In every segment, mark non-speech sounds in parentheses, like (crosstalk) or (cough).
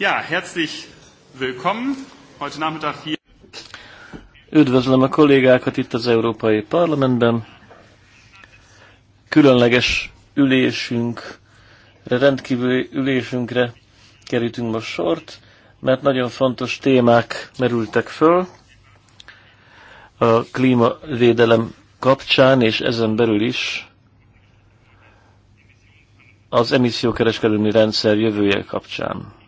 Ja, herzlich willkommen heute Nachmittag hier. Üdvözlöm a kollégákat itt az Európai Parlamentben. Különleges ülésünkre, rendkívüli ülésünkre kerítünk most sort, mert nagyon fontos témák merültek föl a klímavédelem kapcsán, és ezen belül is az emissziókereskedelmi rendszer jövője kapcsán.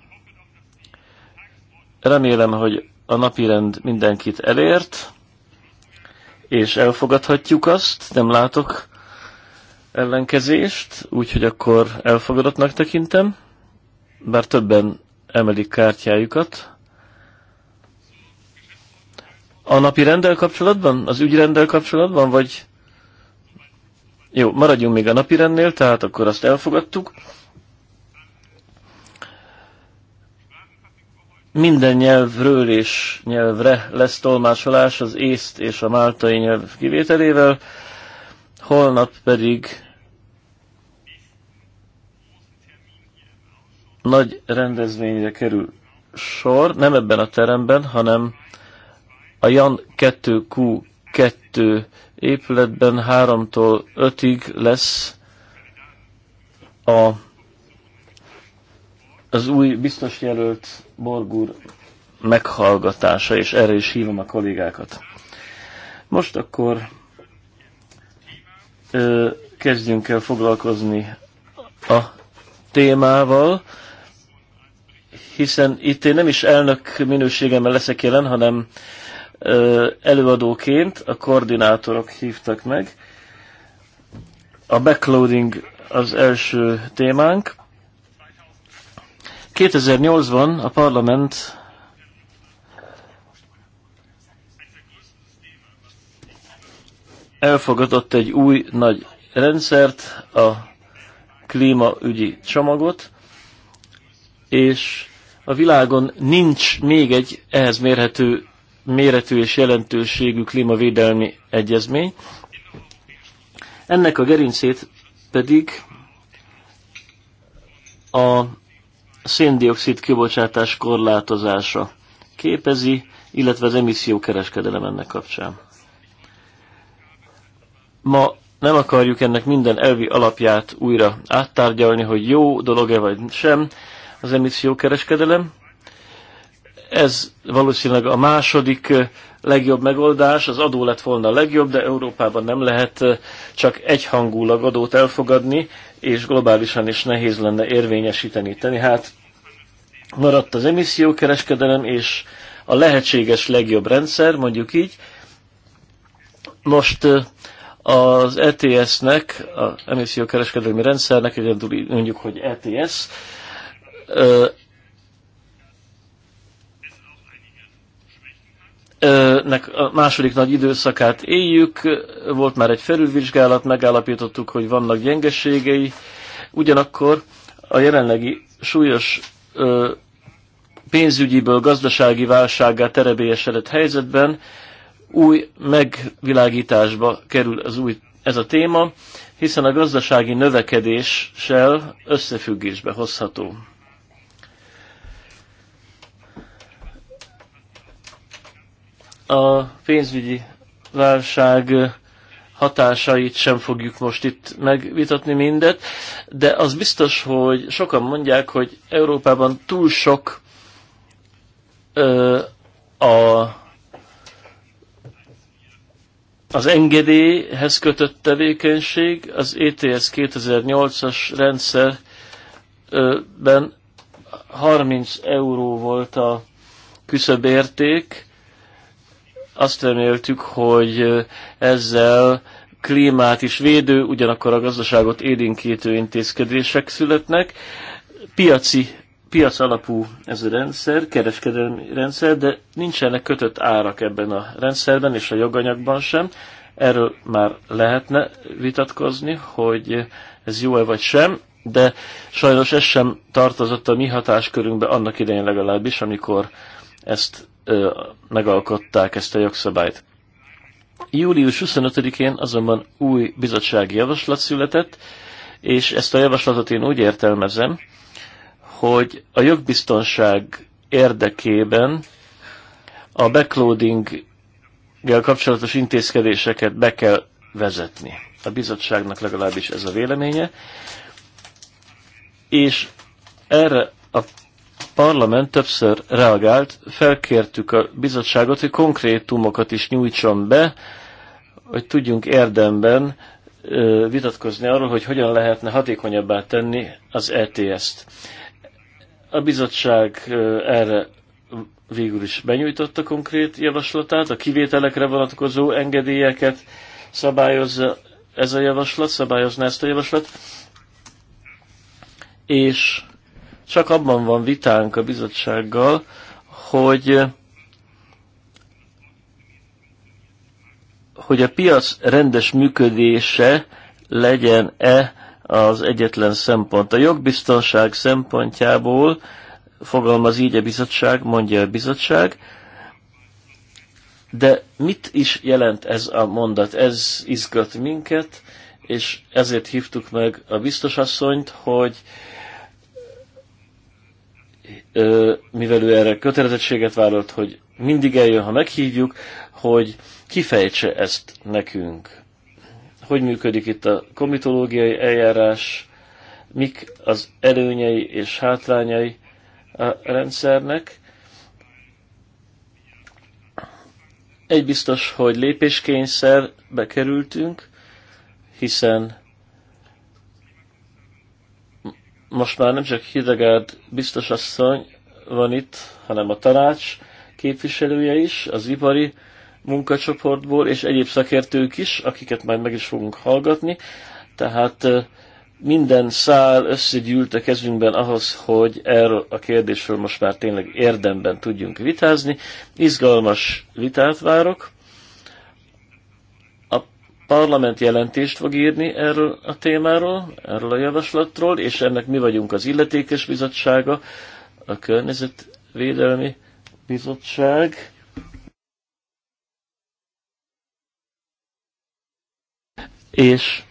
Remélem, hogy a napirend mindenkit elért, és elfogadhatjuk azt, nem látok ellenkezést, úgyhogy akkor elfogadottnak tekintem, bár többen emelik kártyájukat. A napi rendel kapcsolatban? Az ügyrendel kapcsolatban? Vagy... Jó, maradjunk még a napi rendnél, tehát akkor azt elfogadtuk. Minden nyelvről és nyelvre lesz tolmásolás az észt és a máltai nyelv kivételével, holnap pedig nagy rendezvényre kerül sor, nem ebben a teremben, hanem a Jan 2Q2 épületben 3-tól 5-ig lesz a az új biztos jelölt Borgúr meghallgatása, és erre is hívom a kollégákat. Most akkor ö, kezdjünk el foglalkozni a témával, hiszen itt én nem is elnök minőségemmel leszek jelen, hanem ö, előadóként a koordinátorok hívtak meg. A backloading az első témánk 2008-ban a parlament elfogadott egy új nagy rendszert, a klímaügyi csomagot, és a világon nincs még egy ehhez mérhető méretű és jelentőségű klímavédelmi egyezmény. Ennek a gerincét pedig a széndiokszid kibocsátás korlátozása képezi, illetve az kereskedelem ennek kapcsán. Ma nem akarjuk ennek minden elvi alapját újra áttárgyalni, hogy jó dolog-e vagy sem az kereskedelem, ez valószínűleg a második eh, legjobb megoldás, az adó lett volna a legjobb, de Európában nem lehet eh, csak egyhangulag adót elfogadni, és globálisan is nehéz lenne érvényesíteni. Tehát maradt az emissziókereskedelem, és a lehetséges legjobb rendszer, mondjuk így. Most eh, az ETS-nek, az emissziókereskedelmi rendszernek, egyedül mondjuk, hogy ETS, nek a második nagy időszakát éljük, volt már egy felülvizsgálat, megállapítottuk, hogy vannak gyengeségei, ugyanakkor a jelenlegi súlyos ö, pénzügyiből gazdasági válsággá terebélyesedett helyzetben új megvilágításba kerül az új, ez a téma, hiszen a gazdasági növekedéssel összefüggésbe hozható. a pénzügyi válság hatásait sem fogjuk most itt megvitatni mindet, de az biztos, hogy sokan mondják, hogy Európában túl sok ö, a, az engedélyhez kötött tevékenység, az ETS 2008-as rendszerben 30 euró volt a küszöbérték, azt reméltük, hogy ezzel klímát is védő, ugyanakkor a gazdaságot élénkítő intézkedések születnek. Piaci, piac alapú ez a rendszer, kereskedelmi rendszer, de nincsenek kötött árak ebben a rendszerben és a joganyagban sem. Erről már lehetne vitatkozni, hogy ez jó-e vagy sem, de sajnos ez sem tartozott a mi hatáskörünkbe annak idején legalábbis, amikor ezt ö, megalkották ezt a jogszabályt. Július 25-én azonban új bizottsági javaslat született, és ezt a javaslatot én úgy értelmezem, hogy a jogbiztonság érdekében a backloading kapcsolatos intézkedéseket be kell vezetni. A bizottságnak legalábbis ez a véleménye. És erre a parlament többször reagált, felkértük a bizottságot, hogy konkrétumokat is nyújtson be, hogy tudjunk érdemben vitatkozni arról, hogy hogyan lehetne hatékonyabbá tenni az ETS-t. A bizottság erre végül is benyújtotta konkrét javaslatát, a kivételekre vonatkozó engedélyeket szabályozza ez a javaslat, szabályozna ezt a javaslat, és csak abban van vitánk a bizottsággal, hogy hogy a piac rendes működése legyen-e az egyetlen szempont. A jogbiztonság szempontjából fogalmaz így a bizottság, mondja a bizottság, de mit is jelent ez a mondat? Ez izgat minket, és ezért hívtuk meg a biztosasszonyt, hogy mivel ő erre kötelezettséget vállalt, hogy mindig eljön, ha meghívjuk, hogy kifejtse ezt nekünk. Hogy működik itt a komitológiai eljárás, mik az előnyei és hátrányai a rendszernek. Egy biztos, hogy lépéskényszer bekerültünk, hiszen most már nem csak Hidegárd biztos asszony van itt, hanem a tanács képviselője is, az ipari munkacsoportból, és egyéb szakértők is, akiket majd meg is fogunk hallgatni. Tehát minden szál összegyűlt a kezünkben ahhoz, hogy erről a kérdésről most már tényleg érdemben tudjunk vitázni. Izgalmas vitát várok parlament jelentést fog írni erről a témáról, erről a javaslatról, és ennek mi vagyunk az illetékes bizottsága, a környezetvédelmi bizottság. És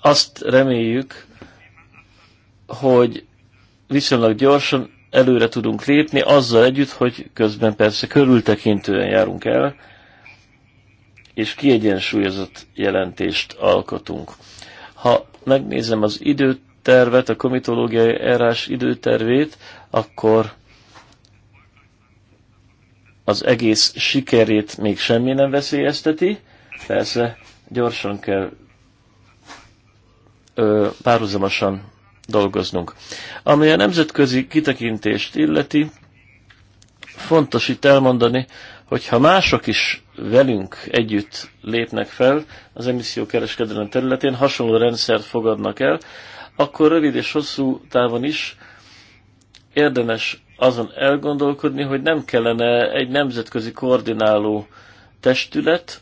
azt reméljük, hogy viszonylag gyorsan előre tudunk lépni, azzal együtt, hogy közben persze körültekintően járunk el, és kiegyensúlyozott jelentést alkotunk. Ha megnézem az időtervet, a komitológiai erás időtervét, akkor az egész sikerét még semmi nem veszélyezteti. Persze gyorsan kell ö, párhuzamosan dolgoznunk. Ami a nemzetközi kitekintést illeti, fontos itt elmondani, hogyha mások is velünk együtt lépnek fel az kereskedelem területén, hasonló rendszert fogadnak el, akkor rövid és hosszú távon is érdemes azon elgondolkodni, hogy nem kellene egy nemzetközi koordináló testület,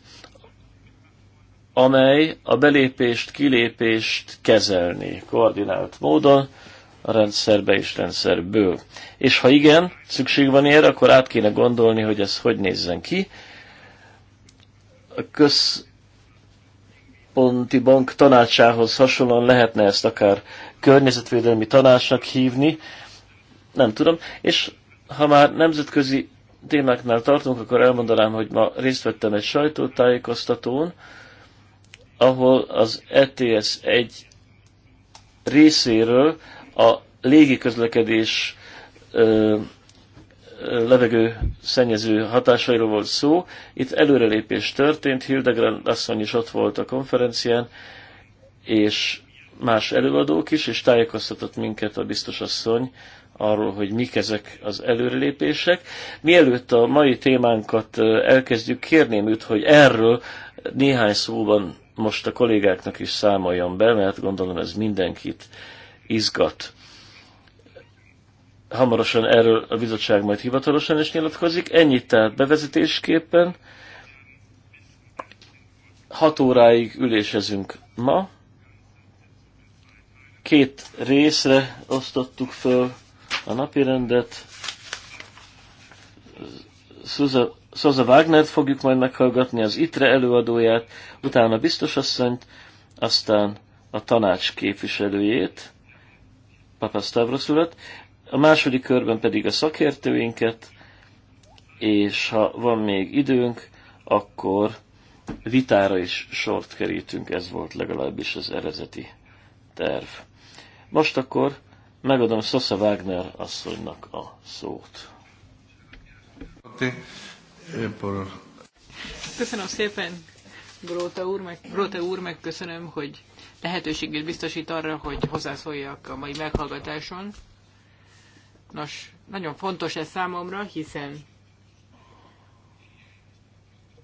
amely a belépést, kilépést kezelni koordinált módon, a rendszerbe és rendszerből. És ha igen, szükség van erre, akkor át kéne gondolni, hogy ez hogy nézzen ki. A központi bank tanácsához hasonlóan lehetne ezt akár környezetvédelmi tanácsnak hívni, nem tudom. És ha már nemzetközi témáknál tartunk, akkor elmondanám, hogy ma részt vettem egy sajtótájékoztatón, ahol az ETS egy részéről a légi közlekedés levegő szennyező hatásairól volt szó. Itt előrelépés történt, Hildegren asszony is ott volt a konferencián, és más előadók is, és tájékoztatott minket a biztos asszony arról, hogy mik ezek az előrelépések. Mielőtt a mai témánkat elkezdjük, kérném őt, hogy erről néhány szóban most a kollégáknak is számoljon be, mert gondolom ez mindenkit izgat. Hamarosan erről a bizottság majd hivatalosan is nyilatkozik. Ennyit tehát bevezetésképpen. Hat óráig ülésezünk ma. Két részre osztottuk föl a napirendet. Szóza Wagner-t fogjuk majd meghallgatni, az ITRE előadóját, utána biztosasszonyt, aztán a tanács képviselőjét, Papasztávrosz urat, a második körben pedig a szakértőinket, és ha van még időnk, akkor vitára is sort kerítünk, ez volt legalábbis az eredeti terv. Most akkor megadom Sosa Wagner asszonynak a szót. Köszönöm szépen, Gróta úr, meg, Gróta úr, köszönöm, hogy lehetőséget biztosít arra, hogy hozzászóljak a mai meghallgatáson. Nos, nagyon fontos ez számomra, hiszen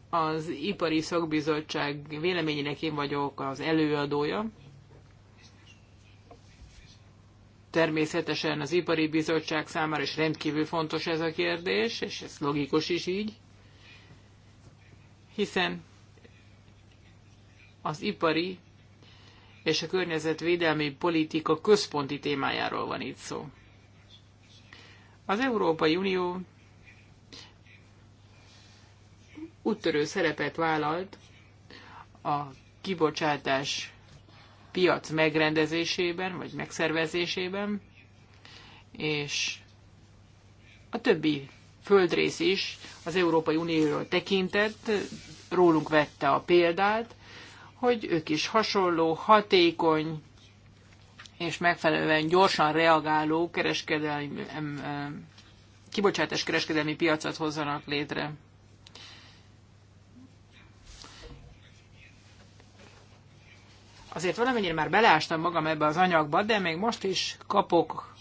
az Ipari Szakbizottság véleményének én vagyok az előadója. Természetesen az Ipari Bizottság számára is rendkívül fontos ez a kérdés, és ez logikus is így, hiszen az ipari és a környezetvédelmi politika központi témájáról van itt szó. Az Európai Unió úttörő szerepet vállalt a kibocsátás piac megrendezésében, vagy megszervezésében, és a többi földrész is az Európai Unióról tekintett, rólunk vette a példát, hogy ők is hasonló, hatékony és megfelelően gyorsan reagáló kereskedelmi, kibocsátás kereskedelmi piacot hozzanak létre. Azért valamennyire már beleástam magam ebbe az anyagba, de még most is kapok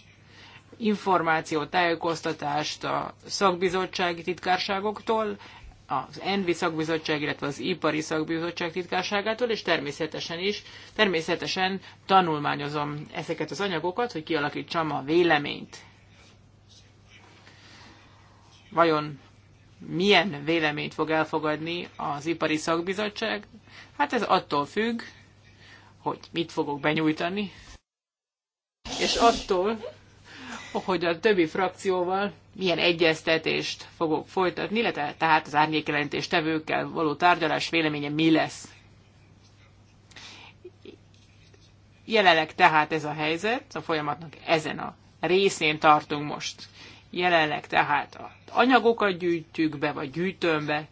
információ, tájékoztatást a szakbizottsági titkárságoktól, az ENVI szakbizottság, illetve az ipari szakbizottság titkárságától, és természetesen is, természetesen tanulmányozom ezeket az anyagokat, hogy kialakítsam a véleményt. Vajon milyen véleményt fog elfogadni az ipari szakbizottság? Hát ez attól függ, hogy mit fogok benyújtani, és attól, hogy a többi frakcióval milyen egyeztetést fogok folytatni, illetve tehát az árnyékjelentés tevőkkel való tárgyalás véleménye mi lesz. Jelenleg tehát ez a helyzet, a folyamatnak ezen a részén tartunk most. Jelenleg tehát a anyagokat gyűjtjük be, vagy gyűjtöm be,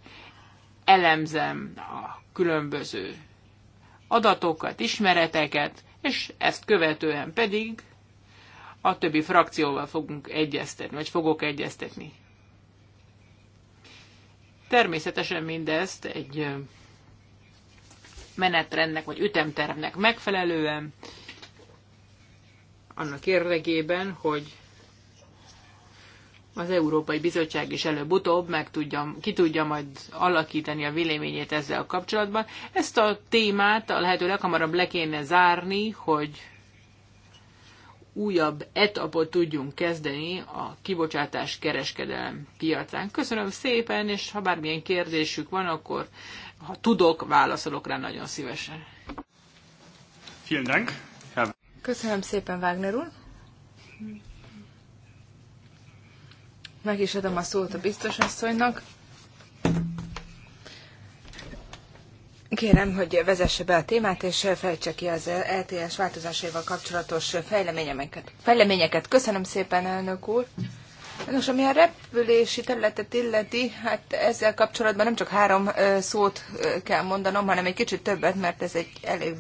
elemzem a különböző adatokat, ismereteket, és ezt követően pedig a többi frakcióval fogunk egyeztetni, vagy fogok egyeztetni. Természetesen mindezt egy menetrendnek vagy ütemtervnek megfelelően, annak érdekében, hogy az Európai Bizottság is előbb-utóbb meg tudja, ki tudja majd alakítani a véleményét ezzel a kapcsolatban. Ezt a témát a lehető leghamarabb le kéne zárni, hogy újabb etapot tudjunk kezdeni a kibocsátás kereskedelem piacán. Köszönöm szépen, és ha bármilyen kérdésük van, akkor ha tudok, válaszolok rá nagyon szívesen. Köszönöm szépen, Wagner úr. Meg is adom a szót a biztos asszonynak. Kérem, hogy vezesse be a témát, és fejtse ki az LTS e változásaival kapcsolatos fejleményeket. fejleményeket. Köszönöm szépen, elnök úr! Nos, ami a repülési területet illeti, hát ezzel kapcsolatban nem csak három szót kell mondanom, hanem egy kicsit többet, mert ez egy elég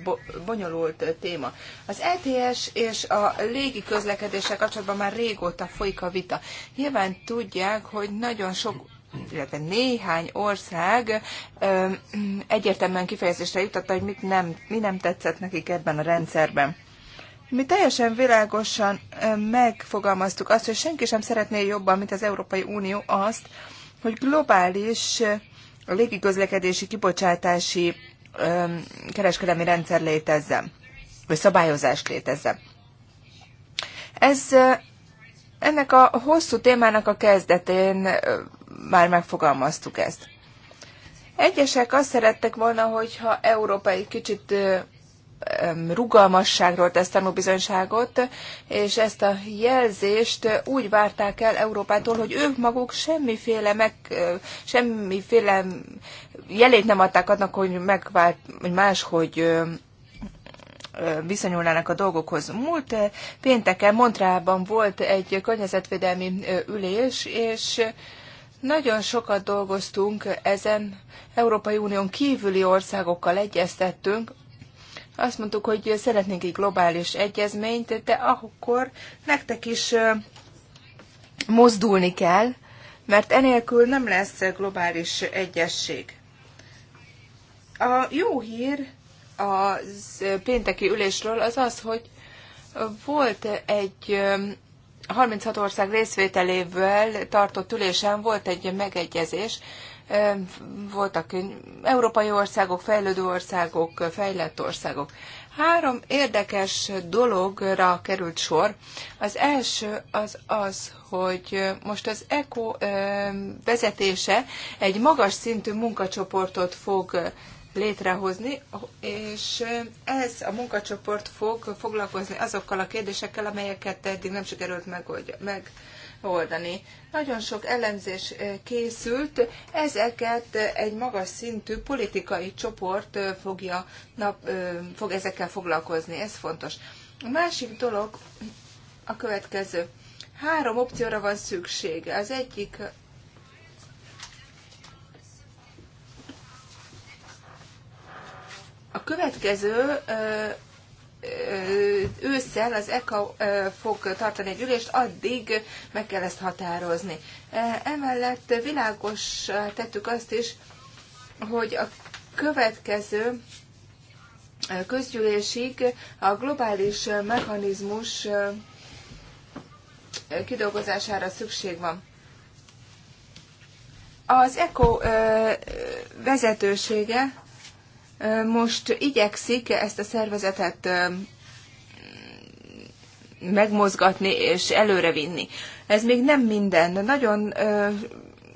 bonyolult téma. Az LTS e és a légi közlekedéssel kapcsolatban már régóta folyik a vita. Nyilván tudják, hogy nagyon sok illetve néhány ország egyértelműen kifejezésre jutott, hogy mit nem, mi nem tetszett nekik ebben a rendszerben. Mi teljesen világosan megfogalmaztuk azt, hogy senki sem szeretné jobban, mint az Európai Unió azt, hogy globális légiközlekedési kibocsátási kereskedelmi rendszer létezzen, vagy szabályozás létezzen. Ez ennek a hosszú témának a kezdetén már megfogalmaztuk ezt. Egyesek azt szerettek volna, hogyha Európa egy kicsit rugalmasságról tesz tanúbizonyságot, és ezt a jelzést úgy várták el Európától, hogy ők maguk semmiféle, meg, semmiféle jelét nem adták annak, hogy megvált, hogy máshogy viszonyulnának a dolgokhoz. Múlt pénteken Montrában volt egy környezetvédelmi ülés, és nagyon sokat dolgoztunk ezen, Európai Unión kívüli országokkal egyeztettünk, azt mondtuk, hogy szeretnénk egy globális egyezményt, de akkor nektek is mozdulni kell, mert enélkül nem lesz globális egyesség. A jó hír a pénteki ülésről az az, hogy volt egy 36 ország részvételével tartott ülésen volt egy megegyezés, voltak európai országok, fejlődő országok, fejlett országok. Három érdekes dologra került sor. Az első az az, hogy most az ECO vezetése egy magas szintű munkacsoportot fog létrehozni, és ez a munkacsoport fog foglalkozni azokkal a kérdésekkel, amelyeket eddig nem sikerült megoldani. Nagyon sok elemzés eh, készült, ezeket egy magas szintű politikai csoport eh, fogja, nap, eh, fog ezekkel foglalkozni, ez fontos. A másik dolog a következő. Három opcióra van szüksége. Az egyik A következő ősszel az ECA fog tartani egy ülést, addig meg kell ezt határozni. Emellett világos tettük azt is, hogy a következő közgyűlésig a globális mechanizmus kidolgozására szükség van. Az ECO vezetősége most igyekszik ezt a szervezetet megmozgatni és előrevinni. Ez még nem minden, de nagyon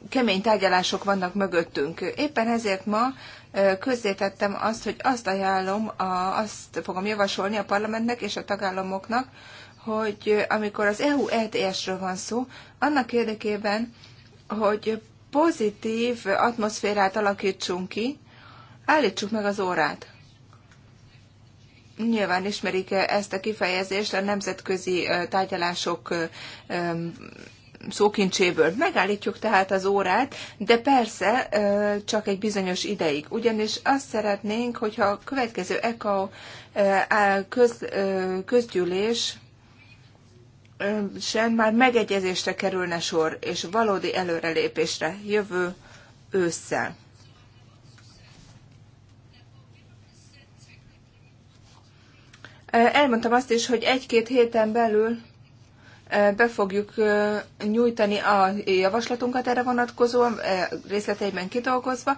kemény tárgyalások vannak mögöttünk. Éppen ezért ma közzétettem azt, hogy azt ajánlom, azt fogom javasolni a parlamentnek és a tagállamoknak, hogy amikor az EU ETS-ről van szó, annak érdekében, hogy pozitív atmoszférát alakítsunk ki, Állítsuk meg az órát. Nyilván ismerik -e ezt a kifejezést a nemzetközi tárgyalások szókincséből. Megállítjuk tehát az órát, de persze csak egy bizonyos ideig. Ugyanis azt szeretnénk, hogyha a következő ECO köz, közgyűlés sem már megegyezésre kerülne sor, és valódi előrelépésre jövő ősszel. Elmondtam azt is, hogy egy-két héten belül be fogjuk nyújtani a javaslatunkat erre vonatkozóan, részleteiben kidolgozva.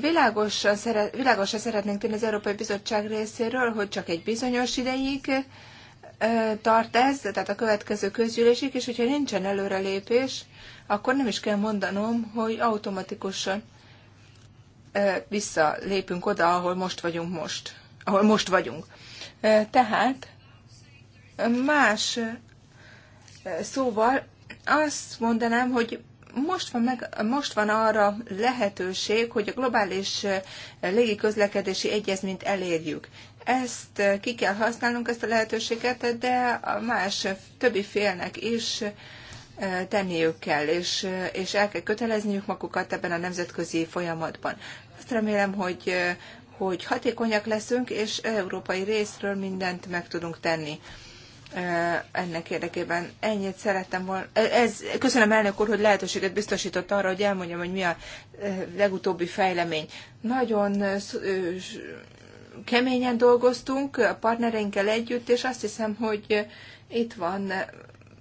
Világosan, szeret, világosan szeretnénk tenni az Európai Bizottság részéről, hogy csak egy bizonyos ideig tart ez, tehát a következő közgyűlésig, és hogyha nincsen előrelépés, akkor nem is kell mondanom, hogy automatikusan visszalépünk oda, ahol most vagyunk most. Ahol most vagyunk. Tehát más szóval azt mondanám, hogy most van, meg, most van arra lehetőség, hogy a globális légiközlekedési egyezményt elérjük. Ezt ki kell használnunk, ezt a lehetőséget, de a más többi félnek is tenniük kell, és, és el kell kötelezniük magukat ebben a nemzetközi folyamatban. Azt remélem, hogy hogy hatékonyak leszünk, és európai részről mindent meg tudunk tenni ennek érdekében. Ennyit szerettem volna. Ez, köszönöm elnök úr, hogy lehetőséget biztosított arra, hogy elmondjam, hogy mi a legutóbbi fejlemény. Nagyon keményen dolgoztunk a partnereinkkel együtt, és azt hiszem, hogy itt van,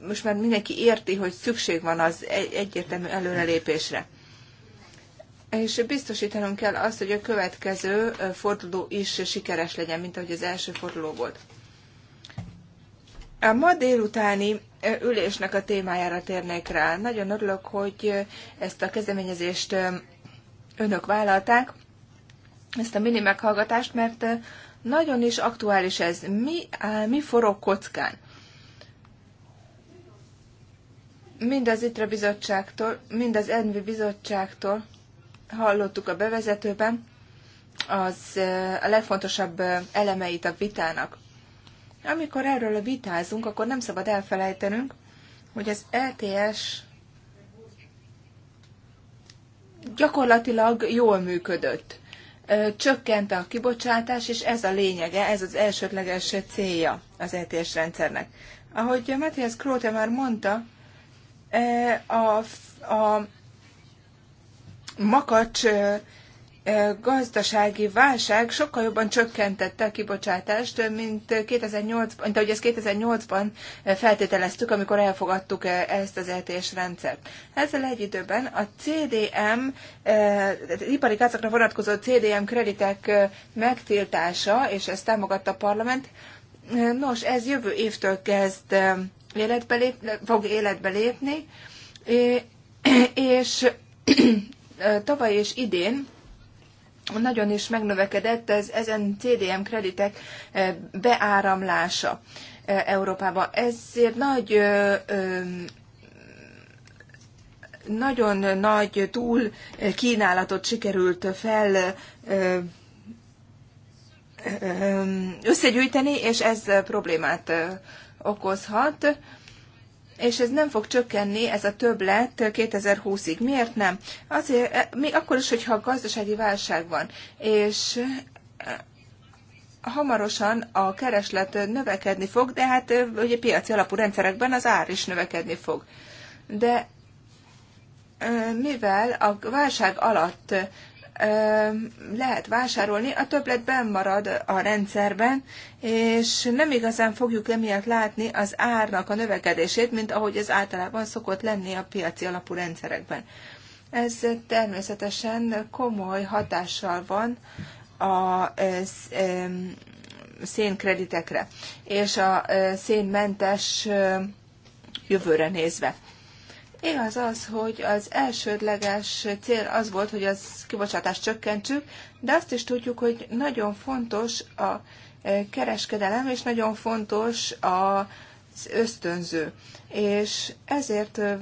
most már mindenki érti, hogy szükség van az e-, egyértelmű előrelépésre és biztosítanunk kell azt, hogy a következő forduló is sikeres legyen, mint ahogy az első forduló volt. A ma délutáni ülésnek a témájára térnék rá. Nagyon örülök, hogy ezt a kezdeményezést önök vállalták, ezt a mini meghallgatást, mert nagyon is aktuális ez. Mi, mi forog kockán? Mind az ITRA bizottságtól, mind az ENVI bizottságtól, hallottuk a bevezetőben, az a legfontosabb elemeit a vitának. Amikor erről vitázunk, akkor nem szabad elfelejtenünk, hogy az LTS e gyakorlatilag jól működött. Csökkent a kibocsátás, és ez a lényege, ez az elsődleges célja az LTS e rendszernek. Ahogy Matthias Króte már mondta, a, a makacs gazdasági válság sokkal jobban csökkentette a kibocsátást, mint, 2008, mint ahogy ezt 2008-ban feltételeztük, amikor elfogadtuk ezt az ETS rendszert. Ezzel egy időben a CDM, az ipari gázakra vonatkozó CDM kreditek megtiltása, és ezt támogatta a parlament, nos, ez jövő évtől kezd életbe lép, fog életbe lépni, (clears throat) és tavaly és idén nagyon is megnövekedett ez, ezen CDM kreditek beáramlása Európába. Ezért nagy nagyon nagy túl kínálatot sikerült fel összegyűjteni, és ez problémát okozhat és ez nem fog csökkenni, ez a többlet 2020-ig. Miért nem? Azért, e, még akkor is, hogyha a gazdasági válság van, és e, hamarosan a kereslet növekedni fog, de hát e, ugye piaci alapú rendszerekben az ár is növekedni fog. De mivel a válság alatt lehet vásárolni, a többlet marad a rendszerben, és nem igazán fogjuk emiatt látni az árnak a növekedését, mint ahogy ez általában szokott lenni a piaci alapú rendszerekben. Ez természetesen komoly hatással van a szénkreditekre és a szénmentes jövőre nézve. Igaz az, hogy az elsődleges cél az volt, hogy az kibocsátást csökkentsük, de azt is tudjuk, hogy nagyon fontos a e, kereskedelem, és nagyon fontos az ösztönző. És ezért e,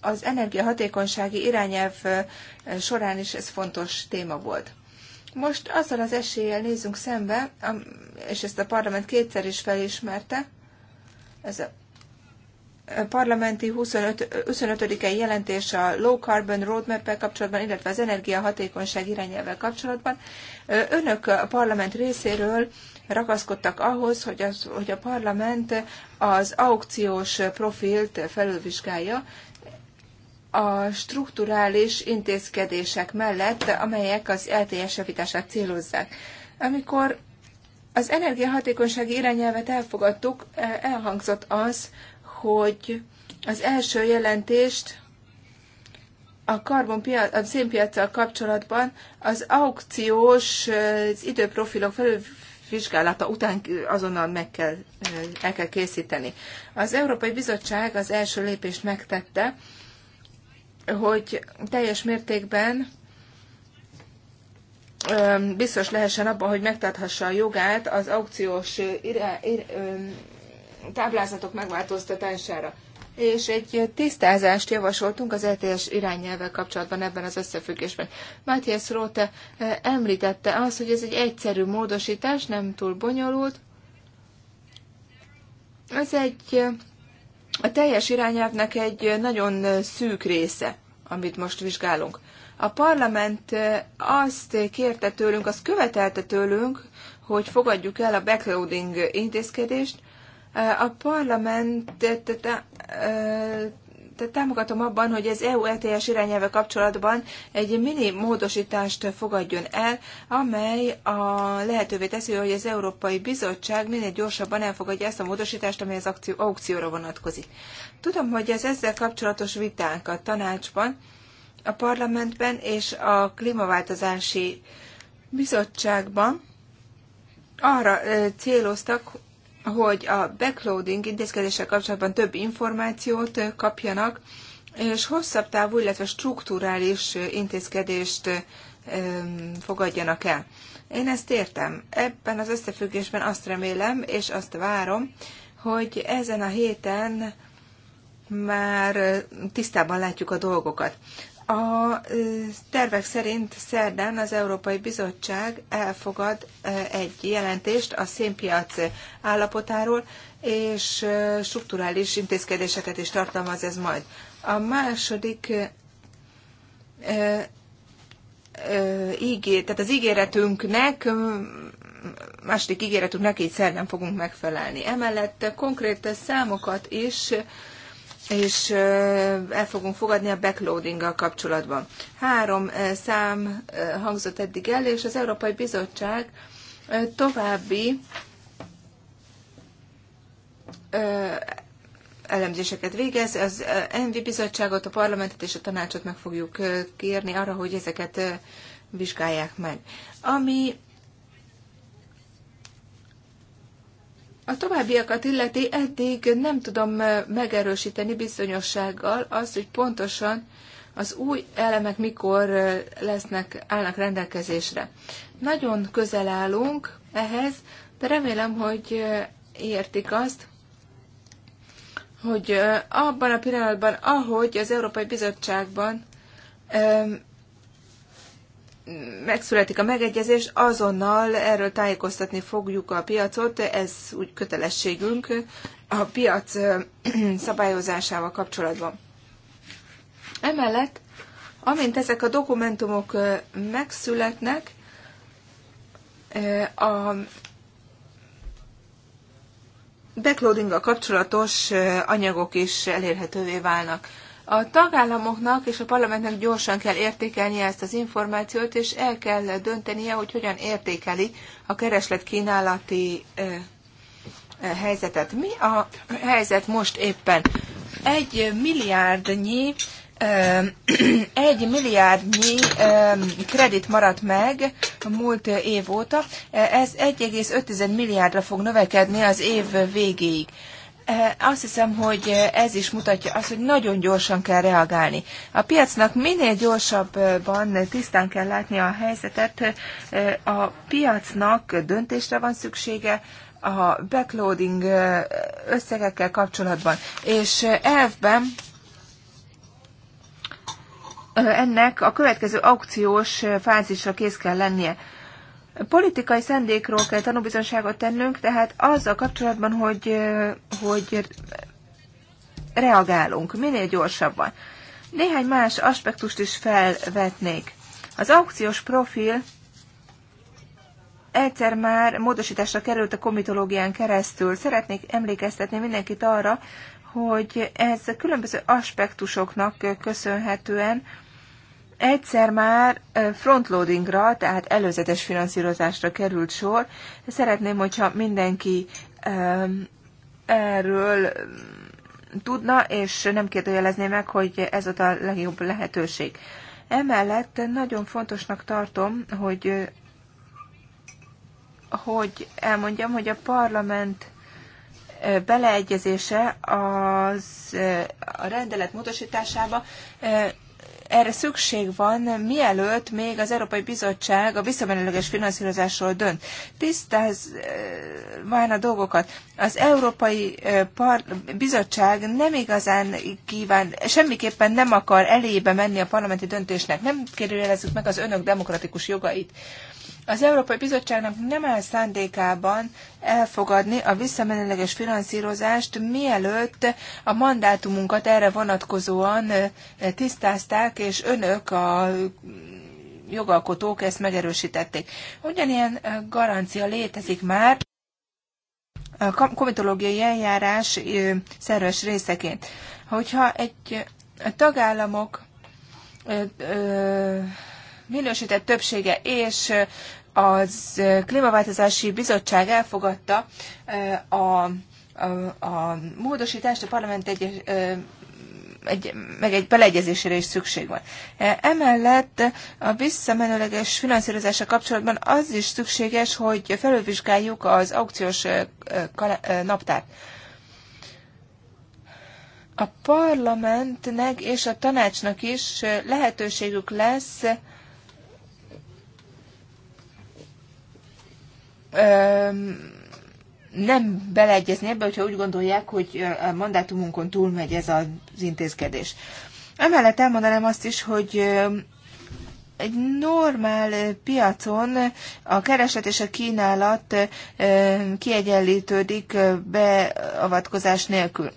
az energiahatékonysági irányelv e, során is ez fontos téma volt. Most azzal az eséllyel nézzünk szembe, és ezt a parlament kétszer is felismerte, ez a parlamenti 25, 25-i jelentés a low carbon roadmap kapcsolatban, illetve az energiahatékonyság irányelvvel kapcsolatban. Önök a parlament részéről ragaszkodtak ahhoz, hogy, az, hogy a parlament az aukciós profilt felülvizsgálja, a strukturális intézkedések mellett, amelyek az LTS javítását célozzák. Amikor az energiahatékonysági irányelvet elfogadtuk, e, elhangzott az, hogy az első jelentést a karbonpiac, a szénpiacsal kapcsolatban az aukciós az időprofilok felülvizsgálata után azonnal meg kell, el kell készíteni. Az Európai Bizottság az első lépést megtette, hogy teljes mértékben biztos lehessen abban, hogy megtarthassa a jogát az aukciós táblázatok megváltoztatására. És egy tisztázást javasoltunk az ETS irányelvvel kapcsolatban ebben az összefüggésben. Matthias Rote eh, említette azt, hogy ez egy egyszerű módosítás, nem túl bonyolult. Ez egy eh, a teljes irányelvnek egy eh, nagyon szűk része, amit most vizsgálunk. A parlament azt kérte tőlünk, azt követelte tőlünk, hogy fogadjuk el a backloading intézkedést, a parlamentet tehát támogatom abban, hogy az EU ETS irányelve kapcsolatban egy mini módosítást fogadjon el, amely a lehetővé teszi, hogy az Európai Bizottság minél gyorsabban elfogadja ezt a módosítást, amely az aukció, aukcióra vonatkozik. Tudom, hogy ez ezzel kapcsolatos vitánk a tanácsban, a parlamentben és a klímaváltozási bizottságban arra céloztak, hogy a backloading intézkedéssel kapcsolatban több információt kapjanak, és hosszabb távú, illetve struktúrális intézkedést fogadjanak el. Én ezt értem. Ebben az összefüggésben azt remélem, és azt várom, hogy ezen a héten már tisztában látjuk a dolgokat. A tervek szerint szerdán az Európai Bizottság elfogad egy jelentést a szénpiac állapotáról, és strukturális intézkedéseket is tartalmaz ez majd. A második ígé, tehát az ígéretünknek második ígéretünknek így szerdán fogunk megfelelni. Emellett konkrét számokat is és el fogunk fogadni a backloadinggal kapcsolatban. Három szám hangzott eddig el, és az Európai Bizottság további elemzéseket végez. Az ENVI bizottságot, a parlamentet és a tanácsot meg fogjuk kérni arra, hogy ezeket vizsgálják meg. Ami A továbbiakat illeti eddig nem tudom megerősíteni bizonyossággal azt, hogy pontosan az új elemek mikor lesznek, állnak rendelkezésre. Nagyon közel állunk ehhez, de remélem, hogy értik azt, hogy abban a pillanatban, ahogy az Európai Bizottságban megszületik a megegyezés, azonnal erről tájékoztatni fogjuk a piacot, ez úgy kötelességünk a piac (clears throat) szabályozásával kapcsolatban. Emellett, amint ezek a dokumentumok megszületnek, a a kapcsolatos anyagok is elérhetővé válnak. A tagállamoknak és a parlamentnek gyorsan kell értékelnie ezt az információt, és el kell döntenie, hogy hogyan értékeli a kereslet-kínálati helyzetet. Mi a helyzet most éppen? Egy milliárdnyi (clears throat) egy milliárdnyi kredit maradt meg a múlt év óta, ez 1,5 milliárdra fog növekedni az év végéig. Eh, azt hiszem, hogy eh, ez is mutatja azt, hogy nagyon gyorsan kell reagálni. A piacnak minél gyorsabban tisztán kell látni a helyzetet, eh, a piacnak döntésre van szüksége, a backloading összegekkel kapcsolatban. És elvben ennek a következő aukciós fázisra kész kell lennie. Politikai szendékról kell tanúbizonságot tennünk, tehát azzal kapcsolatban, hogy, hogy reagálunk minél gyorsabban. Néhány más aspektust is felvetnék. Az aukciós profil egyszer már módosításra került a komitológián keresztül. Szeretnék emlékeztetni mindenkit arra, hogy ez különböző aspektusoknak köszönhetően Egyszer már frontloadingra, tehát előzetes finanszírozásra került sor. Szeretném, hogyha mindenki erről tudna, és nem kérdőjelezné meg, hogy ez ott a legjobb lehetőség. Emellett nagyon fontosnak tartom, hogy, hogy elmondjam, hogy a parlament beleegyezése az, a rendelet módosításába erre szükség van, mielőtt még az Európai Bizottság a visszamenőleges finanszírozásról dönt. Tisztázván eh, a dolgokat. Az Európai eh, Bizottság nem igazán kíván, semmiképpen nem akar elébe menni a parlamenti döntésnek. Nem kérdőjelezzük meg az önök demokratikus jogait. Az Európai Bizottságnak nem áll szándékában elfogadni a visszamenőleges finanszírozást, mielőtt a mandátumunkat erre vonatkozóan tisztázták, és önök a jogalkotók ezt megerősítették. Ugyanilyen garancia létezik már a komitológiai eljárás szerves részeként. Hogyha egy a tagállamok minősített többsége és az Klímaváltozási Bizottság elfogadta a, a, a módosítást, a parlament egy, egy, meg egy beleegyezésére is szükség van. Emellett a visszamenőleges finanszírozása kapcsolatban az is szükséges, hogy felülvizsgáljuk az aukciós naptárt. A parlamentnek és a tanácsnak is lehetőségük lesz nem beleegyezni ebbe, hogyha úgy gondolják, hogy a mandátumunkon túlmegy ez az intézkedés. Emellett elmondanám azt is, hogy egy normál piacon a kereslet és a kínálat kiegyenlítődik beavatkozás nélkül.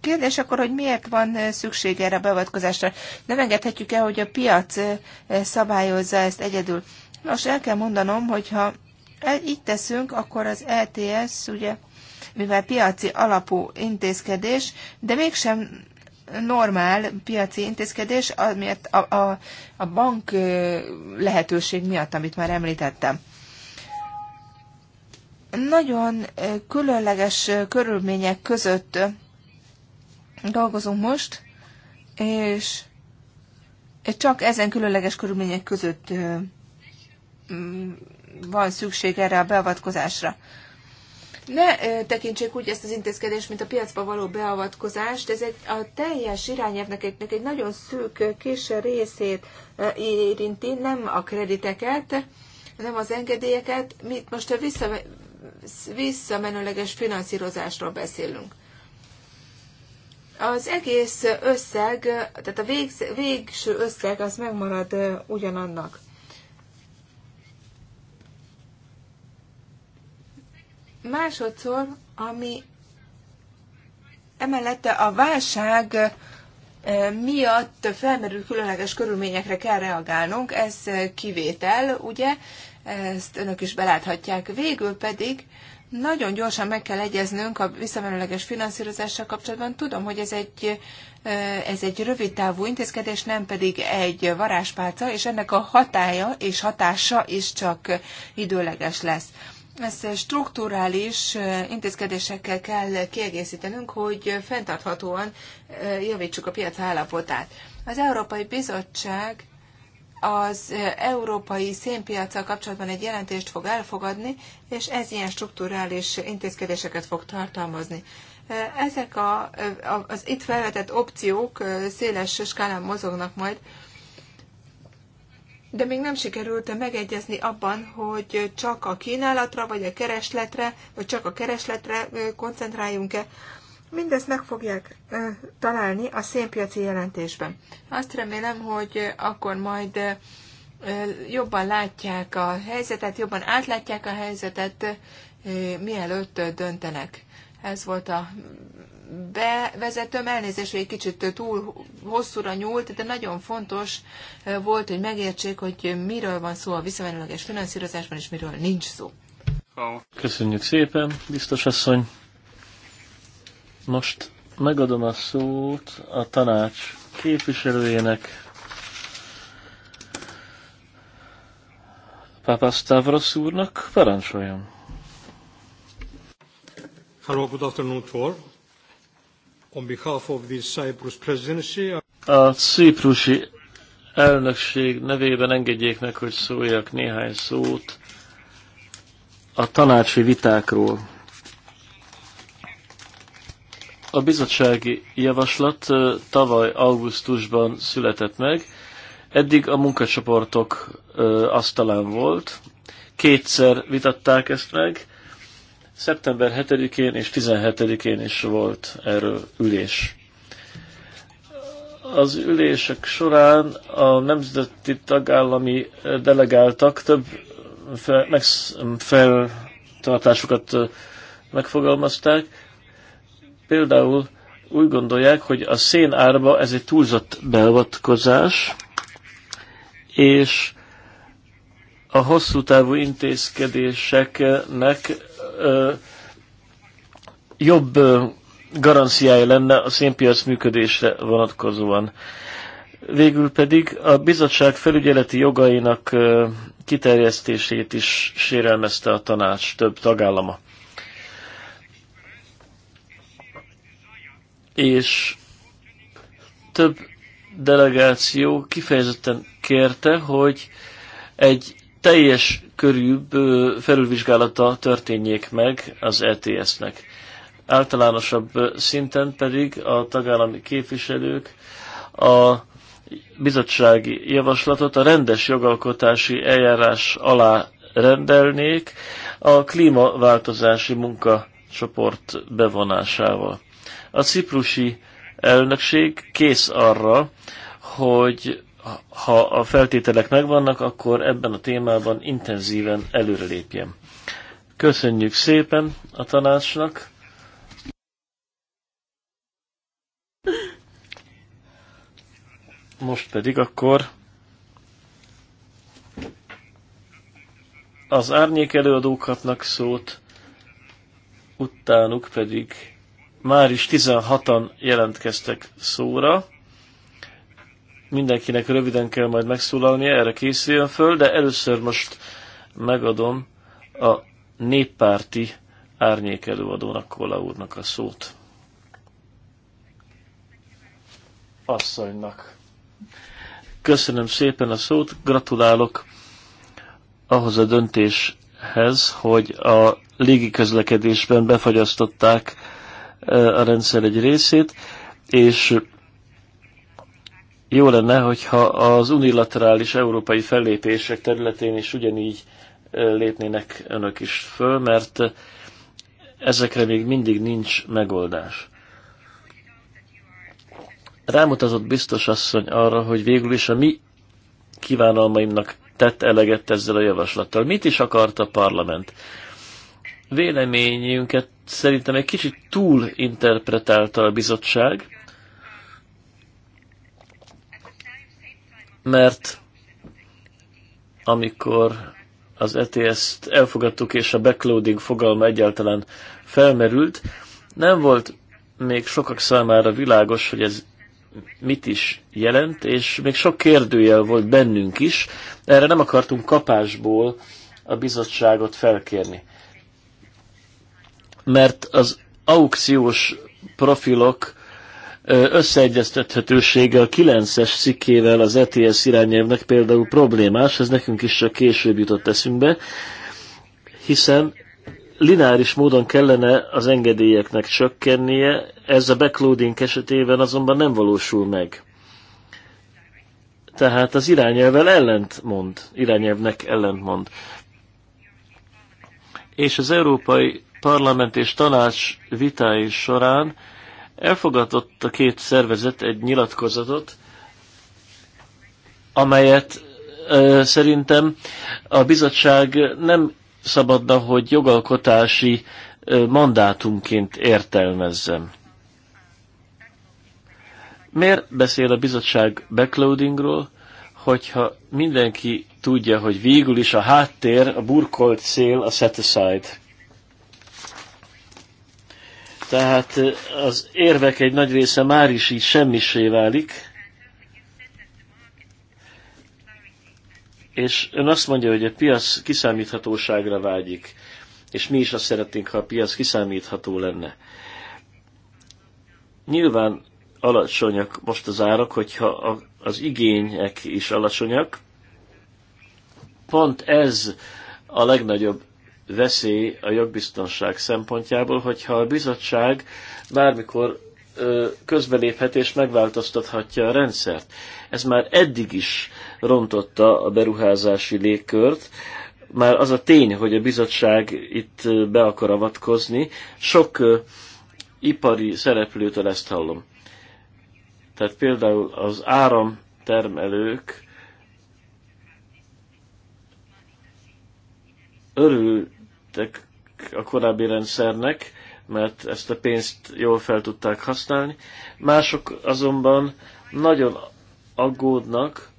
Kérdés akkor, hogy miért van szükség erre a beavatkozásra? Nem engedhetjük el, hogy a piac szabályozza ezt egyedül. Nos, el kell mondanom, hogyha E, így teszünk, akkor az ETS, ugye, mivel piaci alapú intézkedés, de mégsem normál piaci intézkedés, amiért a, a, a bank lehetőség miatt, amit már említettem. Nagyon különleges körülmények között dolgozunk most, és csak ezen különleges körülmények között van szükség erre a beavatkozásra. Ne tekintsék úgy ezt az intézkedést, mint a piacba való beavatkozást, ez egy, a teljes irányelvnek egy, egy nagyon szűk kis részét érinti, nem a krediteket, nem az engedélyeket, mi most a vissza, visszamenőleges finanszírozásról beszélünk. Az egész összeg, tehát a végz, végső összeg az megmarad ugyanannak. Másodszor, ami emellett a válság miatt felmerül különleges körülményekre kell reagálnunk, ez kivétel, ugye, ezt önök is beláthatják. Végül pedig nagyon gyorsan meg kell egyeznünk a visszamenőleges finanszírozással kapcsolatban. Tudom, hogy ez egy, ez egy rövid távú intézkedés, nem pedig egy varázspálca, és ennek a hatája és hatása is csak időleges lesz ezt strukturális intézkedésekkel kell kiegészítenünk, hogy fenntarthatóan javítsuk a piac állapotát. Az Európai Bizottság az európai szénpiacsal kapcsolatban egy jelentést fog elfogadni, és ez ilyen strukturális intézkedéseket fog tartalmazni. Ezek a, az itt felvetett opciók széles skálán mozognak majd, de még nem sikerült megegyezni abban, hogy csak a kínálatra, vagy a keresletre, vagy csak a keresletre koncentráljunk-e. Mindezt meg fogják találni a szénpiaci jelentésben. Azt remélem, hogy akkor majd jobban látják a helyzetet, jobban átlátják a helyzetet, mielőtt döntenek. Ez volt a bevezetőm, elnézést, hogy egy kicsit túl hosszúra nyúlt, de nagyon fontos volt, hogy megértsék, hogy miről van szó a visszamenőleges finanszírozásban, és miről nincs szó. Köszönjük szépen, biztos asszony. Most megadom a szót a tanács képviselőjének, Stavros úrnak. Parancsoljon! Hello, good afternoon to all. On behalf of the Cyprus presidency, a ciprusi elnökség nevében engedjék meg, hogy szóljak néhány szót a tanácsi vitákról. A bizottsági javaslat tavaly augusztusban született meg. Eddig a munkacsoportok asztalán volt. Kétszer vitatták ezt meg, Szeptember 7-én és 17-én is volt erről ülés. Az ülések során a nemzeti tagállami delegáltak több feltartásokat megfogalmazták. Például úgy gondolják, hogy a szén árba ez egy túlzott beavatkozás, és a hosszú távú intézkedéseknek jobb garanciája lenne a szénpiac működésre vonatkozóan. Végül pedig a bizottság felügyeleti jogainak kiterjesztését is sérelmezte a tanács több tagállama. És több delegáció kifejezetten kérte, hogy egy teljes körűbb felülvizsgálata történjék meg az ETS-nek. Általánosabb szinten pedig a tagállami képviselők a bizottsági javaslatot a rendes jogalkotási eljárás alá rendelnék a klímaváltozási munkacsoport bevonásával. A ciprusi elnökség kész arra, hogy ha a feltételek megvannak, akkor ebben a témában intenzíven előrelépjem. Köszönjük szépen a tanácsnak! Most pedig akkor az árnyék előadókatnak szót, utánuk pedig már is 16-an jelentkeztek szóra mindenkinek röviden kell majd megszólalnia, erre készüljön föl, de először most megadom a néppárti árnyék Kola úrnak a szót. Asszonynak. Köszönöm szépen a szót, gratulálok ahhoz a döntéshez, hogy a légi közlekedésben befagyasztották eh, a rendszer egy részét, és jó lenne, hogyha az unilaterális európai fellépések területén is ugyanígy lépnének önök is föl, mert ezekre még mindig nincs megoldás. Rámutatott biztos asszony arra, hogy végül is a mi kívánalmaimnak tett eleget ezzel a javaslattal. Mit is akart a parlament? Véleményünket szerintem egy kicsit túl interpretálta a bizottság, mert amikor az ETS-t elfogadtuk, és a backloading fogalma egyáltalán felmerült, nem volt még sokak számára világos, hogy ez mit is jelent, és még sok kérdőjel volt bennünk is, erre nem akartunk kapásból a bizottságot felkérni. Mert az aukciós profilok összeegyeztethetősége a 9-es szikével az ETS irányelvnek például problémás, ez nekünk is csak később jutott eszünkbe, hiszen lineáris módon kellene az engedélyeknek csökkennie, ez a backloading esetében azonban nem valósul meg. Tehát az irányelvvel ellentmond, irányelvnek ellentmond. És az Európai Parlament és Tanács vitái során Elfogadott a két szervezet egy nyilatkozatot, amelyet ö, szerintem a bizottság nem szabadna, hogy jogalkotási ö, mandátumként értelmezzem. Miért beszél a bizottság backloadingról, hogyha mindenki tudja, hogy végül is a háttér, a burkolt szél, a set aside? Tehát az érvek egy nagy része már is így semmisé válik. És ön azt mondja, hogy a piac kiszámíthatóságra vágyik, és mi is azt szeretnénk, ha a piac kiszámítható lenne. Nyilván alacsonyak most az árak, hogyha az igények is alacsonyak. Pont ez a legnagyobb veszély a jogbiztonság szempontjából, hogyha a bizottság bármikor közbeléphet és megváltoztathatja a rendszert. Ez már eddig is rontotta a beruházási légkört. Már az a tény, hogy a bizottság itt be akar avatkozni, sok ipari szereplőtől ezt hallom. Tehát például az áramtermelők örül, örültek a korábbi rendszernek, mert ezt a pénzt jól fel tudták használni. Mások azonban nagyon aggódnak,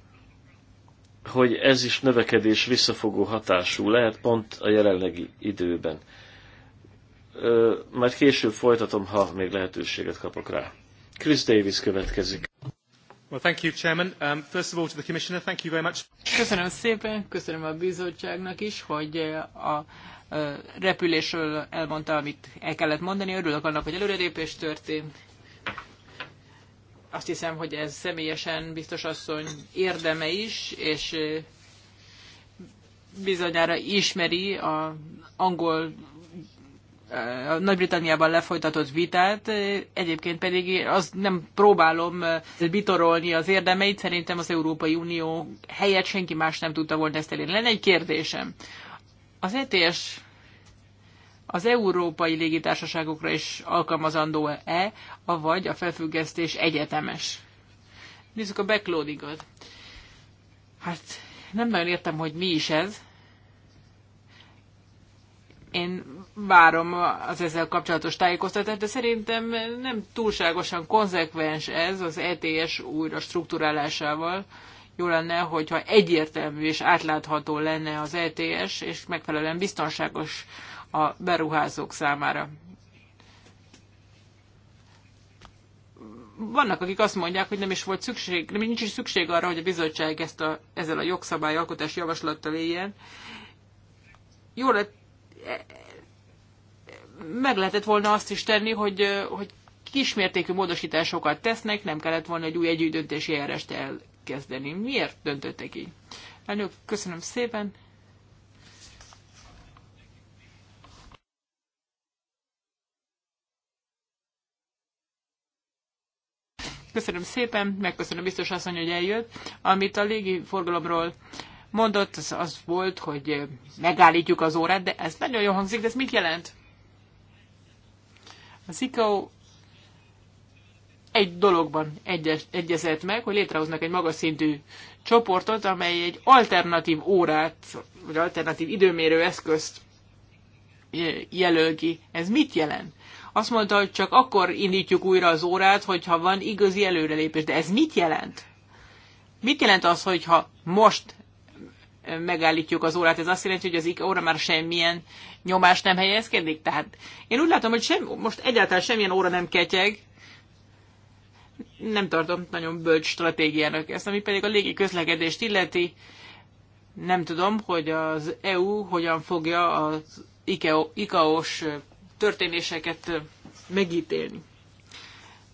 hogy ez is növekedés visszafogó hatású lehet pont a jelenlegi időben. majd később folytatom, ha még lehetőséget kapok rá. Chris Davis következik. Well, thank you, Chairman. Um, first of all to the Commissioner, thank you very much. Köszönöm szépen, köszönöm a bizottságnak is, hogy uh, a repülésről elmondta, amit el kellett mondani. Örülök annak, hogy előrelépés történt. Azt hiszem, hogy ez személyesen biztos asszony érdeme is, és bizonyára ismeri a angol a Nagy-Britanniában lefolytatott vitát, egyébként pedig azt nem próbálom bitorolni az érdemeit, szerintem az Európai Unió helyett senki más nem tudta volna ezt elérni. Lenne egy kérdésem. Az ETS az európai légitársaságokra is alkalmazandó-e, avagy a felfüggesztés egyetemes. Nézzük a backloadingot. Hát nem nagyon értem, hogy mi is ez. Én várom az ezzel kapcsolatos tájékoztatást, de szerintem nem túlságosan konzekvens ez az ETS újra struktúrálásával. Jó lenne, hogyha egyértelmű és átlátható lenne az ETS, és megfelelően biztonságos uh, a beruházók számára. Vannak, akik azt mondják, hogy nem is volt szükség, nem nincs is szükség arra, hogy a bizottság ezt a, ezzel a jogszabályalkotási javaslattal éljen. Jó lett, e, meg lehetett volna azt is tenni, hogy, hogy kismértékű módosításokat tesznek, nem kellett volna egy új együttdöntési eljárást elkezdeni. Miért döntöttek így? Elnök, köszönöm szépen. Köszönöm szépen, megköszönöm biztos asszony, hogy eljött. Amit a légi forgalomról mondott, az, az volt, hogy megállítjuk az órát, de ez nagyon jól hangzik, de ez mit jelent? A ICAO egy dologban egyes, egyezett meg, hogy létrehoznak egy magas szintű csoportot, amely egy alternatív órát, vagy alternatív időmérő eszközt eh, jelöl ki. Ez mit jelent? Azt mondta, hogy csak akkor indítjuk újra az órát, hogyha van igazi előrelépés. De ez mit jelent? Mit jelent az, hogyha most megállítjuk az órát? Ez azt jelenti, hogy az óra már semmilyen nyomás nem helyezkedik? Tehát én úgy látom, hogy sem, most egyáltalán semmilyen óra nem ketyeg, nem tartom nagyon bölcs stratégiának ezt, ami pedig a légi közlekedést illeti. Nem tudom, hogy az EU hogyan fogja az ICAO-s történéseket megítélni.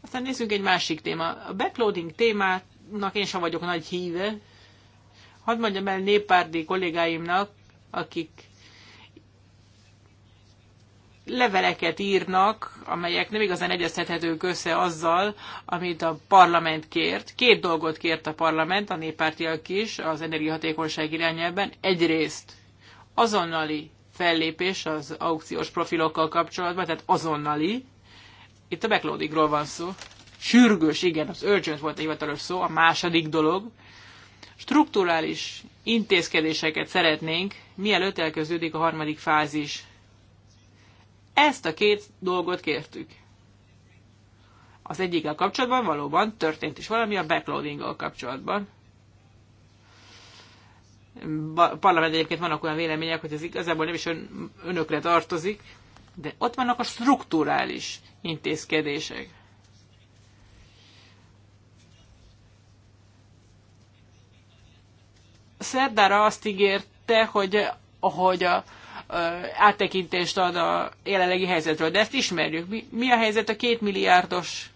Aztán nézzünk egy másik téma. A backloading témának én sem vagyok nagy híve. Hadd mondjam el néppárdi kollégáimnak, akik leveleket írnak, amelyek nem igazán egyeztethetők össze azzal, amit a parlament kért. Két dolgot kért a parlament, a néppártiak is az energiahatékonyság irányában. Egyrészt azonnali fellépés az aukciós profilokkal kapcsolatban, tehát azonnali. Itt a backloadingról van szó. Sürgős, igen, az urgent volt a hivatalos szó, a második dolog. Strukturális intézkedéseket szeretnénk, mielőtt elkezdődik a harmadik fázis. Ezt a két dolgot kértük. Az egyikkel kapcsolatban valóban történt is valami a backloadinggal kapcsolatban parlament egyébként vannak olyan vélemények, hogy ez igazából nem is ön, önökre tartozik, de ott vannak a strukturális intézkedések. Szerdára azt ígérte, hogy ahogy a, a áttekintést ad a jelenlegi helyzetről, de ezt ismerjük. Mi, mi a helyzet a két milliárdos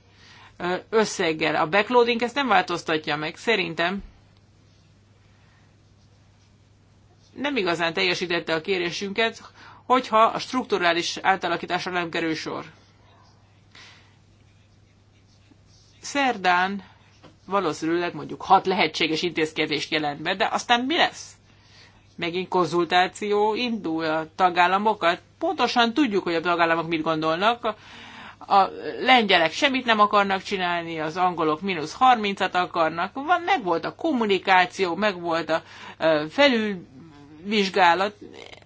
összeggel? A backloading ezt nem változtatja meg, szerintem nem igazán teljesítette a kérésünket, hogyha a strukturális átalakításra nem kerül sor. Szerdán valószínűleg mondjuk hat lehetséges intézkedést jelent be, de aztán mi lesz? Megint konzultáció indul a tagállamokat. Pontosan tudjuk, hogy a tagállamok mit gondolnak. A lengyelek semmit nem akarnak csinálni, az angolok mínusz 30-at akarnak. Van, meg volt a kommunikáció, meg volt a felül vizsgálat,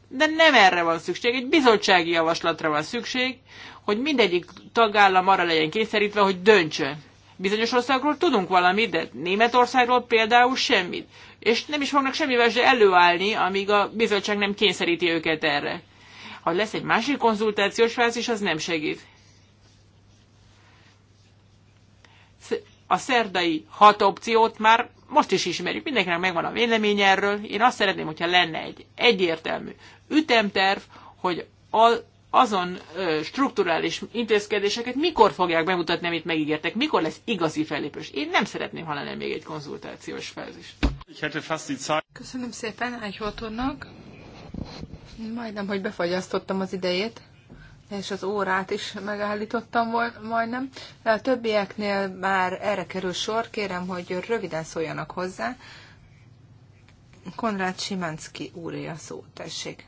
de nem erre van szükség, egy bizottsági javaslatra van szükség, hogy mindegyik tagállam arra legyen kényszerítve, hogy döntsön. Bizonyos országról tudunk valamit, de Németországról például semmit. És nem is fognak semmivel se előállni, amíg a bizottság nem kényszeríti őket erre. Ha lesz egy másik konzultációs fázis, az nem segít. A szerdai hat opciót már most is ismerjük, mindenkinek megvan a vélemény erről. Én azt szeretném, hogyha lenne egy egyértelmű ütemterv, hogy al- azon ö, strukturális intézkedéseket mikor fogják bemutatni, amit megígértek, mikor lesz igazi fellépős. Én nem szeretném, ha lenne még egy konzultációs fázis. Köszönöm szépen Ágyholtornak. Majdnem, hogy befagyasztottam az idejét és az órát is megállítottam volt majdnem. A többieknél már erre kerül sor, kérem, hogy röviden szóljanak hozzá. Konrád Simánszki úré a szó, tessék.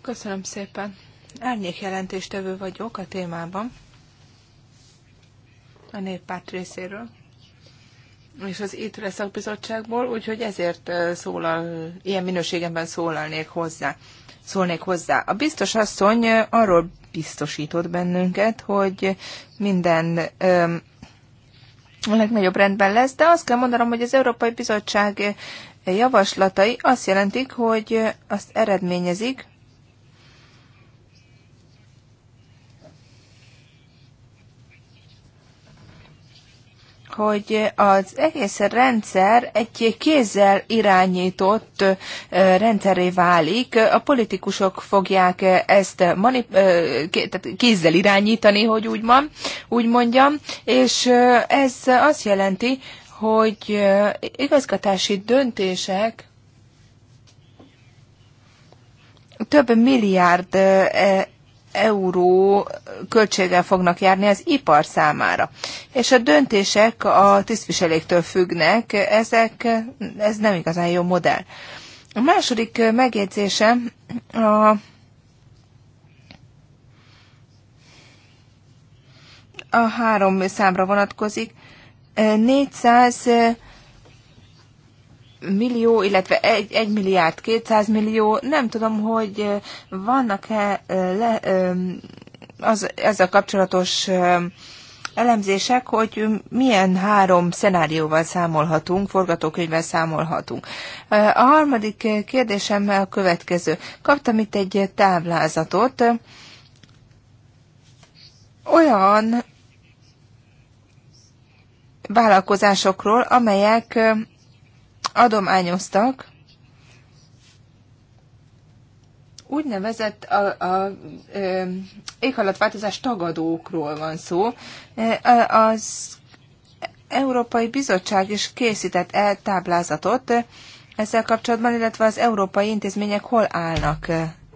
Köszönöm szépen. Árnyék jelentéstevő vagyok a témában, a néppárt részéről, és az ITRE szakbizottságból, úgyhogy ezért szólal, ilyen minőségemben szólalnék hozzá szólnék hozzá. A biztos asszony arról biztosított bennünket, hogy minden a legnagyobb rendben lesz, de azt kell mondanom, hogy az Európai Bizottság javaslatai azt jelentik, hogy azt eredményezik, hogy az egész rendszer egy kézzel irányított rendszeré válik. A politikusok fogják ezt manip- kézzel irányítani, hogy úgy, van, úgy mondjam, és ez azt jelenti, hogy igazgatási döntések több milliárd euró költséggel fognak járni az ipar számára. És a döntések a tisztviseléktől függnek, ezek, ez nem igazán jó modell. A második megjegyzésem a a három számra vonatkozik. 400 millió, illetve egy egy milliárd 200 millió, nem tudom, hogy vannak-e le, az, ezzel kapcsolatos elemzések, hogy milyen három szenárióval számolhatunk, forgatókönyvvel számolhatunk. A harmadik kérdésem a következő. Kaptam itt egy táblázatot, olyan vállalkozásokról, amelyek adományoztak, úgynevezett a, a, a, éghajlatváltozás tagadókról van szó. Az Európai Bizottság is készített el táblázatot ezzel kapcsolatban, illetve az európai intézmények hol állnak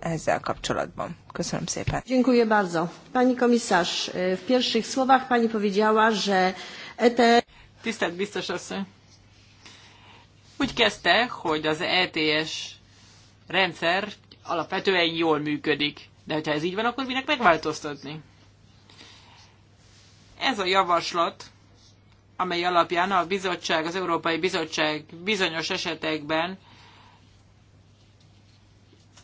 ezzel kapcsolatban. Köszönöm szépen. Dziękuję bardzo. Pani komisarz, w pierwszych słowach pani powiedziała, że ETS... Tisztelt biztos asszony! Úgy kezdte, hogy az ETS rendszer alapvetően jól működik. De hogyha ez így van, akkor minek megváltoztatni? Ez a javaslat, amely alapján a bizottság, az Európai Bizottság bizonyos esetekben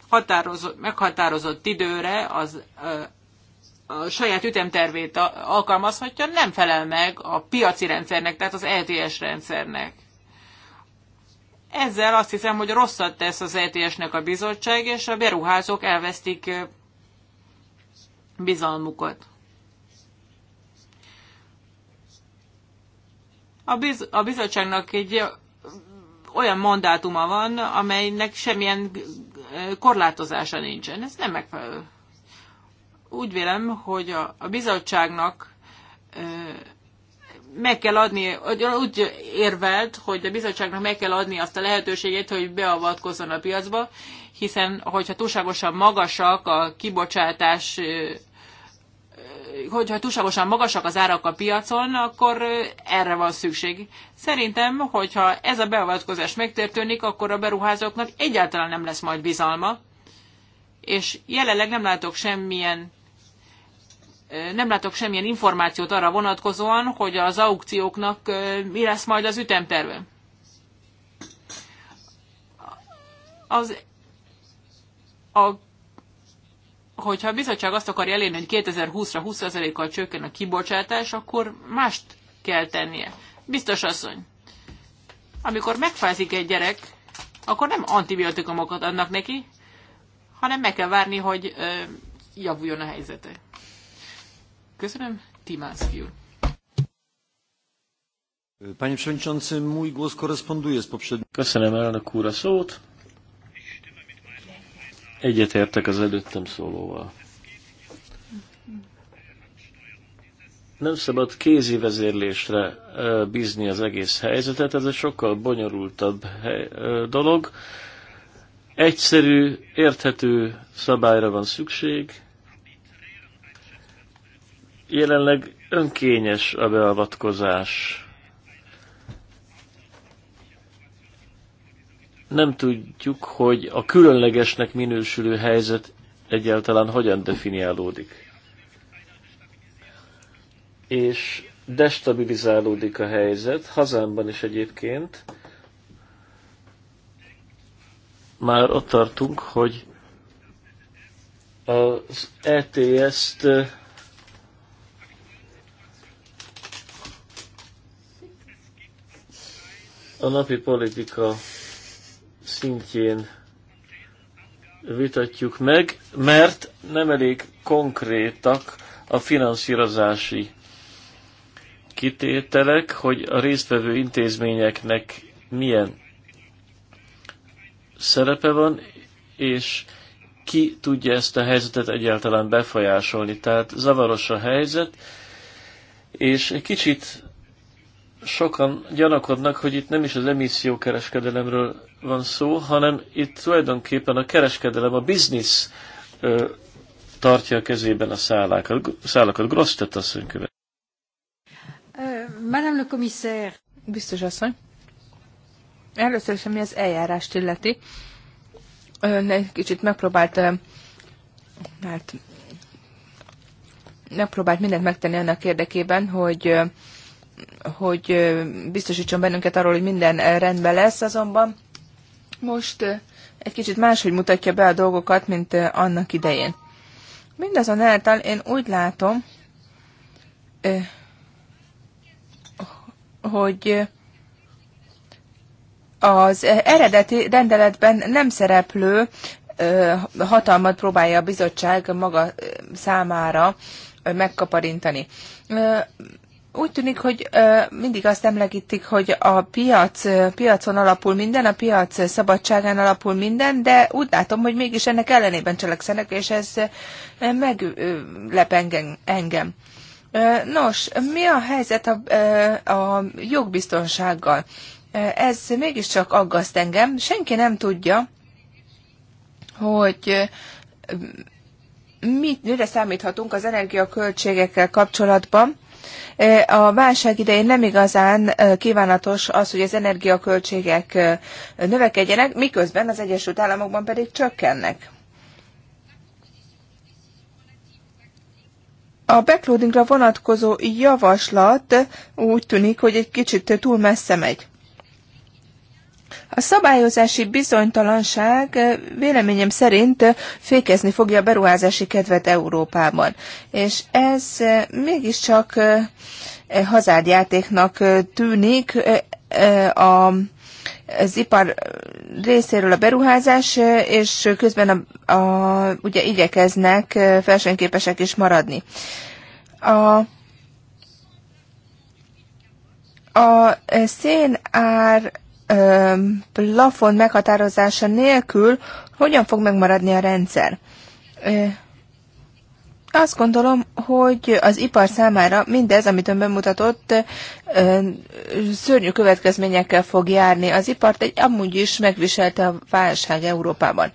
határozott, meghatározott időre az a, a saját ütemtervét alkalmazhatja, nem felel meg a piaci rendszernek, tehát az LTS e rendszernek. Ezzel azt hiszem, hogy rosszat tesz az ETS-nek a bizottság, és a beruházók elvesztik bizalmukat. A, biz- a bizottságnak egy olyan mandátuma van, amelynek semmilyen korlátozása nincsen. Ez nem megfelelő. Úgy vélem, hogy a, a bizottságnak meg kell adni, úgy érvelt, hogy a bizottságnak meg kell adni azt a lehetőséget, hogy beavatkozzon a piacba, hiszen hogyha túlságosan magasak a kibocsátás, hogyha túlságosan magasak az árak a piacon, akkor erre van szükség. Szerintem, hogyha ez a beavatkozás megtörténik, akkor a beruházóknak egyáltalán nem lesz majd bizalma, és jelenleg nem látok semmilyen nem látok semmilyen információt arra vonatkozóan, hogy az aukcióknak mi lesz majd az ütemterve. Az, a, hogyha a bizottság azt akarja elérni, hogy 2020-ra 20%-kal csökken a kibocsátás, akkor mást kell tennie. Biztos asszony, amikor megfázik egy gyerek, akkor nem antibiotikumokat adnak neki, hanem meg kell várni, hogy ö, javuljon a helyzete. Köszönöm, Timánszki úr. Panie Przewodniczący, mój głos koresponduje z poprzednim. Köszönöm elnök úr a szót. Egyetértek az előttem szólóval. Nem szabad kézi vezérlésre bízni az egész helyzetet, ez egy sokkal bonyolultabb dolog. Egyszerű, érthető szabályra van szükség, jelenleg önkényes a beavatkozás. Nem tudjuk, hogy a különlegesnek minősülő helyzet egyáltalán hogyan definiálódik. És destabilizálódik a helyzet, hazámban is egyébként. Már ott tartunk, hogy az ETS-t a napi politika szintjén vitatjuk meg, mert nem elég konkrétak a finanszírozási kitételek, hogy a résztvevő intézményeknek milyen szerepe van, és ki tudja ezt a helyzetet egyáltalán befolyásolni. Tehát zavaros a helyzet, és egy kicsit sokan gyanakodnak, hogy itt nem is az emissziókereskedelemről van szó, hanem itt tulajdonképpen a kereskedelem, a biznisz ö, tartja a kezében a szállákat, szállákat Grossz tett asszony követ. Madame le commissaire. Biztos asszony. Először is, ami az eljárást illeti. Ön egy kicsit megpróbált, hát megpróbált mindent megtenni annak érdekében, hogy hogy biztosítson bennünket arról, hogy minden rendben lesz, azonban most egy kicsit máshogy mutatja be a dolgokat, mint annak idején. Mindazonáltal én úgy látom, hogy az eredeti rendeletben nem szereplő hatalmat próbálja a bizottság maga számára megkaparintani úgy tűnik, hogy mindig azt emlegítik, hogy a piac, piacon alapul minden, a piac szabadságán alapul minden, de úgy látom, hogy mégis ennek ellenében cselekszenek, és ez meglep engem. Nos, mi a helyzet a, a jogbiztonsággal? Ez mégiscsak aggaszt engem. Senki nem tudja, hogy mit, mire számíthatunk az energiaköltségekkel kapcsolatban E, a válság idején nem igazán e, kívánatos az, hogy az energiaköltségek e, növekedjenek, miközben az Egyesült Államokban pedig csökkennek. A backloadingra vonatkozó javaslat úgy tűnik, hogy egy kicsit túl messze megy. A szabályozási bizonytalanság véleményem szerint fékezni fogja a beruházási kedvet Európában, és ez mégiscsak e, hazádjátéknak tűnik a az ipar részéről a beruházás, és közben a, a, ugye igyekeznek versenyképesek is maradni. A, a szénár plafon meghatározása nélkül hogyan fog megmaradni a rendszer? Azt gondolom, hogy az ipar számára mindez, amit ön bemutatott, szörnyű következményekkel fog járni. Az ipart egy amúgy is megviselte a válság Európában.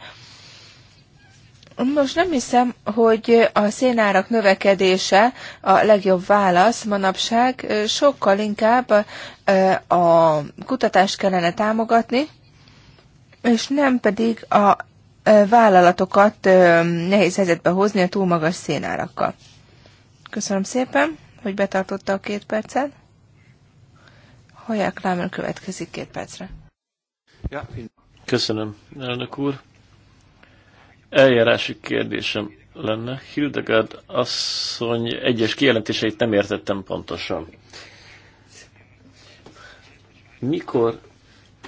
Most nem hiszem, hogy a szénárak növekedése a legjobb válasz manapság, sokkal inkább a kutatást kellene támogatni, és nem pedig a vállalatokat nehéz helyzetbe hozni a túl magas szénárakkal. Köszönöm szépen, hogy betartotta a két percet. Haják Lámer következik két percre. Köszönöm, elnök úr eljárási kérdésem lenne. Hildegard asszony egyes kijelentéseit nem értettem pontosan. Mikor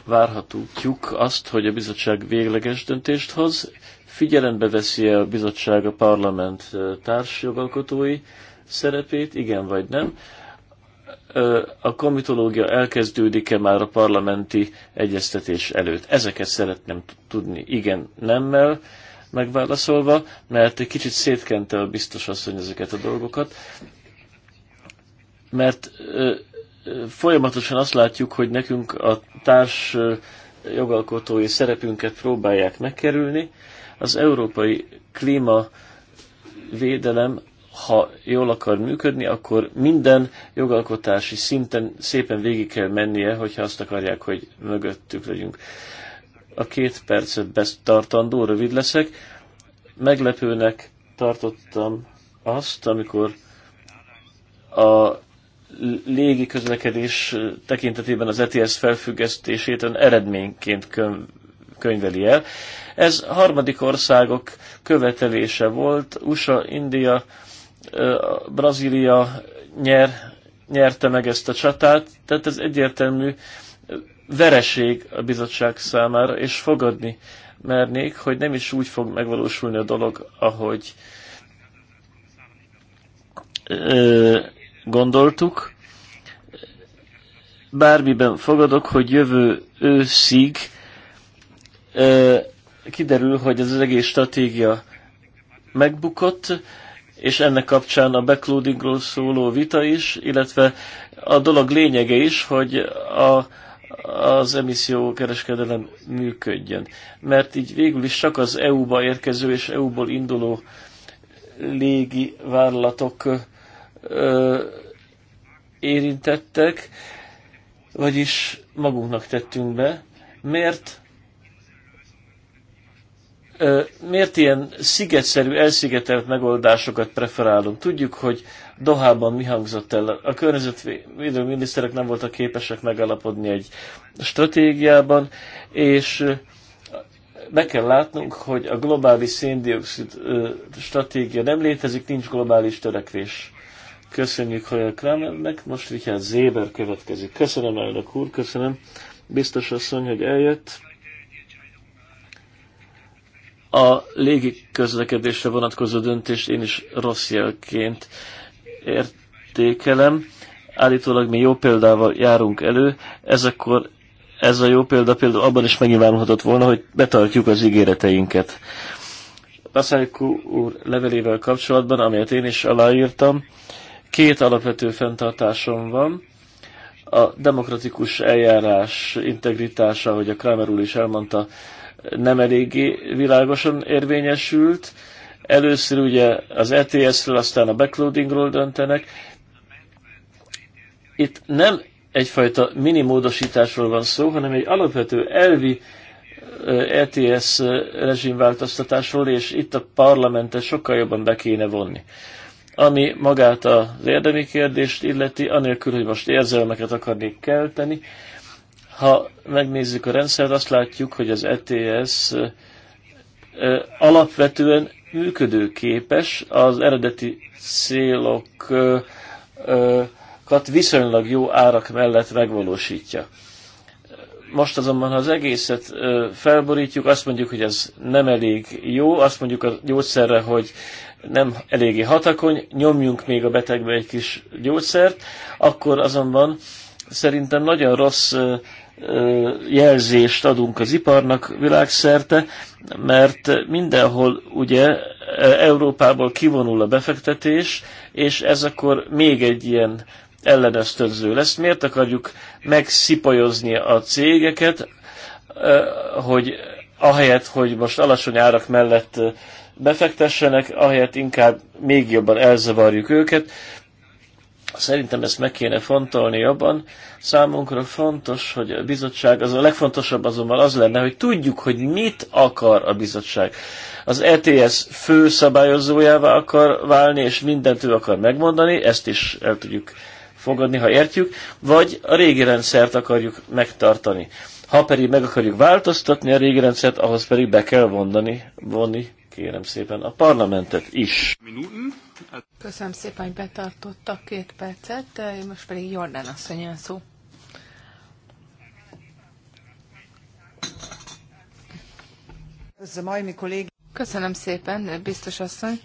várhatjuk azt, hogy a bizottság végleges döntést hoz, figyelembe veszi -e a bizottság a parlament társjogalkotói szerepét, igen vagy nem, a komitológia elkezdődik-e már a parlamenti egyeztetés előtt? Ezeket szeretném tudni igen, nemmel, megválaszolva, mert egy kicsit szétkente a biztos asszony ezeket a dolgokat, mert ö, ö, folyamatosan azt látjuk, hogy nekünk a társ ö, jogalkotói szerepünket próbálják megkerülni. Az európai klímavédelem, ha jól akar működni, akkor minden jogalkotási szinten szépen végig kell mennie, hogyha azt akarják, hogy mögöttük legyünk a két percet tartandó, rövid leszek. Meglepőnek tartottam azt, amikor a légi közlekedés tekintetében az ETS felfüggesztését ön eredményként könyveli el. Ez harmadik országok követelése volt. USA, India, Brazília nyer, nyerte meg ezt a csatát, tehát ez egyértelmű vereség a bizottság számára, és fogadni mernék, hogy nem is úgy fog megvalósulni a dolog, ahogy ö, gondoltuk. Bármiben fogadok, hogy jövő őszig ö, kiderül, hogy az egész stratégia megbukott, és ennek kapcsán a backloadingról szóló vita is, illetve a dolog lényege is, hogy a az emissziókereskedelem működjön. Mert így végül is csak az EU-ba érkező és EU-ból induló légi vállalatok érintettek, vagyis magunknak tettünk be. mert miért ilyen szigetszerű, elszigetelt megoldásokat preferálunk? Tudjuk, hogy Dohában mi hangzott el. A környezetvédő miniszterek nem voltak képesek megalapodni egy stratégiában, és be kell látnunk, hogy a globális széndiokszid stratégia nem létezik, nincs globális törekvés. Köszönjük hogy Kramernek, most Richard Zéber következik. Köszönöm, elnök úr, köszönöm. Biztos asszony, hogy eljött a légi közlekedésre vonatkozó döntést én is rossz jelként értékelem. Állítólag mi jó példával járunk elő, ez akkor ez a jó példa például abban is megnyilvánulhatott volna, hogy betartjuk az ígéreteinket. Paszályku úr levelével kapcsolatban, amelyet én is aláírtam, két alapvető fenntartásom van. A demokratikus eljárás integritása, ahogy a Kramer úr is elmondta, nem eléggé világosan érvényesült. Először ugye az ETS-ről, aztán a backloadingról döntenek. Itt nem egyfajta minimódosításról van szó, hanem egy alapvető elvi ETS rezsimváltoztatásról, és itt a parlamentet sokkal jobban be kéne vonni. Ami magát az érdemi kérdést illeti, anélkül, hogy most érzelmeket akarnék kelteni, ha megnézzük a rendszert, azt látjuk, hogy az ETS alapvetően működőképes, az eredeti célokat viszonylag jó árak mellett megvalósítja. Most azonban, ha az egészet felborítjuk, azt mondjuk, hogy ez nem elég jó, azt mondjuk a gyógyszerre, hogy nem eléggé hatakony, nyomjunk még a betegbe egy kis gyógyszert, akkor azonban szerintem nagyon rossz jelzést adunk az iparnak világszerte, mert mindenhol ugye Európából kivonul a befektetés, és ez akkor még egy ilyen ellenöztöző lesz. Miért akarjuk megszipajozni a cégeket, hogy ahelyett, hogy most alacsony árak mellett befektessenek, ahelyett inkább még jobban elzavarjuk őket. Szerintem ezt meg kéne fontolni jobban. Számunkra fontos, hogy a bizottság, az a legfontosabb azonban az lenne, hogy tudjuk, hogy mit akar a bizottság. Az ETS fő szabályozójává akar válni, és mindent ő akar megmondani, ezt is el tudjuk fogadni, ha értjük, vagy a régi rendszert akarjuk megtartani. Ha pedig meg akarjuk változtatni a régi rendszert, ahhoz pedig be kell vonni, vonni kérem szépen, a parlamentet is. Minuten. Köszönöm szépen, hogy betartottak két percet, most pedig Jordán szó. Köszönöm szépen, biztos asszony.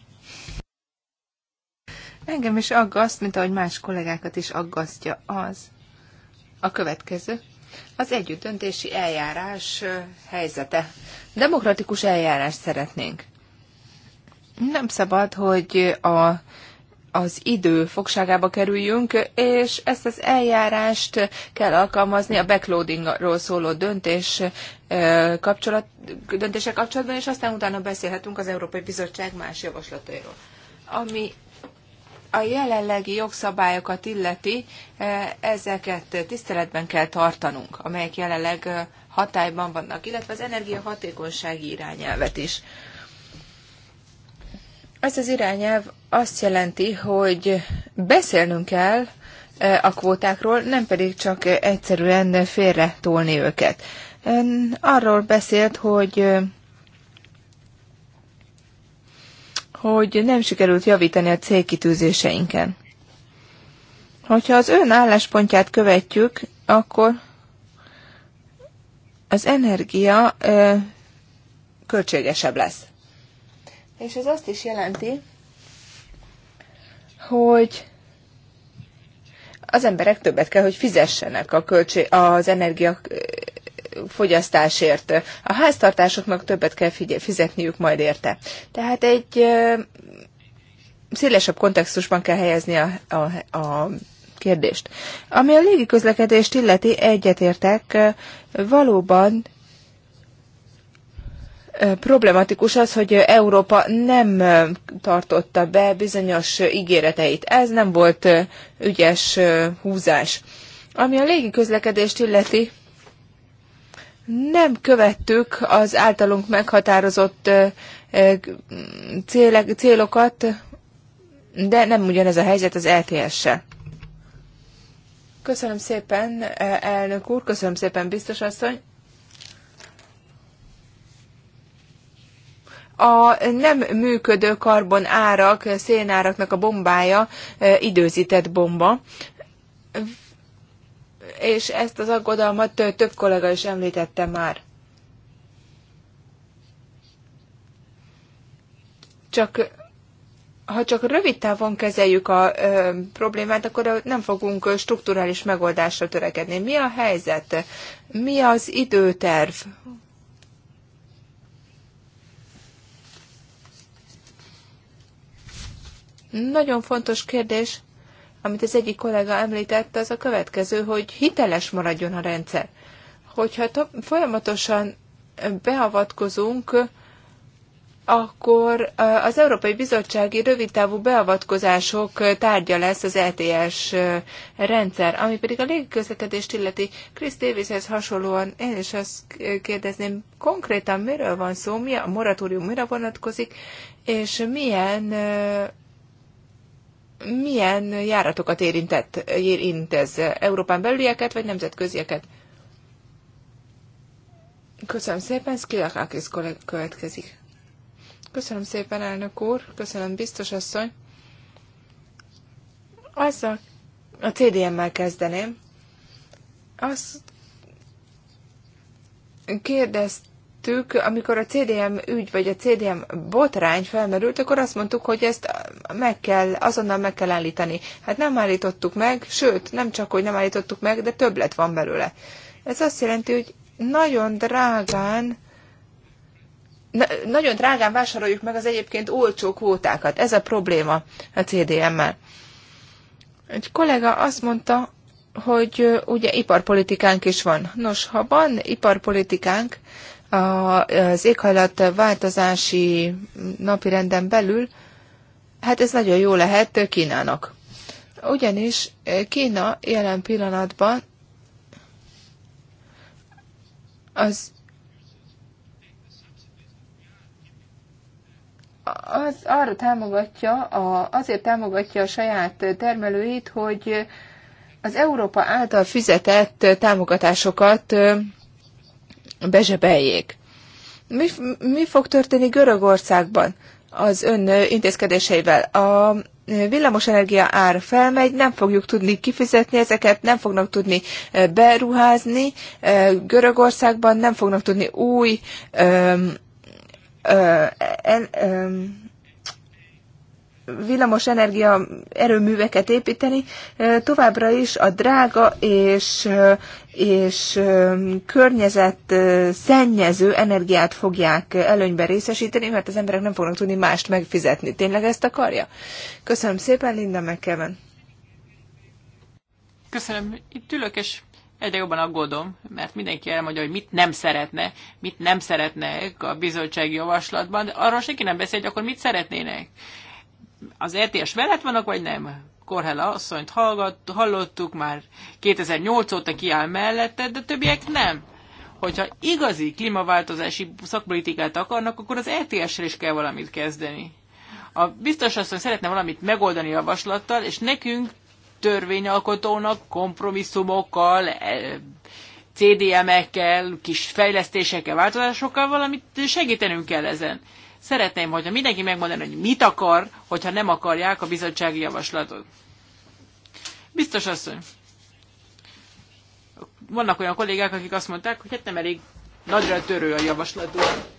Engem is aggaszt, mint ahogy más kollégákat is aggasztja az. A következő. Az együttdöntési eljárás helyzete. Demokratikus eljárást szeretnénk nem szabad, hogy a, az idő fogságába kerüljünk, és ezt az eljárást kell alkalmazni a backloadingról szóló döntés kapcsolat, döntése kapcsolatban, és aztán utána beszélhetünk az Európai Bizottság más javaslatairól. Ami a jelenlegi jogszabályokat illeti, ezeket tiszteletben kell tartanunk, amelyek jelenleg hatályban vannak, illetve az energiahatékonysági irányelvet is. Ez az irányelv azt jelenti, hogy beszélnünk kell e, a kvótákról, nem pedig csak egyszerűen félre tolni őket. Ön arról beszélt, hogy e, hogy nem sikerült javítani a célkitűzéseinken. Hogyha az ön álláspontját követjük, akkor az energia ö, e, költségesebb lesz és ez azt is jelenti, hogy az emberek többet kell, hogy fizessenek a költség, az energia fogyasztásért. A háztartásoknak többet kell fizetniük majd érte. Tehát egy szélesebb kontextusban kell helyezni a, a, a kérdést. Ami a légiközlekedést illeti, egyetértek, valóban problematikus az, hogy Európa nem tartotta be bizonyos ígéreteit. Ez nem volt ügyes húzás. Ami a légi közlekedést illeti, nem követtük az általunk meghatározott célokat, de nem ugyanez a helyzet az LTS-sel. E köszönöm szépen, elnök úr, köszönöm szépen, biztos asszony. a nem működő karbon árak, szénáraknak a bombája e, időzített bomba, és ezt az aggodalmat e, több kollega is említette már. Csak ha csak rövid távon kezeljük a ö, e, problémát, akkor nem fogunk strukturális megoldásra törekedni. Mi a helyzet? Mi az időterv? Nagyon fontos kérdés, amit az egyik kollega említette, az a következő, hogy hiteles maradjon a rendszer. Hogyha folyamatosan beavatkozunk, akkor az Európai Bizottsági rövidtávú beavatkozások tárgya lesz az ETS rendszer, ami pedig a légiközlekedést illeti. Chris Davishez hasonlóan én is azt kérdezném, konkrétan miről van szó, mi a moratórium mire vonatkozik, és milyen milyen járatokat érintett, érint ez? Európán belülieket, vagy nemzetközieket? Köszönöm szépen, Skilakakis következik. Köszönöm szépen, elnök úr, köszönöm, biztos asszony. a, a CDM-mel kezdeném. Azt kérdezt, tettük, amikor a CDM ügy vagy a CDM botrány felmerült, akkor azt mondtuk, hogy ezt meg kell, azonnal meg kell állítani. Hát nem állítottuk meg, sőt, nem csak, hogy nem állítottuk meg, de többlet van belőle. Ez azt jelenti, hogy nagyon drágán na, nagyon drágán vásároljuk meg az egyébként olcsó kvótákat. Ez a probléma a CDM-mel. Egy kollega azt mondta, hogy ugye iparpolitikánk is van. Nos, ha van iparpolitikánk, az éghajlat változási napirenden belül, hát ez nagyon jó lehet Kínának. Ugyanis Kína jelen pillanatban az az arra támogatja, a, azért támogatja a saját termelőit, hogy az Európa által fizetett támogatásokat bezsebeljék. Mi, mi fog történni Görögországban az ön intézkedéseivel? A villamosenergia ár felmegy, nem fogjuk tudni kifizetni ezeket, nem fognak tudni e, beruházni. E, Görögországban nem fognak tudni új öm, öm, öm, villamosenergia erőműveket építeni, továbbra is a drága és, és környezet szennyező energiát fogják előnyben részesíteni, mert az emberek nem fognak tudni mást megfizetni. Tényleg ezt akarja? Köszönöm szépen, Linda McKeven. Köszönöm. Itt ülök, és egyre jobban aggódom, mert mindenki elmondja, hogy mit nem szeretne, mit nem szeretnek a bizottsági javaslatban, de arról senki nem beszél, hogy akkor mit szeretnének az RTS e mellett vannak, vagy nem? Korhela asszonyt hallgatt, hallottuk már 2008 óta kiáll mellette, de többiek nem. Hogyha igazi klímaváltozási szakpolitikát akarnak, akkor az rts re is kell valamit kezdeni. A biztos asszony szeretne valamit megoldani javaslattal, és nekünk törvényalkotónak kompromisszumokkal, e, CDM-ekkel, kis fejlesztésekkel, változásokkal valamit segítenünk kell ezen. Szeretném, hogyha mindenki megmondaná, hogy mit akar, hogyha nem akarják a bizottsági javaslatot. Biztos asszony. Vannak olyan kollégák, akik azt mondták, hogy hát nem elég nagyra törő a javaslatunk.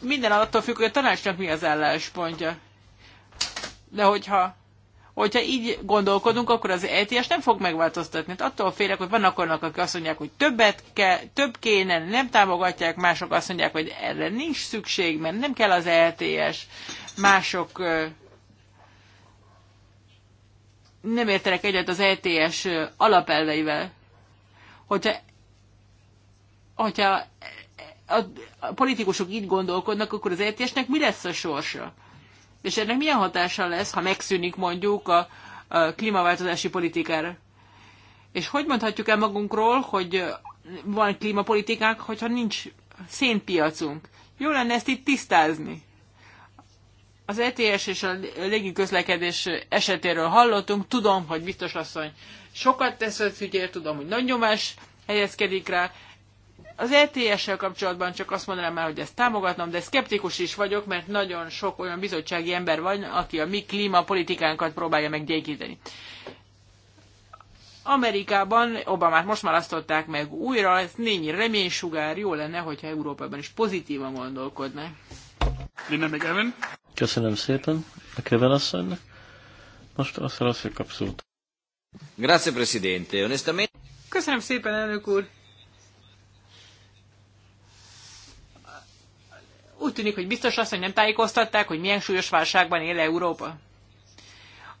minden attól függ, hogy a tanácsnak mi az álláspontja. De hogyha hogyha így gondolkodunk, akkor az ETS nem fog megváltoztatni. Hát attól félek, hogy vannak olyanok, akik azt mondják, hogy többet kell, több kéne, nem támogatják, mások azt mondják, hogy erre nincs szükség, mert nem kell az ETS. Mások nem értenek egyet az ETS alapelveivel. Hogyha, hogyha a, a politikusok így gondolkodnak, akkor az ETS-nek mi lesz a sorsa? És ennek milyen hatása lesz, ha megszűnik mondjuk a, a klímaváltozási politikára? És hogy mondhatjuk el magunkról, hogy van klímapolitikánk, hogyha nincs szénpiacunk? Jó lenne ezt itt tisztázni. Az ETS és a légiközlekedés esetéről hallottunk, tudom, hogy biztos asszony sokat tesz a tudom, hogy nagy nyomás helyezkedik rá, az ETS-sel kapcsolatban csak azt mondanám el, hogy ezt támogatnom, de szkeptikus is vagyok, mert nagyon sok olyan bizottsági ember van, aki a mi klímapolitikánkat próbálja meggyékíteni. Amerikában Obamát most már asztották meg újra, ez némi reménysugár, jó lenne, hogyha Európában is pozitívan gondolkodna. Linda McEwen. Köszönöm szépen a Kevin asszonynak. Most azt hogy kapszult. Grazie, Presidente. Onestamente... Köszönöm szépen, elnök úr. Úgy tűnik, hogy biztos azt, hogy nem tájékoztatták, hogy milyen súlyos válságban él Európa.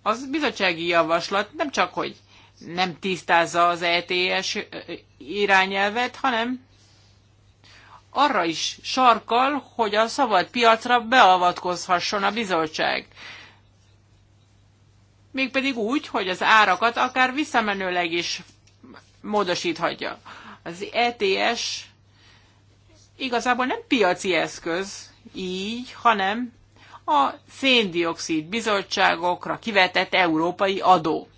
Az bizottsági javaslat nem csak, hogy nem tisztázza az ETS irányelvet, hanem arra is sarkal, hogy a szabad piacra beavatkozhasson a bizottság. Mégpedig úgy, hogy az árakat akár visszamenőleg is módosíthatja. Az ETS igazából nem piaci eszköz így, hanem a széndiokszid bizottságokra kivetett európai adó.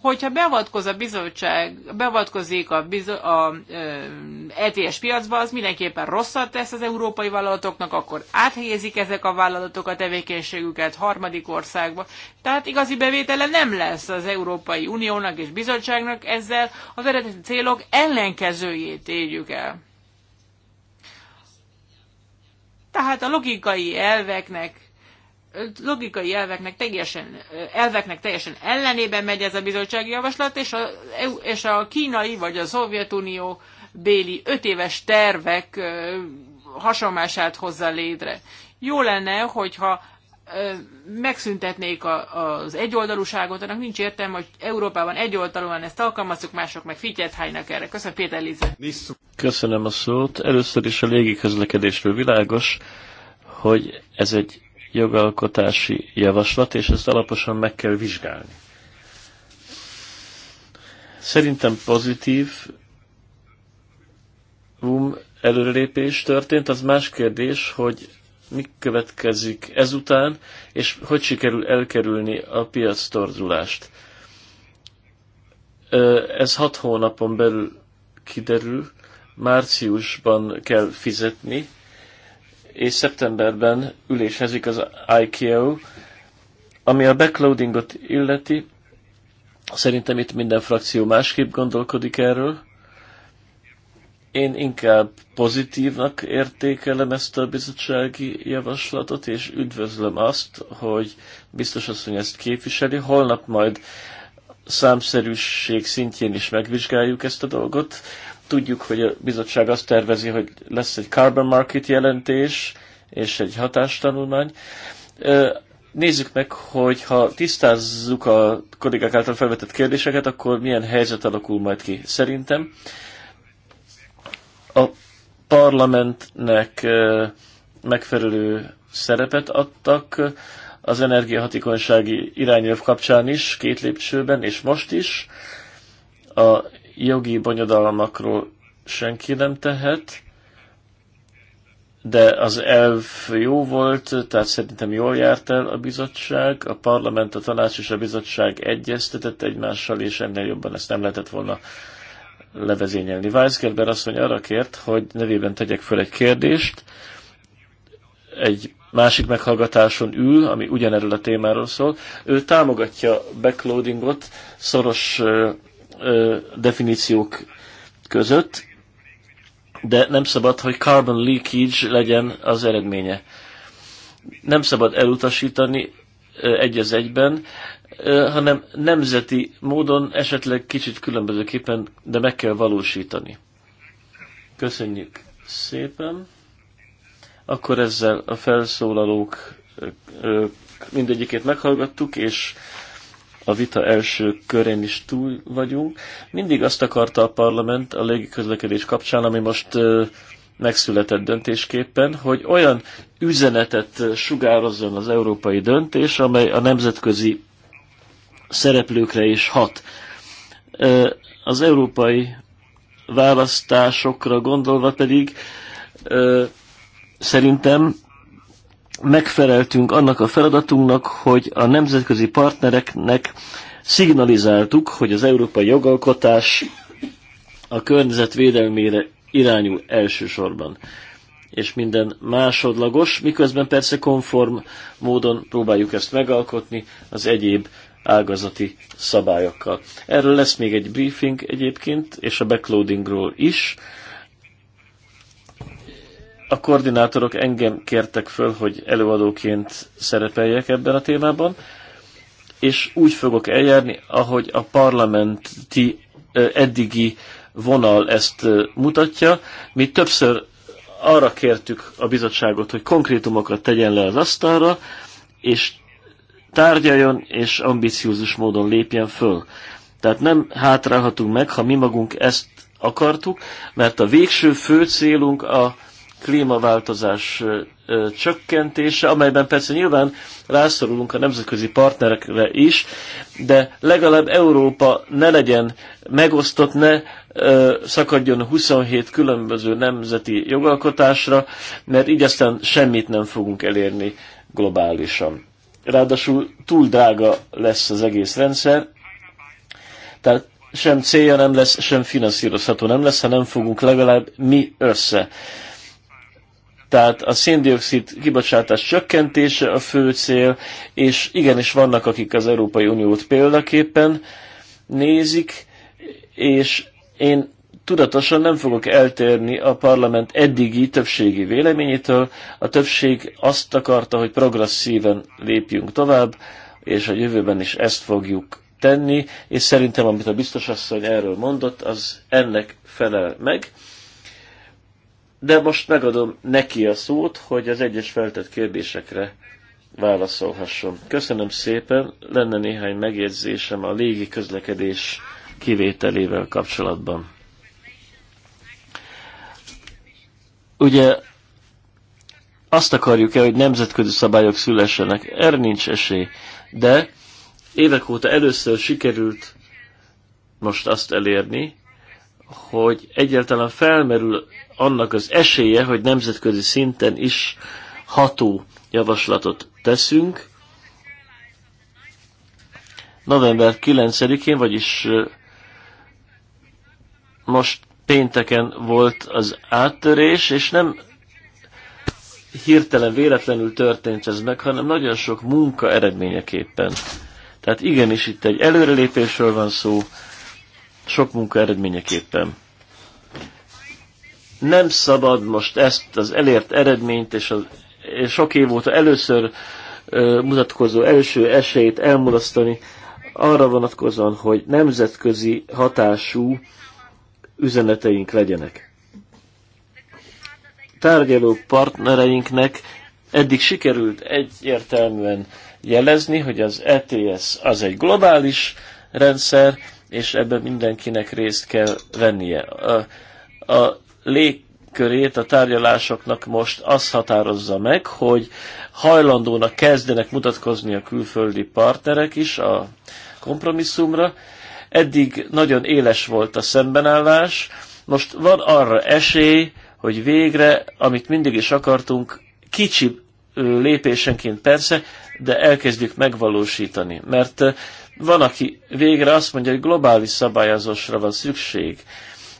hogyha beavatkoz a bizottság, beavatkozik a, bizo- a ö, ETS piacba, az mindenképpen rosszat tesz az európai vállalatoknak, akkor áthelyezik ezek a vállalatok a tevékenységüket harmadik országba. Tehát igazi bevétele nem lesz az Európai Uniónak és bizottságnak, ezzel az eredeti célok ellenkezőjét érjük el. Tehát a logikai elveknek logikai elveknek teljesen, elveknek teljesen ellenében megy ez a bizottsági javaslat, és a, és a kínai vagy a Szovjetunió béli öt éves tervek hasonlását hozza létre. Jó lenne, hogyha megszüntetnék a, az egyoldalúságot, annak nincs értelme, hogy Európában egyoldalúan ezt alkalmazzuk, mások meg fityet hánynak erre. Köszönöm, Péter Lize. Köszönöm a szót. Először is a légiközlekedésről világos, hogy ez egy jogalkotási javaslat, és ezt alaposan meg kell vizsgálni. Szerintem pozitív um, előrelépés történt, az más kérdés, hogy mi következik ezután, és hogy sikerül elkerülni a piac torzulást. Ez hat hónapon belül kiderül, márciusban kell fizetni, és szeptemberben ülésezik az IKO, e ami a backloadingot illeti, szerintem itt minden frakció másképp gondolkodik erről. Én inkább pozitívnak értékelem ezt a bizottsági javaslatot, és üdvözlöm azt, hogy biztos asszony ezt képviseli. Holnap majd számszerűség szintjén is megvizsgáljuk ezt a dolgot, Tudjuk, hogy a bizottság azt tervezi, hogy lesz egy carbon market jelentés és egy hatástanulmány. Nézzük meg, hogy ha tisztázzuk a kollégák által felvetett kérdéseket, akkor milyen helyzet alakul majd ki. Szerintem a parlamentnek megfelelő szerepet adtak az energiahatékonysági irányelv kapcsán is, két lépcsőben, és most is. A jogi bonyodalmakról senki nem tehet, de az elv jó volt, tehát szerintem jól járt el a bizottság, a parlament, a tanács és a bizottság egyeztetett egymással, és ennél jobban ezt nem lehetett volna levezényelni. Weisgerber mondja, arra kért, hogy nevében tegyek föl egy kérdést, egy másik meghallgatáson ül, ami ugyanerről a témáról szól. Ő támogatja backloadingot, szoros ö, definíciók között, de nem szabad, hogy carbon leakage legyen az eredménye. Nem szabad elutasítani ö, egy az egyben, ö, hanem nemzeti módon esetleg kicsit különbözőképpen, de meg kell valósítani. Köszönjük szépen. Akkor ezzel a felszólalók mindegyikét meghallgattuk, és a vita első körén is túl vagyunk. Mindig azt akarta a parlament a légiközlekedés kapcsán, ami most megszületett döntésképpen, hogy olyan üzenetet sugározzon az európai döntés, amely a nemzetközi szereplőkre is hat. Az európai választásokra gondolva pedig szerintem megfeleltünk annak a feladatunknak, hogy a nemzetközi partnereknek szignalizáltuk, hogy az európai jogalkotás a környezet védelmére irányul elsősorban, és minden másodlagos, miközben persze konform módon próbáljuk ezt megalkotni az egyéb ágazati szabályokkal. Erről lesz még egy briefing egyébként, és a backloadingról is, a koordinátorok engem kértek föl, hogy előadóként szerepeljek ebben a témában, és úgy fogok eljárni, ahogy a parlamenti eddigi vonal ezt mutatja. Mi többször arra kértük a bizottságot, hogy konkrétumokat tegyen le az asztalra, és tárgyaljon és ambiciózus módon lépjen föl. Tehát nem hátrálhatunk meg, ha mi magunk ezt akartuk, mert a végső fő célunk a klímaváltozás csökkentése, amelyben persze nyilván rászorulunk a nemzetközi partnerekre is, de legalább Európa ne legyen megosztott, ne szakadjon 27 különböző nemzeti jogalkotásra, mert így aztán semmit nem fogunk elérni globálisan. Ráadásul túl drága lesz az egész rendszer, tehát sem célja nem lesz, sem finanszírozható nem lesz, ha nem fogunk legalább mi össze tehát a széndiokszid kibocsátás csökkentése a fő cél, és igenis vannak, akik az Európai Uniót példaképpen nézik, és én tudatosan nem fogok eltérni a parlament eddigi többségi véleményétől. A többség azt akarta, hogy progresszíven lépjünk tovább, és a jövőben is ezt fogjuk tenni, és szerintem, amit a biztos asszony erről mondott, az ennek felel meg. De most megadom neki a szót, hogy az egyes feltett kérdésekre válaszolhasson. Köszönöm szépen, lenne néhány megjegyzésem a légi közlekedés kivételével kapcsolatban. Ugye azt akarjuk-e, hogy nemzetközi szabályok szülessenek? Erre nincs esély. De évek óta először sikerült most azt elérni, hogy egyáltalán felmerül annak az esélye, hogy nemzetközi szinten is ható javaslatot teszünk. November 9-én, vagyis most pénteken volt az áttörés, és nem hirtelen, véletlenül történt ez meg, hanem nagyon sok munka eredményeképpen. Tehát igenis itt egy előrelépésről van szó, sok munka eredményeképpen nem szabad most ezt az elért eredményt és a sok év óta először ö, mutatkozó első esélyt elmulasztani arra vonatkozóan, hogy nemzetközi hatású üzeneteink legyenek. Tárgyaló partnereinknek eddig sikerült egyértelműen jelezni, hogy az ETS az egy globális rendszer, és ebben mindenkinek részt kell vennie. A, a légkörét a tárgyalásoknak most azt határozza meg, hogy hajlandónak kezdenek mutatkozni a külföldi partnerek is a kompromisszumra. Eddig nagyon éles volt a szembenállás, most van arra esély, hogy végre, amit mindig is akartunk, kicsi lépésenként persze, de elkezdjük megvalósítani. Mert van, aki végre azt mondja, hogy globális szabályozásra van szükség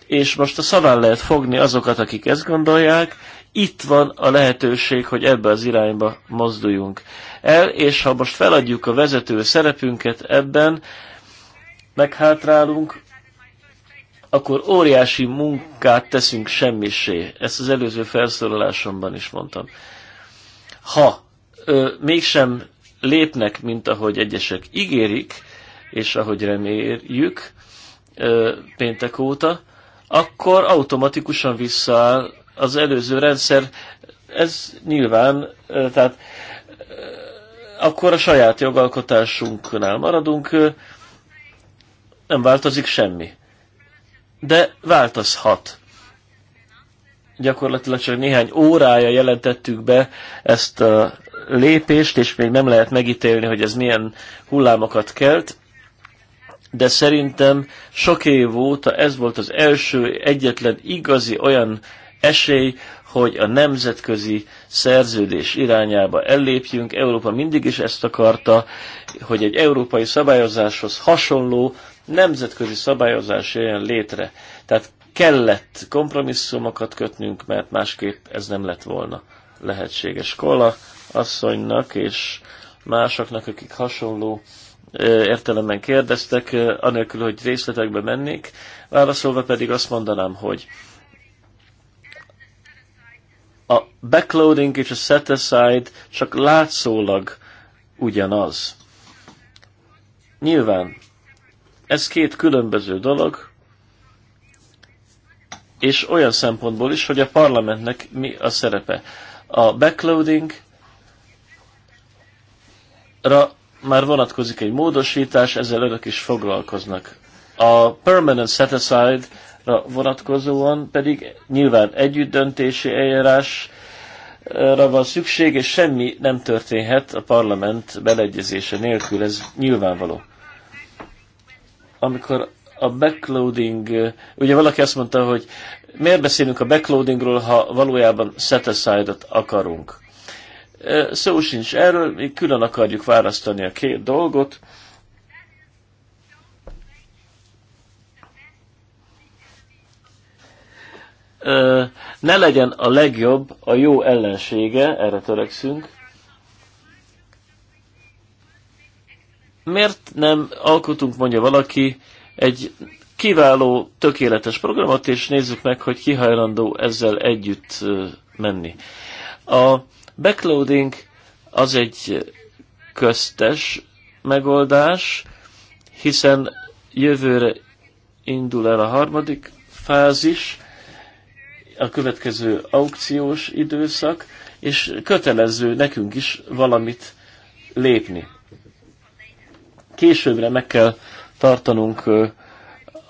és most a szaván lehet fogni azokat, akik ezt gondolják, itt van a lehetőség, hogy ebbe az irányba mozduljunk el, és ha most feladjuk a vezető szerepünket ebben, meghátrálunk, akkor óriási munkát teszünk semmisé. Ezt az előző felszólalásomban is mondtam. Ha ö, mégsem lépnek, mint ahogy egyesek ígérik, és ahogy reméljük ö, péntek óta, akkor automatikusan visszaáll az előző rendszer. Ez nyilván, tehát akkor a saját jogalkotásunknál maradunk, nem változik semmi. De változhat. Gyakorlatilag csak néhány órája jelentettük be ezt a lépést, és még nem lehet megítélni, hogy ez milyen hullámokat kelt de szerintem sok év óta ez volt az első, egyetlen igazi olyan esély, hogy a nemzetközi szerződés irányába ellépjünk. Európa mindig is ezt akarta, hogy egy európai szabályozáshoz hasonló nemzetközi szabályozás jöjjön létre. Tehát kellett kompromisszumokat kötnünk, mert másképp ez nem lett volna lehetséges. Kola asszonynak és másoknak, akik hasonló értelemben kérdeztek, anélkül, hogy részletekbe mennék. Válaszolva pedig azt mondanám, hogy a backloading és a set aside csak látszólag ugyanaz. Nyilván, ez két különböző dolog, és olyan szempontból is, hogy a parlamentnek mi a szerepe. A backloading már vonatkozik egy módosítás, ezzel önök is foglalkoznak. A permanent set aside-ra vonatkozóan pedig nyilván együttdöntési eljárás van szükség, és semmi nem történhet a parlament beleegyezése nélkül, ez nyilvánvaló. Amikor a backloading, ugye valaki azt mondta, hogy miért beszélünk a backloadingról, ha valójában set aside-ot akarunk. Szó sincs erről, mi külön akarjuk választani a két dolgot. Ne legyen a legjobb a jó ellensége, erre törekszünk. Miért nem alkotunk, mondja valaki, egy kiváló, tökéletes programot, és nézzük meg, hogy ki hajlandó ezzel együtt menni. A Backloading az egy köztes megoldás, hiszen jövőre indul el a harmadik fázis, a következő aukciós időszak, és kötelező nekünk is valamit lépni. Későbbre meg kell tartanunk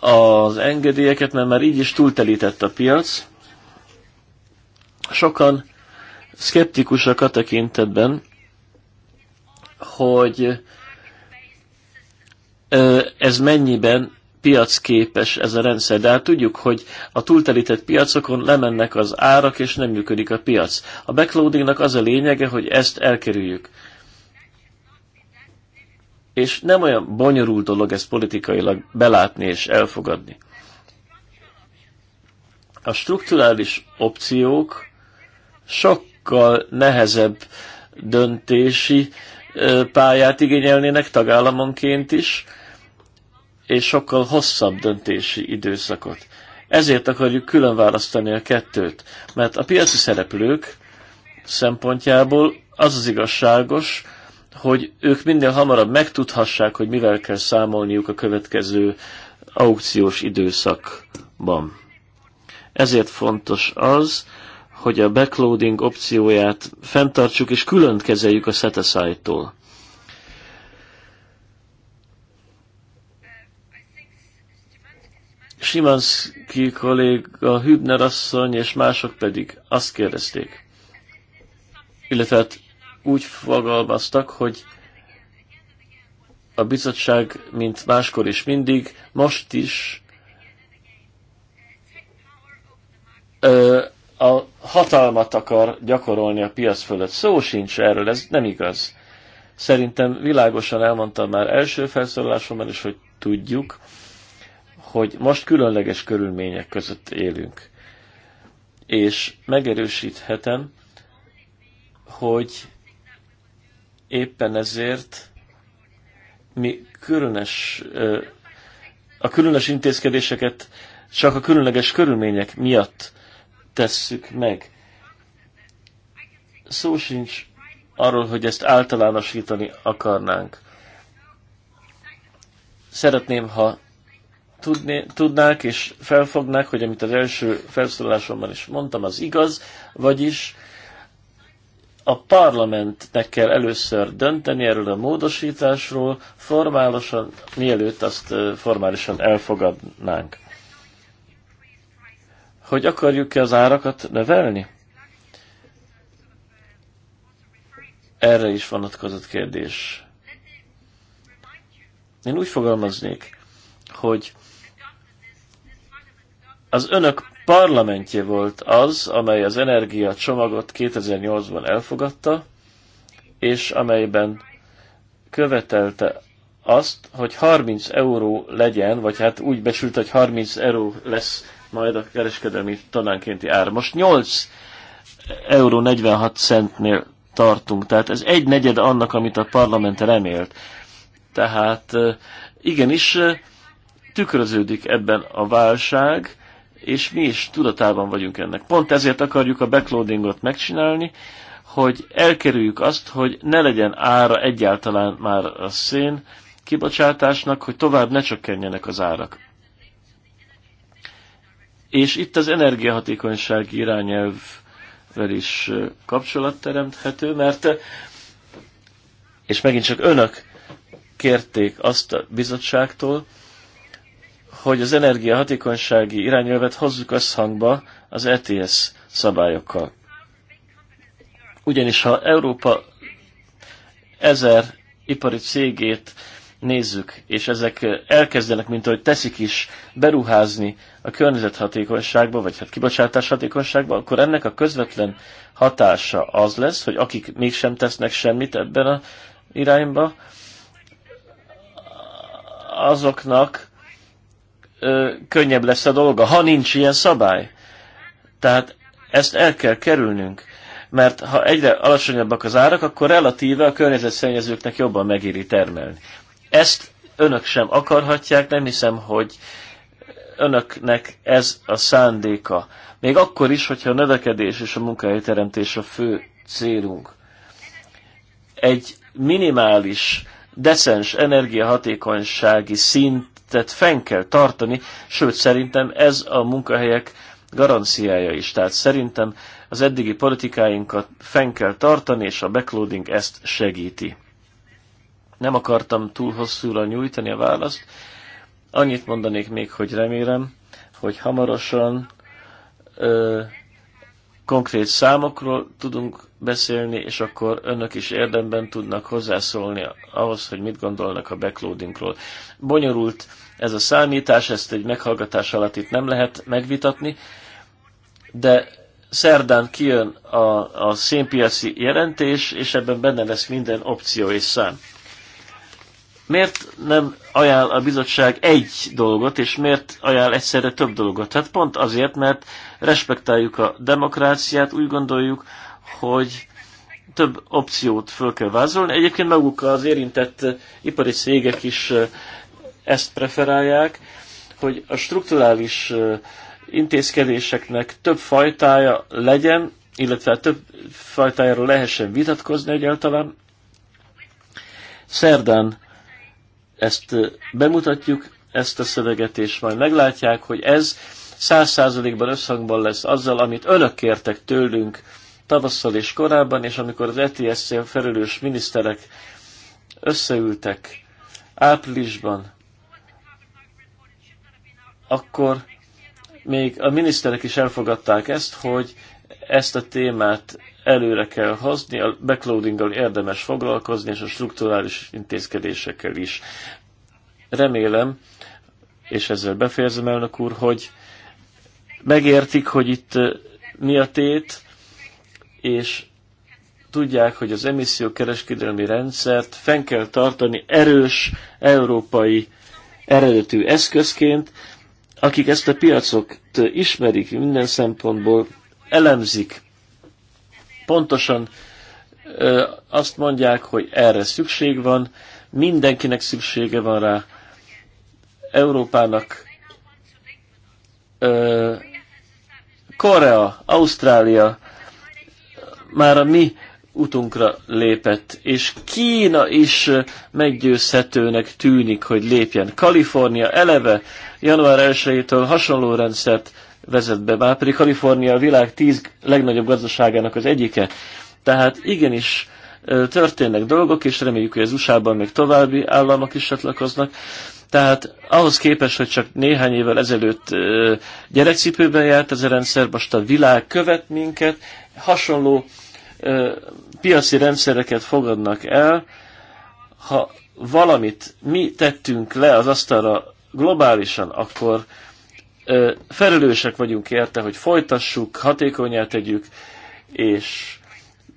az engedélyeket, mert már így is túltelített a piac. Sokan szkeptikusak a tekintetben, hogy ez mennyiben piacképes ez a rendszer. De hát tudjuk, hogy a túltelített piacokon lemennek az árak, és nem működik a piac. A backloadingnak az a lényege, hogy ezt elkerüljük. És nem olyan bonyolult dolog ezt politikailag belátni és elfogadni. A strukturális opciók sok sokkal nehezebb döntési pályát igényelnének tagállamonként is, és sokkal hosszabb döntési időszakot. Ezért akarjuk külön választani a kettőt, mert a piaci szereplők szempontjából az az igazságos, hogy ők minél hamarabb megtudhassák, hogy mivel kell számolniuk a következő aukciós időszakban. Ezért fontos az, hogy a backloading opcióját fenntartsuk és külön kezeljük a set aside-tól. Simanski kolléga, Hübner asszony és mások pedig azt kérdezték, illetve hát úgy fogalmaztak, hogy a bizottság, mint máskor is mindig, most is a hatalmat akar gyakorolni a piac fölött. Szó sincs erről, ez nem igaz. Szerintem világosan elmondtam már első felszólalásomban is, hogy tudjuk, hogy most különleges körülmények között élünk. És megerősíthetem, hogy éppen ezért mi különös, a különös intézkedéseket csak a különleges körülmények miatt tesszük meg. Szó sincs arról, hogy ezt általánosítani akarnánk. Szeretném, ha tudné, tudnák és felfognák, hogy amit az első felszólalásomban is mondtam, az igaz, vagyis a parlamentnek kell először dönteni erről a módosításról, formálisan, mielőtt azt formálisan elfogadnánk hogy akarjuk-e az árakat nevelni? Erre is vonatkozott kérdés. Én úgy fogalmaznék, hogy az önök parlamentje volt az, amely az energia csomagot 2008-ban elfogadta, és amelyben követelte azt, hogy 30 euró legyen, vagy hát úgy besült, hogy 30 euró lesz majd a kereskedelmi tanánkénti ár. Most 8 euró 46 centnél tartunk, tehát ez egy negyed annak, amit a parlament remélt. Tehát igenis tükröződik ebben a válság, és mi is tudatában vagyunk ennek. Pont ezért akarjuk a backloadingot megcsinálni, hogy elkerüljük azt, hogy ne legyen ára egyáltalán már a szén kibocsátásnak, hogy tovább ne csökkenjenek az árak. És itt az energiahatékonyság irányelvvel is kapcsolat teremthető, mert és megint csak önök kérték azt a bizottságtól, hogy az energiahatékonysági irányelvet hozzuk összhangba az ETS szabályokkal. Ugyanis ha Európa ezer ipari cégét nézzük, és ezek elkezdenek, mint ahogy teszik is, beruházni a környezethatékonyságba, vagy hát kibocsátás hatékonyságba, akkor ennek a közvetlen hatása az lesz, hogy akik mégsem tesznek semmit ebben a irányba, azoknak ö, könnyebb lesz a dolga, ha nincs ilyen szabály. Tehát ezt el kell kerülnünk mert ha egyre alacsonyabbak az árak, akkor relatíve a környezetszennyezőknek jobban megéri termelni. Ezt önök sem akarhatják, nem hiszem, hogy önöknek ez a szándéka. Még akkor is, hogyha a növekedés és a munkahelyteremtés a fő célunk. Egy minimális, decens energiahatékonysági szintet fenn kell tartani, sőt szerintem ez a munkahelyek garanciája is. Tehát szerintem az eddigi politikáinkat fenn kell tartani, és a backloading ezt segíti. Nem akartam túl hosszúra nyújtani a választ. Annyit mondanék még, hogy remélem, hogy hamarosan ö, konkrét számokról tudunk beszélni, és akkor önök is érdemben tudnak hozzászólni ahhoz, hogy mit gondolnak a backloadingról. Bonyolult ez a számítás, ezt egy meghallgatás alatt itt nem lehet megvitatni, de szerdán kijön a, a szénpiaci jelentés, és ebben benne lesz minden opció és szám. Miért nem ajánl a bizottság egy dolgot, és miért ajánl egyszerre több dolgot? Hát pont azért, mert respektáljuk a demokráciát, úgy gondoljuk, hogy több opciót föl kell vázolni. Egyébként maguk az érintett ipari cégek is ezt preferálják, hogy a strukturális intézkedéseknek több fajtája legyen, illetve több fajtájáról lehessen vitatkozni egyáltalán. Szerdán ezt bemutatjuk, ezt a szöveget, és majd meglátják, hogy ez száz százalékban összhangban lesz azzal, amit önök kértek tőlünk tavasszal és korábban, és amikor az ets en felelős miniszterek összeültek áprilisban, akkor még a miniszterek is elfogadták ezt, hogy ezt a témát előre kell hozni, a backloadinggal érdemes foglalkozni, és a strukturális intézkedésekkel is. Remélem, és ezzel befejezem, elnök úr, hogy megértik, hogy itt mi a tét, és tudják, hogy az emissziókereskedelmi rendszert fenn kell tartani erős európai eredetű eszközként, akik ezt a piacot ismerik minden szempontból, elemzik, pontosan azt mondják, hogy erre szükség van, mindenkinek szüksége van rá, Európának, Korea, Ausztrália már a mi utunkra lépett, és Kína is meggyőzhetőnek tűnik, hogy lépjen. Kalifornia eleve január 1-től hasonló rendszert vezet be, már pedig Kalifornia a világ tíz legnagyobb gazdaságának az egyike. Tehát igenis történnek dolgok, és reméljük, hogy az USA-ban még további államok is csatlakoznak. Tehát ahhoz képest, hogy csak néhány évvel ezelőtt gyerekcipőben járt ez a rendszer, most a világ követ minket, hasonló piaci rendszereket fogadnak el. Ha valamit mi tettünk le az asztalra globálisan, akkor Felelősek vagyunk érte, hogy folytassuk, hatékonyá tegyük, és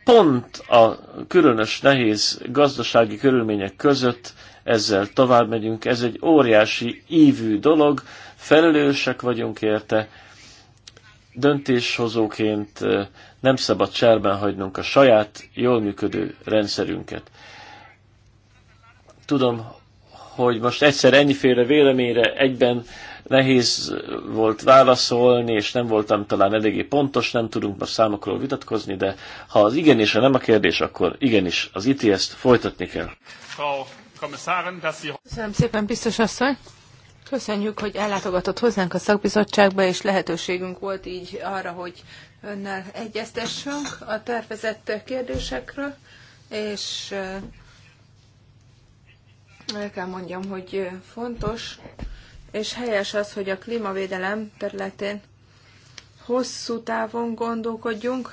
pont a különös nehéz gazdasági körülmények között ezzel tovább megyünk. Ez egy óriási ívű dolog, felelősek vagyunk érte, döntéshozóként nem szabad cserben hagynunk a saját jól működő rendszerünket. Tudom, hogy most egyszer ennyiféle véleményre egyben nehéz volt válaszolni, és nem voltam talán eléggé pontos, nem tudunk most számokról vitatkozni, de ha az igen és a nem a kérdés, akkor igenis az ITS-t folytatni kell. Köszönöm szépen, biztos asszony! Köszönjük, hogy ellátogatott hozzánk a szakbizottságba, és lehetőségünk volt így arra, hogy önnel egyeztessünk a tervezett kérdésekről, és eh, el kell mondjam, hogy eh, fontos és helyes az, hogy a klímavédelem területén hosszú távon gondolkodjunk,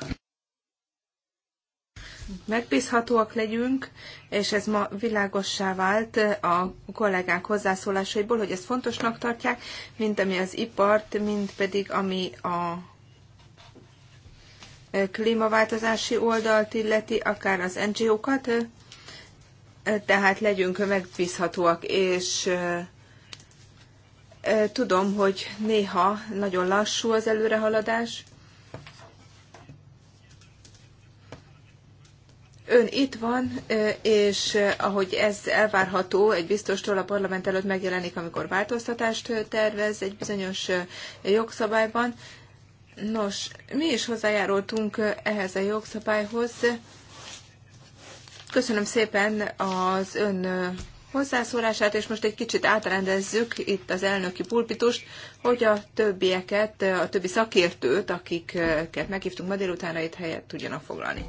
megbízhatóak legyünk, és ez ma világossá vált a kollégák hozzászólásaiból, hogy ezt fontosnak tartják, mint ami az ipart, mint pedig ami a klímaváltozási oldalt illeti, akár az NGO-kat, tehát legyünk megbízhatóak, és Tudom, hogy néha nagyon lassú az előrehaladás. Ön itt van, és ahogy ez elvárható, egy biztostól a parlament előtt megjelenik, amikor változtatást tervez egy bizonyos jogszabályban. Nos, mi is hozzájárultunk ehhez a jogszabályhoz. Köszönöm szépen az ön hozzászólását, és most egy kicsit átrendezzük itt az elnöki pulpitust, hogy a többieket, a többi szakértőt, akiket meghívtunk ma délutánra itt helyet tudjanak foglalni.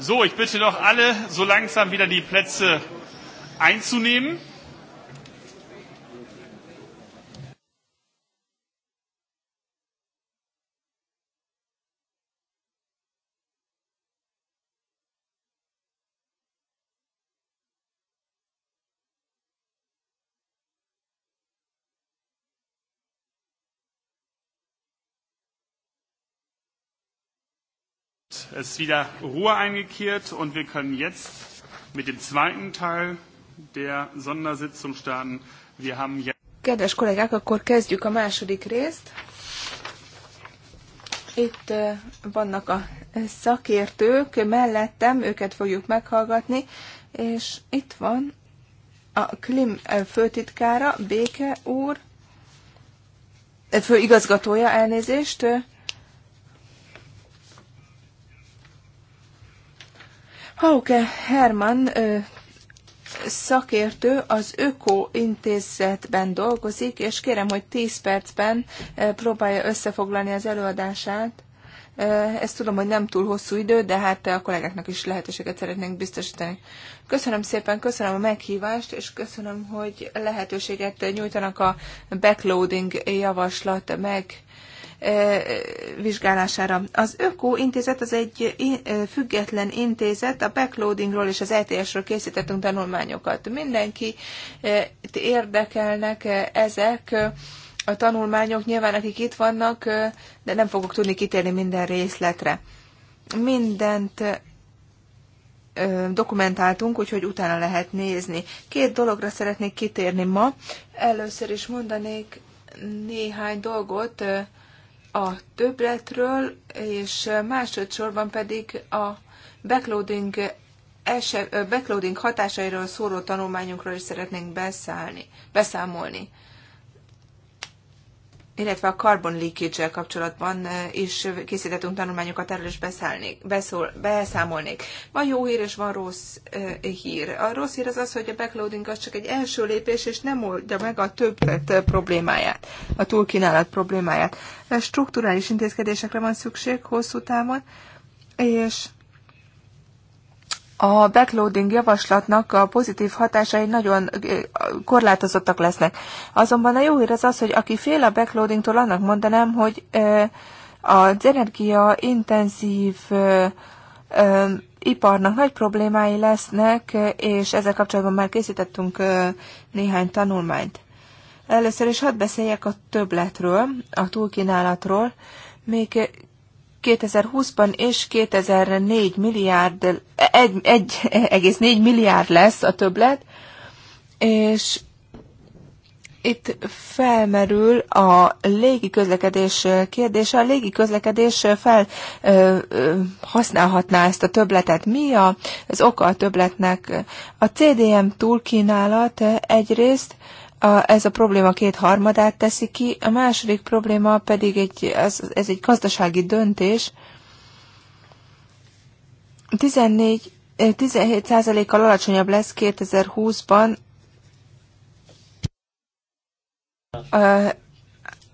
So, ich bitte doch alle, so langsam wieder die Plätze einzunehmen. ist wieder Ruhe eingekehrt und wir können jetzt mit dem zweiten Teil der Sondersitzung starten. Wir haben jetzt Kedves kollégák, akkor kezdjük a második részt. Itt vannak a szakértők, mellettem őket fogjuk meghallgatni, és itt van a Klim főtitkára, Béke úr, főigazgatója elnézést, Hauke Hermann szakértő az Öko Intézetben dolgozik, és kérem, hogy 10 percben próbálja összefoglalni az előadását. Ezt tudom, hogy nem túl hosszú idő, de hát a kollégáknak is lehetőséget szeretnénk biztosítani. Köszönöm szépen, köszönöm a meghívást, és köszönöm, hogy lehetőséget nyújtanak a backloading javaslat meg vizsgálására. Az Öko intézet az egy független intézet, a backloadingról és az ETS-ről készítettünk tanulmányokat. Mindenki érdekelnek ezek a tanulmányok, nyilván akik itt vannak, de nem fogok tudni kitérni minden részletre. Mindent dokumentáltunk, úgyhogy utána lehet nézni. Két dologra szeretnék kitérni ma. Először is mondanék néhány dolgot a többletről, és másodszorban pedig a backloading, eset, backloading hatásairól szóló tanulmányunkról is szeretnénk beszállni, beszámolni illetve a carbon leakage kapcsolatban eh, is készítettünk tanulmányokat, erről is beszól, beszámolnék. Van jó hír és van rossz eh, hír. A rossz hír az az, hogy a backloading az csak egy első lépés, és nem oldja meg a többet eh, problémáját, a túlkínálat problémáját. A Strukturális intézkedésekre van szükség hosszú távon, és a backloading javaslatnak a pozitív hatásai nagyon korlátozottak lesznek. Azonban a jó hír az az, hogy aki fél a backloadingtól, annak mondanám, hogy az energia intenzív iparnak nagy problémái lesznek, és ezzel kapcsolatban már készítettünk néhány tanulmányt. Először is hadd beszéljek a többletről, a túlkínálatról. Még 2020-ban és 2004 milliárd, 1,4 milliárd lesz a többlet, és itt felmerül a légi közlekedés kérdése. A légi közlekedés fel ö, ö, használhatná ezt a töbletet. Mi a, az oka a töbletnek? A CDM túlkínálat egyrészt, ö, a, ez a probléma két harmadát teszi ki, a második probléma pedig egy, ez, ez egy gazdasági döntés. 14 17%-kal eh, alacsonyabb lesz 2020-ban eh,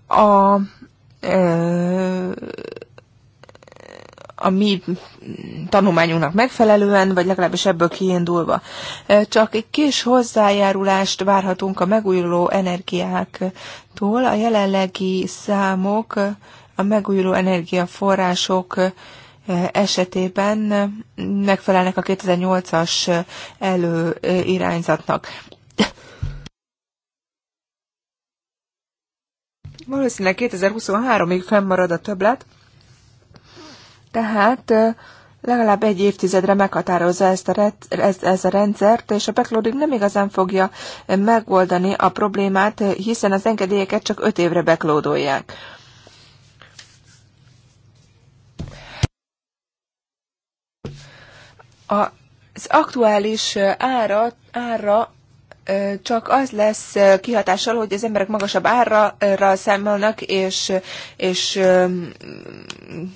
a, a, eh, a a mi tanulmányunknak megfelelően, vagy legalábbis ebből kiindulva. Csak egy kis hozzájárulást várhatunk a megújuló energiáktól. A jelenlegi számok a megújuló energiaforrások esetében megfelelnek a 2008-as előirányzatnak. Valószínűleg 2023-ig fennmarad a többlet, tehát legalább egy évtizedre meghatározza ezt a, ez, ez a rendszert, és a backloading nem igazán fogja megoldani a problémát, hiszen az engedélyeket csak öt évre backloadolják. A, az aktuális ára, ára csak az lesz kihatással, hogy az emberek magasabb árra számolnak, és, és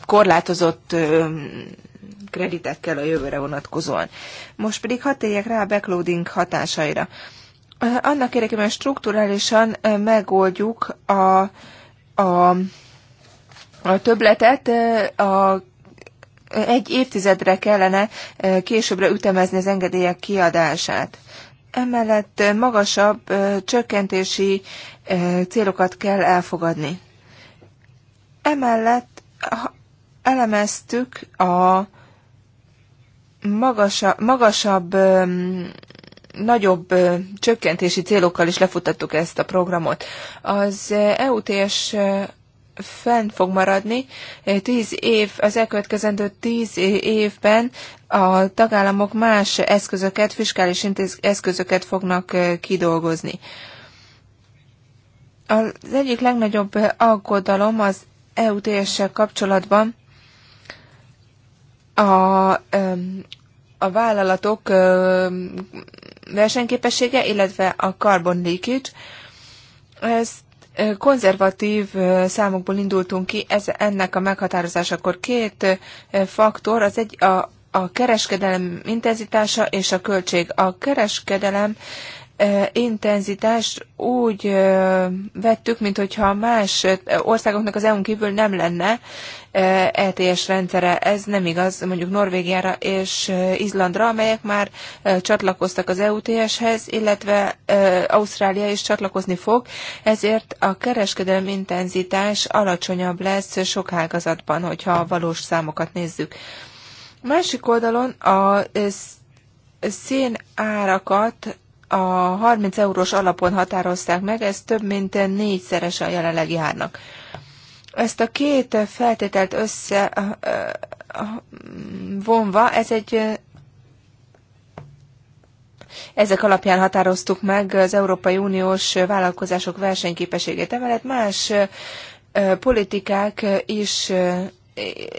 korlátozott kreditekkel a jövőre vonatkozóan. Most pedig hadd éljek rá a backloading hatásaira. Annak érdekében strukturálisan megoldjuk a, a, a töbletet a egy évtizedre kellene későbbre ütemezni az engedélyek kiadását. Emellett magasabb csökkentési célokat kell elfogadni. Emellett elemeztük a magasabb, magasabb nagyobb csökkentési célokkal is lefutattuk ezt a programot. Az EUTS fenn fog maradni. Eh, tíz év, az elkövetkezendő tíz évben a tagállamok más eszközöket, fiskális eszközöket fognak eh, kidolgozni. Az egyik legnagyobb aggodalom az EUTS-sel kapcsolatban a, a vállalatok versenyképessége, illetve a carbon leakage. Ezt konzervatív számokból indultunk ki, ez, ennek a meghatározásakor két faktor, az egy a, a kereskedelem intenzitása és a költség. A kereskedelem intenzitást úgy vettük, mint hogyha más országoknak az EU-n kívül nem lenne, ETS e rendszere. Ez nem igaz mondjuk Norvégiára és e, Izlandra, amelyek már e, csatlakoztak az EUTS-hez, illetve Ausztrália is csatlakozni fog, ezért a kereskedelmi intenzitás alacsonyabb lesz sok ágazatban, hogyha a valós számokat nézzük. Másik oldalon a szén árakat a 30 eurós alapon határozták meg, ez több mint négyszeres a jelenlegi árnak. Ezt a két feltételt összevonva, ez egy ezek alapján határoztuk meg az Európai Uniós vállalkozások versenyképességét, emellett más politikák is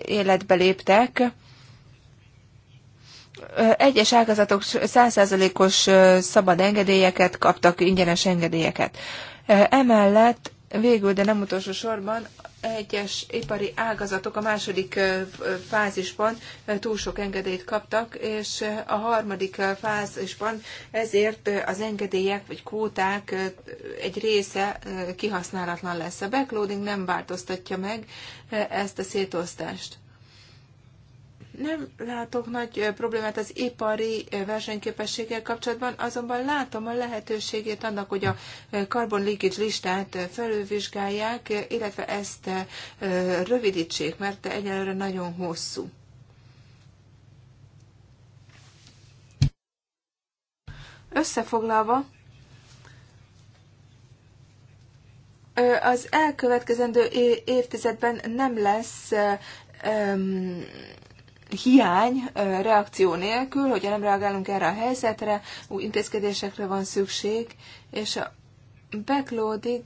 életbe léptek. Egyes ágazatok százszázalékos szabad engedélyeket kaptak, ingyenes engedélyeket. Emellett végül, de nem utolsó sorban egyes ipari ágazatok a második fázisban túl sok engedélyt kaptak, és a harmadik fázisban ezért az engedélyek vagy kvóták egy része kihasználatlan lesz. A backloading nem változtatja meg ezt a szétosztást. Nem látok nagy problémát az ipari versenyképességgel kapcsolatban, azonban látom a lehetőségét annak, hogy a carbon leakage listát felülvizsgálják, illetve ezt rövidítsék, mert egyelőre nagyon hosszú. Összefoglalva, az elkövetkezendő évtizedben nem lesz hiány reakció nélkül, hogyha nem reagálunk erre a helyzetre, új intézkedésekre van szükség, és a backloading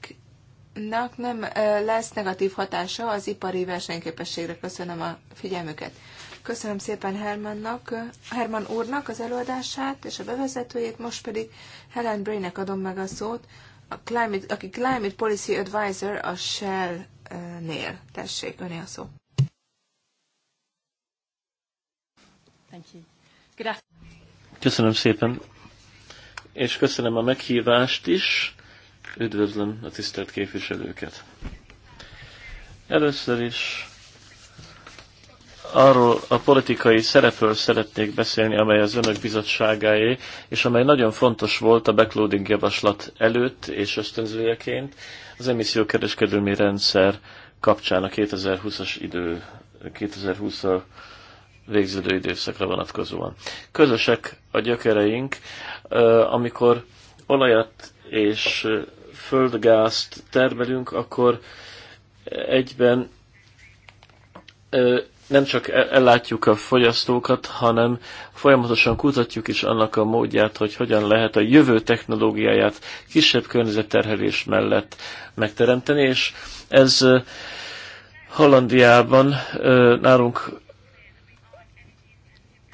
nem lesz negatív hatása az ipari versenyképességre. Köszönöm a figyelmüket. Köszönöm szépen Hermannak, Herman úrnak az előadását és a bevezetőjét, most pedig Helen Braynek adom meg a szót, a Climate, aki Climate Policy Advisor a Shell-nél. Tessék, öné a szó. Thank you. Good Köszönöm szépen, és köszönöm a meghívást is. Üdvözlöm a tisztelt képviselőket. Először is arról a politikai szerepről szeretnék beszélni, amely az önök bizottságáé, és amely nagyon fontos volt a backloading javaslat előtt és ösztönzőjeként az emissziókereskedelmi rendszer kapcsán a 2020-as idő, 2020 végződő időszakra vonatkozóan. Közösek a gyökereink, amikor olajat és földgázt termelünk, akkor egyben nem csak ellátjuk a fogyasztókat, hanem folyamatosan kutatjuk is annak a módját, hogy hogyan lehet a jövő technológiáját kisebb környezetterhelés mellett megteremteni, és ez Hollandiában nálunk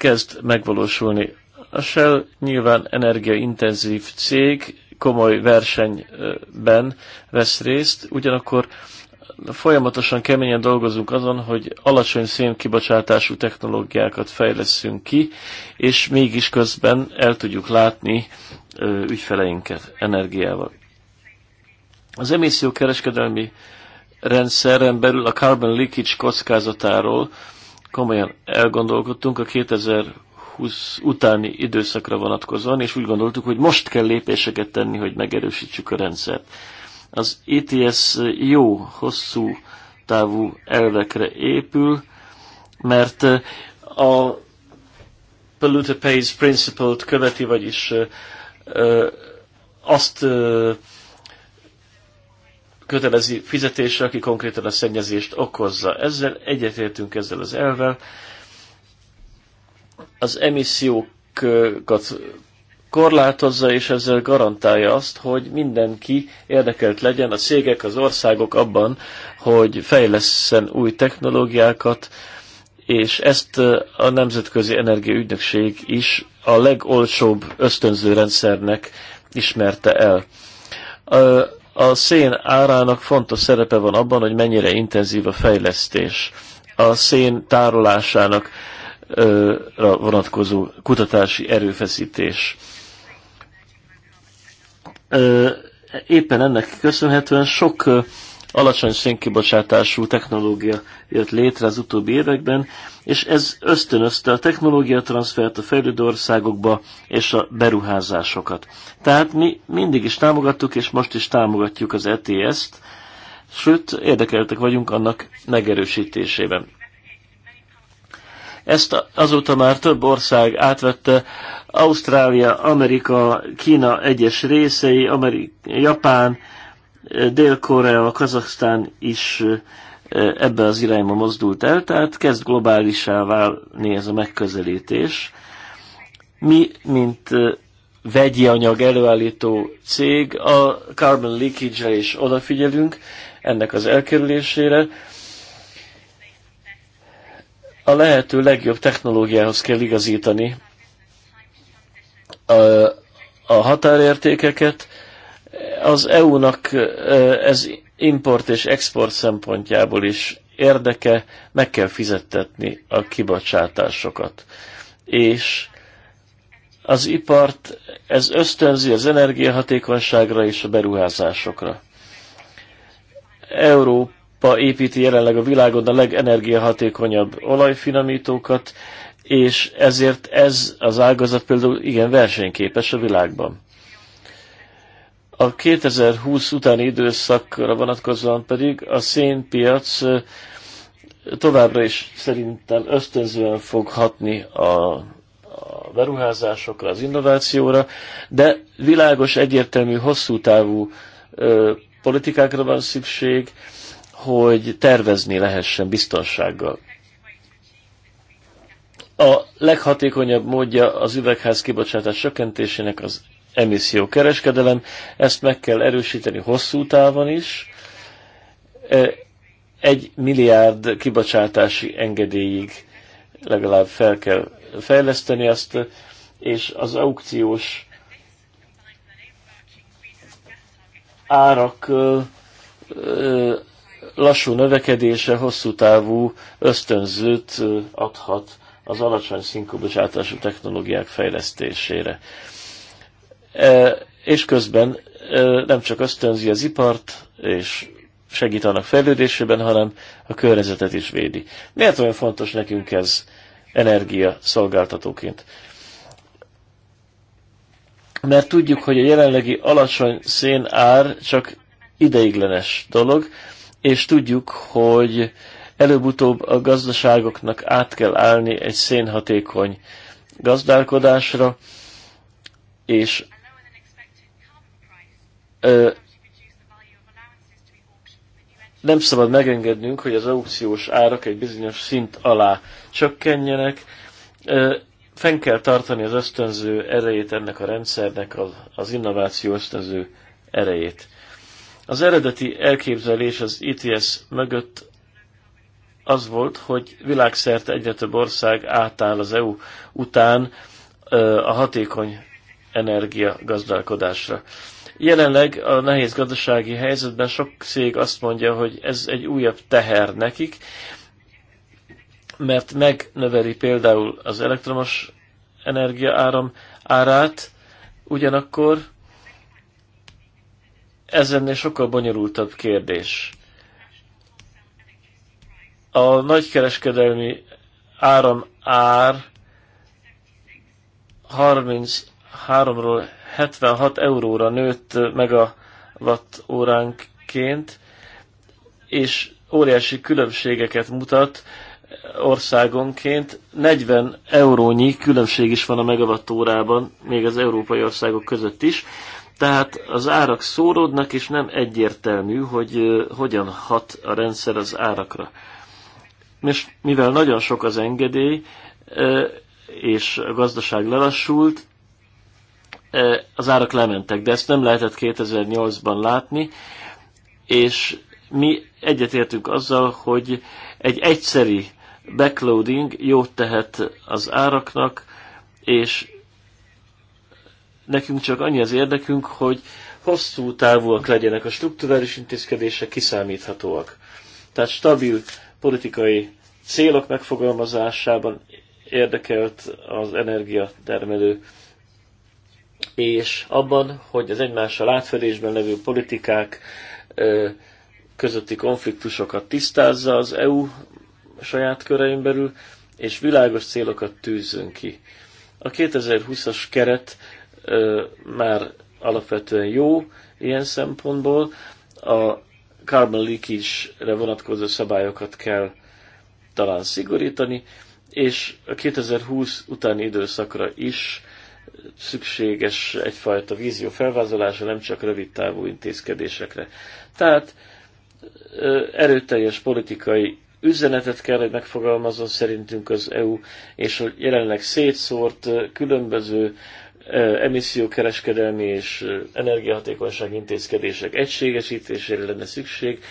kezd megvalósulni. A Shell nyilván energiaintenzív cég, komoly versenyben vesz részt, ugyanakkor folyamatosan keményen dolgozunk azon, hogy alacsony szénkibocsátású technológiákat fejleszünk ki, és mégis közben el tudjuk látni ügyfeleinket energiával. Az emissziókereskedelmi rendszeren belül a carbon leakage kockázatáról komolyan elgondolkodtunk a 2020 utáni időszakra vonatkozóan, és úgy gondoltuk, hogy most kell lépéseket tenni, hogy megerősítsük a rendszert. Az ETS jó, hosszú távú elvekre épül, mert eh, a polluter pays principle-t követi, vagyis eh, eh, azt kötelezi fizetésre, aki konkrétan a szennyezést okozza. Ezzel egyetértünk ezzel az elvel. Az emissziókat korlátozza, és ezzel garantálja azt, hogy mindenki érdekelt legyen, a cégek, az országok abban, hogy fejleszen új technológiákat, és ezt a Nemzetközi Energiaügynökség is a legolcsóbb ösztönző rendszernek ismerte el. A szén árának fontos szerepe van abban, hogy mennyire intenzív a fejlesztés. A szén tárolásának ö, vonatkozó kutatási erőfeszítés. Ö, éppen ennek köszönhetően sok alacsony szénkibocsátású technológia jött létre az utóbbi években, és ez ösztönözte a technológiatranszfert a fejlődő országokba és a beruházásokat. Tehát mi mindig is támogattuk, és most is támogatjuk az ETS-t, sőt, érdekeltek vagyunk annak megerősítésében. Ezt azóta már több ország átvette, Ausztrália, Amerika, Kína egyes részei, Amerika, Japán, Dél-Korea, Kazaksztán is ebbe az irányba mozdult el, tehát kezd globálisá válni ez a megközelítés. Mi, mint vegyi anyag előállító cég, a carbon leakage-re is odafigyelünk, ennek az elkerülésére. A lehető legjobb technológiához kell igazítani a, a határértékeket, az EU-nak ez import és export szempontjából is érdeke, meg kell fizettetni a kibocsátásokat. És az ipart ez ösztönzi az energiahatékonyságra és a beruházásokra. Európa építi jelenleg a világon a legenergiahatékonyabb olajfinomítókat, és ezért ez az ágazat például igen versenyképes a világban. A 2020 utáni időszakra vonatkozóan pedig a szénpiac továbbra is szerintem ösztönzően fog hatni a a beruházásokra, az innovációra, de világos, egyértelmű, hosszú távú ö, politikákra van szükség, hogy tervezni lehessen biztonsággal. A leghatékonyabb módja az üvegház kibocsátás csökkentésének az kereskedelem, ezt meg kell erősíteni hosszú távon is. E, egy milliárd kibocsátási engedélyig legalább fel kell fejleszteni azt, és az aukciós árak lassú növekedése hosszú távú ösztönzőt adhat az alacsony szinkobocsátású technológiák fejlesztésére és közben nem csak ösztönzi az ipart, és segít annak fejlődésében, hanem a környezetet is védi. Miért olyan fontos nekünk ez energia szolgáltatóként? Mert tudjuk, hogy a jelenlegi alacsony szénár csak ideiglenes dolog, és tudjuk, hogy előbb-utóbb a gazdaságoknak át kell állni egy szénhatékony gazdálkodásra, és nem szabad megengednünk, hogy az aukciós árak egy bizonyos szint alá csökkenjenek. Fenn kell tartani az ösztönző erejét ennek a rendszernek, az innováció ösztönző erejét. Az eredeti elképzelés az ETS mögött az volt, hogy világszerte egyre több ország átáll az EU után a hatékony energiagazdálkodásra. gazdálkodásra Jelenleg a nehéz gazdasági helyzetben sok cég azt mondja, hogy ez egy újabb teher nekik, mert megnöveli például az elektromos energia áram árát, ugyanakkor ez ennél sokkal bonyolultabb kérdés. A nagykereskedelmi áram ár 33-ról 76 euróra nőtt megawatt óránként, és óriási különbségeket mutat országonként. 40 eurónyi különbség is van a megawatt órában, még az európai országok között is. Tehát az árak szóródnak, és nem egyértelmű, hogy hogyan hat a rendszer az árakra. És mivel nagyon sok az engedély, és a gazdaság lelassult, az árak lementek, de ezt nem lehetett 2008-ban látni, és mi egyetértünk azzal, hogy egy egyszeri backloading jót tehet az áraknak, és nekünk csak annyi az érdekünk, hogy hosszú távúak legyenek a strukturális intézkedések, kiszámíthatóak. Tehát stabil politikai célok megfogalmazásában érdekelt az energiatermelő és abban, hogy az egymással átfedésben levő politikák közötti konfliktusokat tisztázza az EU saját körein belül, és világos célokat tűzzünk ki. A 2020-as keret ö, már alapvetően jó ilyen szempontból. A carbon leakage-re vonatkozó szabályokat kell talán szigorítani, és a 2020 utáni időszakra is szükséges egyfajta vízió felvázolása, nem csak rövid távú intézkedésekre. Tehát erőteljes politikai üzenetet kell, hogy megfogalmazon szerintünk az EU, és hogy jelenleg szétszórt különböző emissziókereskedelmi és energiahatékonyság intézkedések egységesítésére lenne szükség.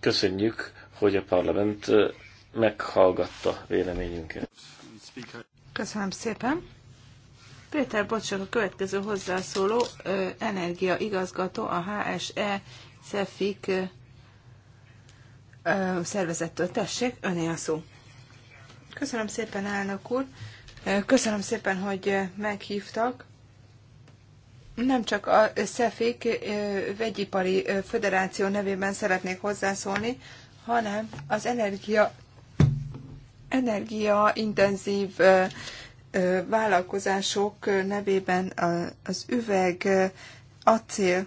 Köszönjük, hogy a parlament meghallgatta véleményünket. Köszönöm szépen. Péter Bocsak a következő hozzászóló, energiaigazgató a HSE Szefik szervezettől. Tessék, öné a szó. Köszönöm szépen, elnök úr. Köszönöm szépen, hogy meghívtak. Nem csak a Szefik vegyipari föderáció nevében szeretnék hozzászólni, hanem az energia energiaintenzív vállalkozások nevében az üveg, acél,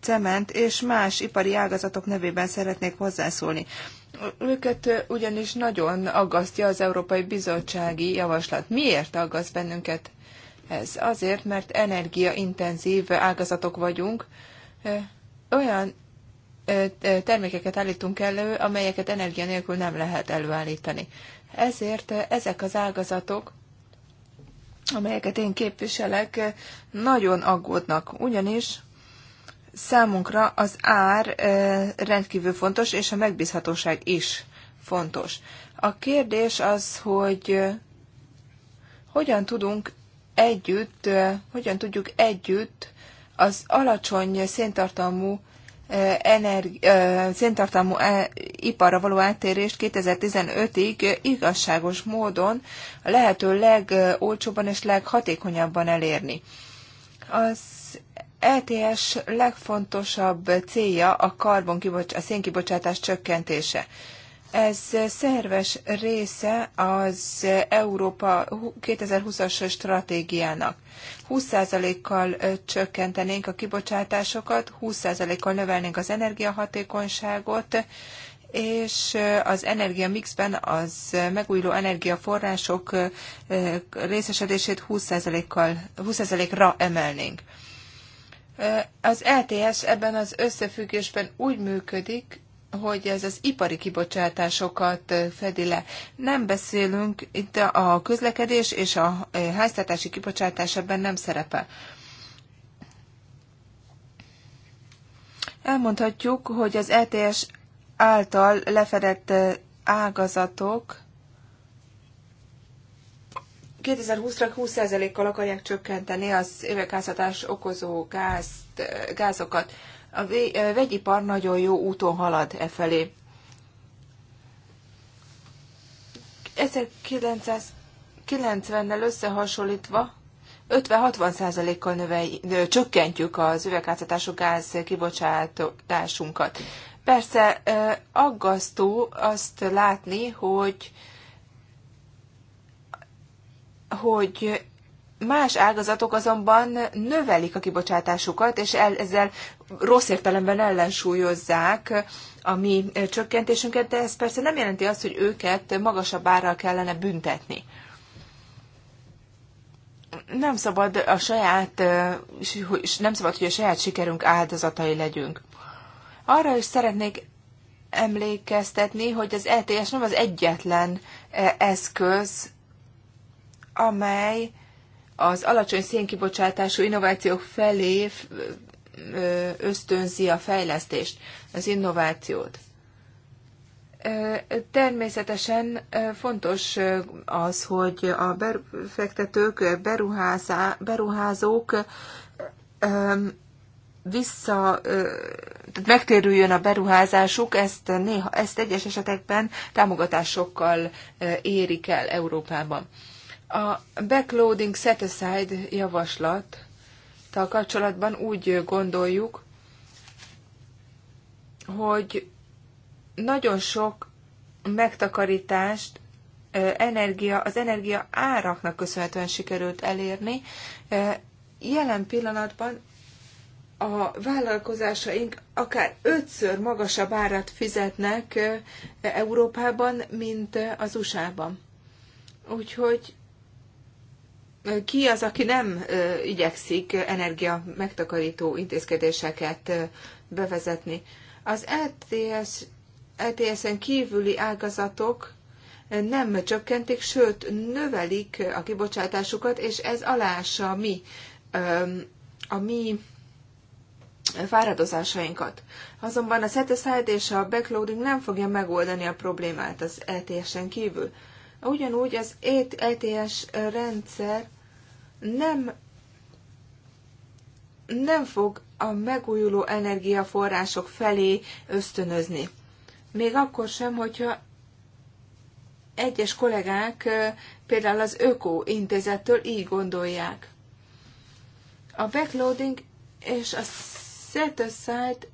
cement és más ipari ágazatok nevében szeretnék hozzászólni. Őket ugyanis nagyon aggasztja az Európai Bizottsági Javaslat. Miért aggaszt bennünket ez? Azért, mert energiaintenzív ágazatok vagyunk. Olyan termékeket állítunk elő, amelyeket energia nélkül nem lehet előállítani. Ezért ezek az ágazatok amelyeket én képviselek, nagyon aggódnak, ugyanis számunkra az ár rendkívül fontos, és a megbízhatóság is fontos. A kérdés az, hogy hogyan tudunk együtt, hogyan tudjuk együtt az alacsony széntartalmú Eh, energi- eh, széntartalmú eh, iparra való áttérést 2015-ig igazságos módon a lehető legolcsóbban és leghatékonyabban elérni. Az ETS legfontosabb célja a, karbon a szénkibocsátás csökkentése. Ez szerves része az Európa 2020-as stratégiának. 20%-kal csökkentenénk a kibocsátásokat, 20%-kal növelnénk az energiahatékonyságot, és az energia mixben az megújuló energiaforrások részesedését 20%-kal, 20%-ra emelnénk. Az LTS e ebben az összefüggésben úgy működik, hogy ez az ipari kibocsátásokat eh, fedi le. Nem beszélünk, itt a közlekedés és a eh, háztartási kibocsátás ebben nem szerepel. Elmondhatjuk, hogy az ETS által lefedett eh, ágazatok 2020-ra 20%-kal akarják csökkenteni az üvegházhatás okozó gázt, gázokat. A vegyipar nagyon jó úton halad e felé. 1990-nel összehasonlítva 50-60%-kal csökkentjük az üvegházhatású gáz kibocsátásunkat. Persze aggasztó azt látni, hogy hogy Más ágazatok azonban növelik a kibocsátásukat, és el, ezzel rossz értelemben ellensúlyozzák a mi eh, csökkentésünket, de ez persze nem jelenti azt, hogy őket magasabb árral kellene büntetni. Nem szabad a saját, eh, nem szabad, hogy a saját sikerünk áldozatai legyünk. Arra is szeretnék emlékeztetni, hogy az ETS nem az egyetlen eh, eszköz, amely az alacsony szénkibocsátású innovációk felé ösztönzi a fejlesztést, az innovációt. Természetesen fontos az, hogy a befektetők, beruházók vissza, tehát megtérüljön a beruházásuk, ezt, néha, ezt egyes esetekben támogatásokkal érik el Európában. A backloading set aside javaslattal kapcsolatban úgy gondoljuk, hogy nagyon sok megtakarítást energia, az energia áraknak köszönhetően sikerült elérni. Jelen pillanatban a vállalkozásaink akár ötször magasabb árat fizetnek Európában, mint az USA-ban. Úgyhogy ki az, aki nem igyekszik energia megtakarító intézkedéseket bevezetni. Az ETS, en kívüli ágazatok nem csökkentik, sőt növelik a kibocsátásukat, és ez alása mi, a mi fáradozásainkat. Azonban a set aside és a backloading nem fogja megoldani a problémát az ETS-en kívül. Ugyanúgy az ETS rendszer nem, nem fog a megújuló energiaforrások felé ösztönözni. Még akkor sem, hogyha egyes kollégák például az Öko intézettől így gondolják. A backloading és a set aside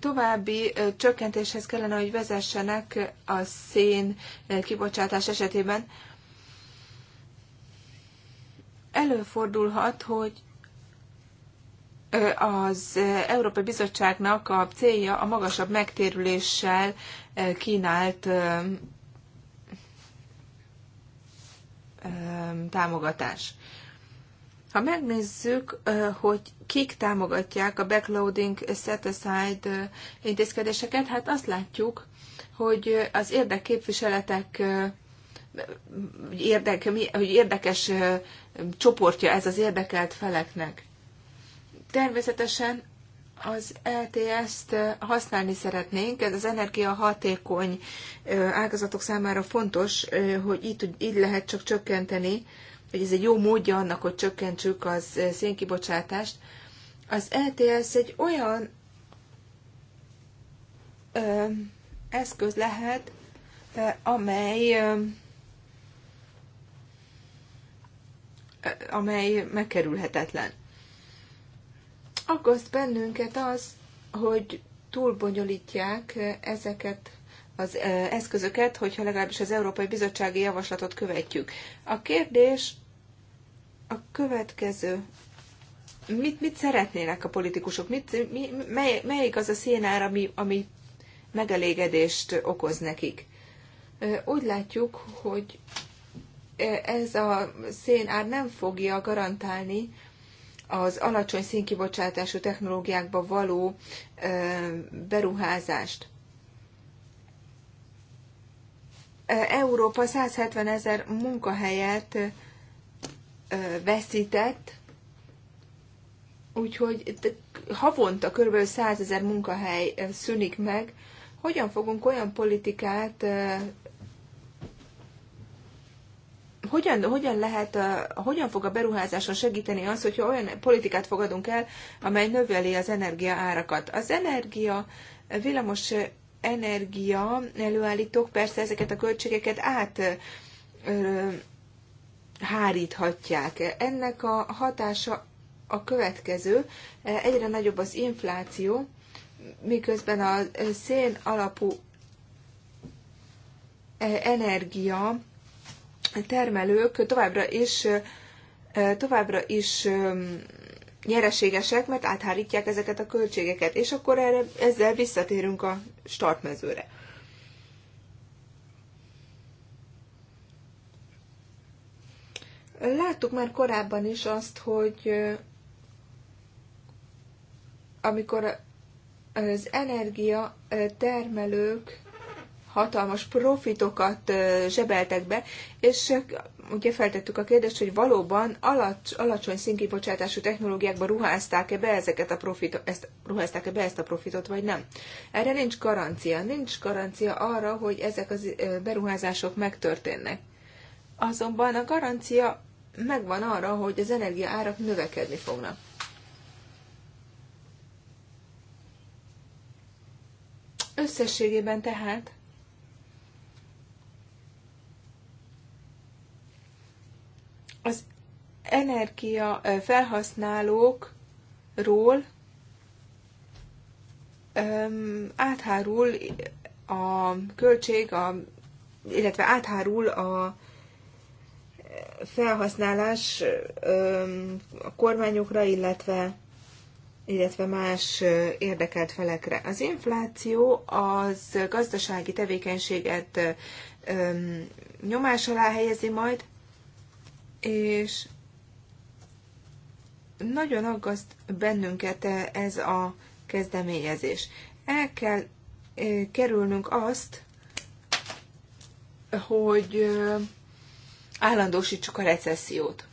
további csökkentéshez kellene, hogy vezessenek a szén kibocsátás esetében. Előfordulhat, hogy az Európai Bizottságnak a célja a magasabb megtérüléssel kínált támogatás. Ha megnézzük, hogy kik támogatják a backloading set aside intézkedéseket, hát azt látjuk, hogy az érdekképviseletek érdek, hogy érdekes csoportja ez az érdekelt feleknek. Természetesen az LTS-t e használni szeretnénk, ez az hatékony ágazatok számára fontos, hogy így, így lehet csak csökkenteni vagy ez egy jó módja annak, hogy csökkentsük az eh, szénkibocsátást. Az ETS egy olyan ö, eh, eszköz lehet, ö, eh, amely ö, amely megkerülhetetlen. Aggaszt bennünket az, hogy túlbonyolítják ezeket az eszközöket, hogyha legalábbis az Európai Bizottsági Javaslatot követjük. A kérdés a következő. Mit, mit szeretnének a politikusok? Mit, mi, mely, melyik az a szénár, ami, ami megelégedést okoz nekik? Úgy látjuk, hogy ez a szénár nem fogja garantálni az alacsony színkibocsátású technológiákba való beruházást. Európa 170 ezer munkahelyet veszített, úgyhogy havonta kb. 100 ezer munkahely szűnik meg. Hogyan fogunk olyan politikát hogyan, hogyan lehet, hogyan fog a beruházáson segíteni az, hogyha olyan politikát fogadunk el, amely növeli az energia árakat. Az energia, villamos energia előállítók persze ezeket a költségeket át háríthatják. Ennek a hatása a következő, egyre nagyobb az infláció, miközben a szén alapú energia termelők továbbra is, továbbra is nyereségesek, mert áthárítják ezeket a költségeket, és akkor erre, ezzel visszatérünk a startmezőre. Láttuk már korábban is azt, hogy amikor az energia termelők hatalmas profitokat zsebeltek be, és ugye feltettük a kérdést, hogy valóban alacs, alacsony színkibocsátású technológiákba ruházták-e be ezeket a profit, ezt, ruházták-e be ezt a profitot, vagy nem. Erre nincs garancia. Nincs garancia arra, hogy ezek az beruházások megtörténnek. Azonban a garancia megvan arra, hogy az energia árak növekedni fognak. Összességében tehát az energia felhasználókról áthárul a költség, a, illetve áthárul a felhasználás a kormányokra, illetve illetve más érdekelt felekre. Az infláció az gazdasági tevékenységet nyomás alá helyezi majd, és nagyon aggaszt bennünket ez a kezdeményezés. El kell kerülnünk azt, hogy állandósítsuk a recessziót.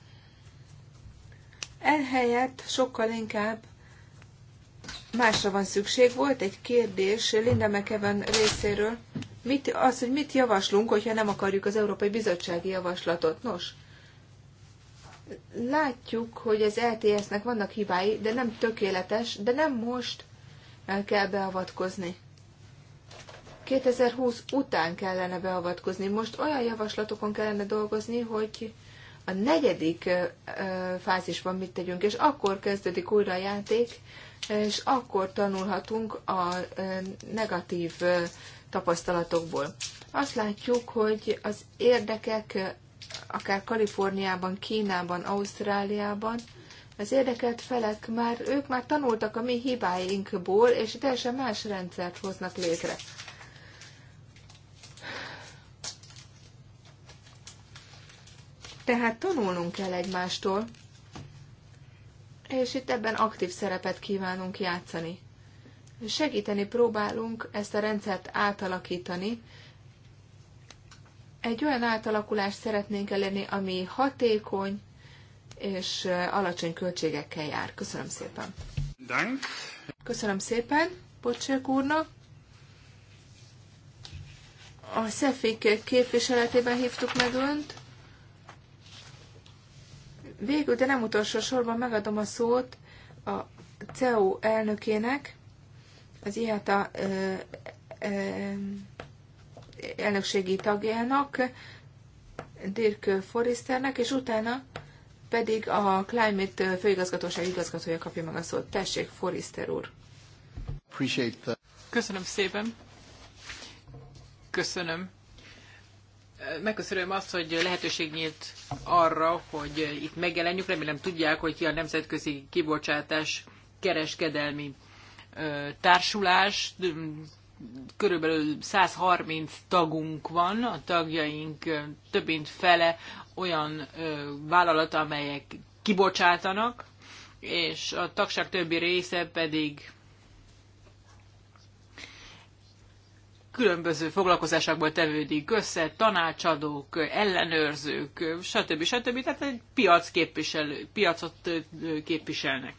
Ehelyett sokkal inkább másra van szükség. Volt egy kérdés Linda McEwen részéről, mit, az, hogy mit javaslunk, hogyha nem akarjuk az Európai Bizottsági Javaslatot. Nos, látjuk, hogy az LTS-nek e vannak hibái, de nem tökéletes, de nem most kell beavatkozni. 2020 után kellene beavatkozni. Most olyan javaslatokon kellene dolgozni, hogy a negyedik fázisban mit tegyünk, és akkor kezdődik újra a játék, és akkor tanulhatunk a negatív tapasztalatokból. Azt látjuk, hogy az érdekek akár Kaliforniában, Kínában, Ausztráliában, az érdekelt felek már, ők már tanultak a mi hibáinkból, és teljesen más rendszert hoznak létre. tehát tanulnunk kell egymástól, és itt ebben aktív szerepet kívánunk játszani. Segíteni próbálunk ezt a rendszert átalakítani. Egy olyan átalakulást szeretnénk elérni, ami hatékony és alacsony költségekkel jár. Köszönöm szépen. Dank. Köszönöm szépen Pocsék úrnak. A Szefik képviseletében hívtuk meg önt. Végül, de nem utolsó sorban megadom a szót a CEU elnökének, az IATA a elnökségi tagjának, Dirk Forresternek, és utána pedig a Climate főigazgatóság igazgatója kapja meg a szót. Tessék, Forrester úr! Köszönöm szépen! Köszönöm megköszönöm azt, hogy lehetőség nyílt arra, hogy itt megjelenjük. Remélem tudják, hogy ki a nemzetközi kibocsátás kereskedelmi társulás. Körülbelül 130 tagunk van, a tagjaink több mint fele olyan vállalat, amelyek kibocsátanak, és a tagság többi része pedig különböző foglalkozásokból tevődik össze, tanácsadók, ellenőrzők, stb. stb. Tehát egy piac képviselő, piacot képviselnek.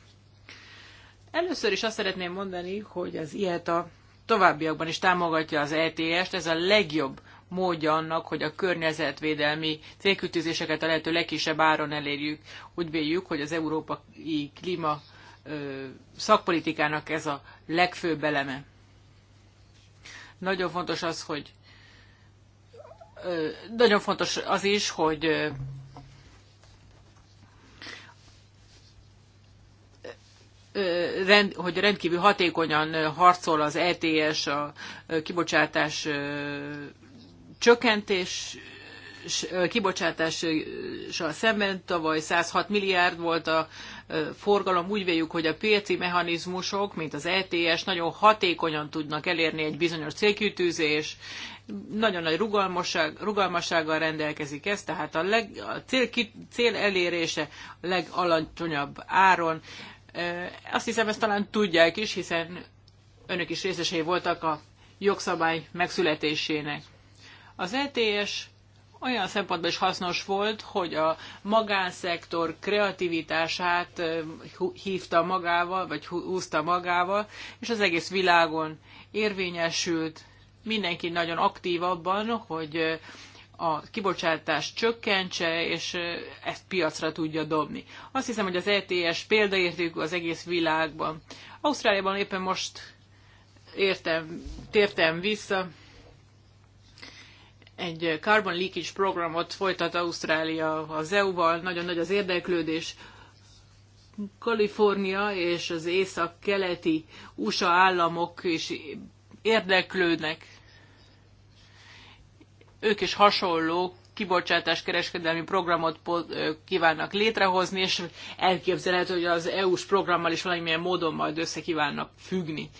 Először is azt szeretném mondani, hogy az ilyet a továbbiakban is támogatja az ETS-t, ez a legjobb módja annak, hogy a környezetvédelmi célkütőzéseket a lehető legkisebb áron elérjük. Úgy véljük, hogy az európai klíma szakpolitikának ez a legfőbb eleme. Nagyon fontos az, hogy nagyon fontos az is, hogy Rend, hogy rendkívül hatékonyan harcol az ETS a kibocsátás csökkentés kibocsátással szemben tavaly 106 milliárd volt a forgalom. Úgy véljük, hogy a piaci mechanizmusok, mint az ETS, nagyon hatékonyan tudnak elérni egy bizonyos célkitűzés, nagyon nagy rugalmasság, rugalmassággal rendelkezik ez, tehát a, leg, a cél, cél elérése a legalacsonyabb áron. Azt hiszem, ezt talán tudják is, hiszen önök is részesei voltak a jogszabály megszületésének. Az ETS olyan szempontból is hasznos volt, hogy a magánszektor kreativitását hívta magával, vagy húzta magával, és az egész világon érvényesült. Mindenki nagyon aktív abban, hogy a kibocsátás csökkentse, és ezt piacra tudja dobni. Azt hiszem, hogy az ETS példaértékű az egész világban. Ausztráliában éppen most értem, tértem vissza, egy carbon leakage programot folytat Ausztrália az EU-val, nagyon nagy az érdeklődés. Kalifornia és az észak-keleti USA államok is érdeklődnek. Ők is hasonló kibocsátás kereskedelmi programot kívánnak létrehozni, és elképzelhető, hogy az EU-s programmal is valamilyen módon majd össze kívánnak függni.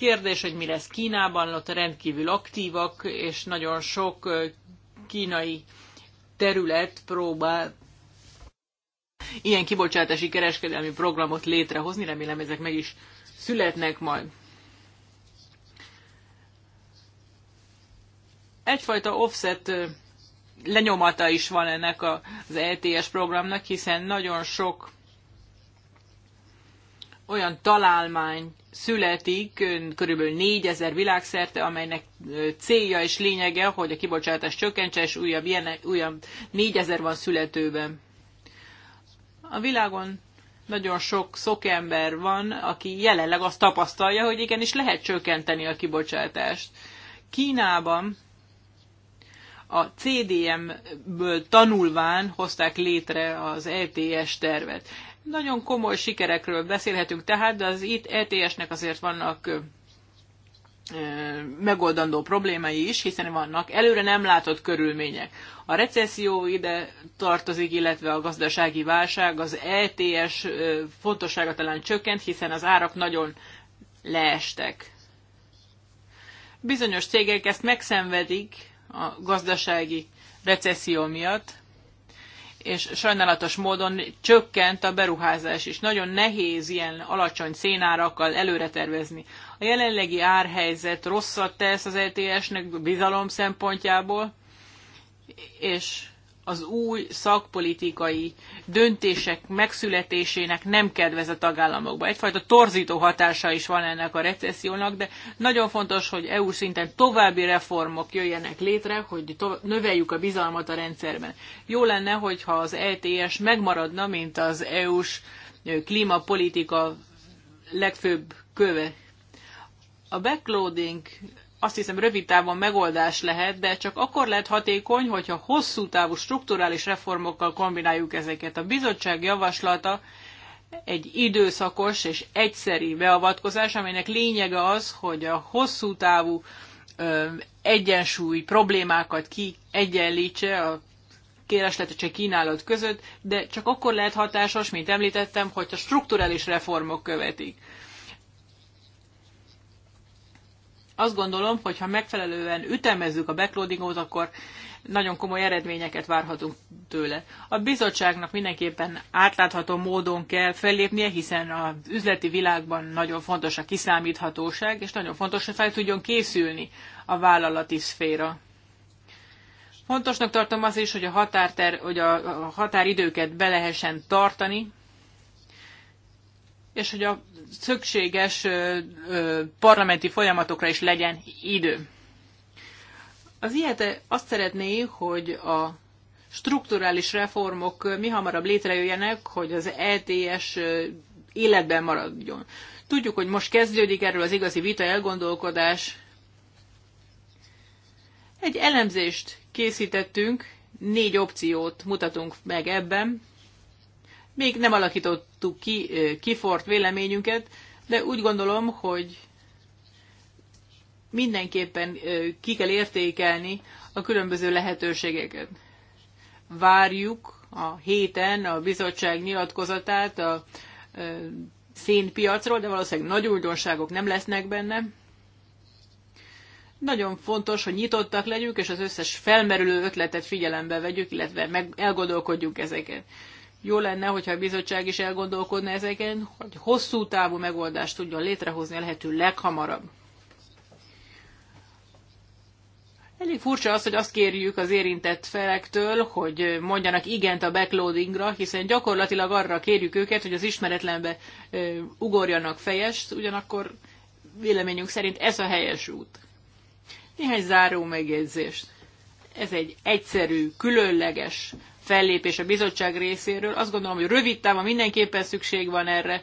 Kérdés, hogy mi lesz Kínában, ott rendkívül aktívak, és nagyon sok kínai terület próbál ilyen kibocsátási kereskedelmi programot létrehozni, remélem ezek meg is születnek majd. Egyfajta offset lenyomata is van ennek az ETS programnak, hiszen nagyon sok olyan találmány születik, körülbelül 4000 világszerte, amelynek célja és lényege, hogy a kibocsátás csökkentse, és újabb, ilyen, újabb 4000 van születőben. A világon nagyon sok szokember van, aki jelenleg azt tapasztalja, hogy igenis lehet csökkenteni a kibocsátást. Kínában a CDM-ből tanulván hozták létre az ETS tervet. Nagyon komoly sikerekről beszélhetünk tehát, de az itt ETS-nek azért vannak megoldandó problémái is, hiszen vannak előre nem látott körülmények. A recesszió ide tartozik, illetve a gazdasági válság, az ETS fontossága talán csökkent, hiszen az árak nagyon leestek. Bizonyos cégek ezt megszenvedik a gazdasági recesszió miatt, és sajnálatos módon csökkent a beruházás is. Nagyon nehéz ilyen alacsony szénárakkal előre tervezni. A jelenlegi árhelyzet rosszat tesz az ETS-nek bizalom szempontjából, és az új szakpolitikai döntések megszületésének nem kedvez a tagállamokba. Egyfajta torzító hatása is van ennek a recessziónak, de nagyon fontos, hogy EU szinten további reformok jöjjenek létre, hogy növeljük a bizalmat a rendszerben. Jó lenne, hogyha az ETS megmaradna, mint az EU-s klímapolitika legfőbb köve. A backloading azt hiszem rövid távon megoldás lehet, de csak akkor lehet hatékony, hogyha hosszú távú strukturális reformokkal kombináljuk ezeket. A bizottság javaslata egy időszakos és egyszeri beavatkozás, aminek lényege az, hogy a hosszú távú ö, egyensúly problémákat ki a kereslet és a kínálat között, de csak akkor lehet hatásos, mint említettem, hogyha strukturális reformok követik. Azt gondolom, hogy ha megfelelően ütemezzük a backloadingot, akkor nagyon komoly eredményeket várhatunk tőle. A bizottságnak mindenképpen átlátható módon kell fellépnie, hiszen az üzleti világban nagyon fontos a kiszámíthatóság, és nagyon fontos, hogy fel tudjon készülni a vállalati szféra. Fontosnak tartom az is, hogy a, határter, hogy a határidőket be lehessen tartani, és hogy a szükséges parlamenti folyamatokra is legyen idő. Az ilyet azt szeretné, hogy a strukturális reformok mi hamarabb létrejöjjenek, hogy az ETS életben maradjon. Tudjuk, hogy most kezdődik erről az igazi vita elgondolkodás. Egy elemzést készítettünk, négy opciót mutatunk meg ebben. Még nem alakítottuk ki kifort véleményünket, de úgy gondolom, hogy mindenképpen ki kell értékelni a különböző lehetőségeket. Várjuk a héten a bizottság nyilatkozatát a szénpiacról, de valószínűleg nagy újdonságok nem lesznek benne. Nagyon fontos, hogy nyitottak legyünk, és az összes felmerülő ötletet figyelembe vegyük, illetve meg elgondolkodjunk ezeket. Jó lenne, hogyha a bizottság is elgondolkodna ezeken, hogy hosszú távú megoldást tudjon létrehozni a lehető leghamarabb. Elég furcsa az, hogy azt kérjük az érintett felektől, hogy mondjanak igent a backloadingra, hiszen gyakorlatilag arra kérjük őket, hogy az ismeretlenbe ugorjanak fejest, ugyanakkor véleményünk szerint ez a helyes út. Néhány záró megjegyzést. Ez egy egyszerű, különleges fellépés a bizottság részéről. Azt gondolom, hogy rövid távon mindenképpen szükség van erre.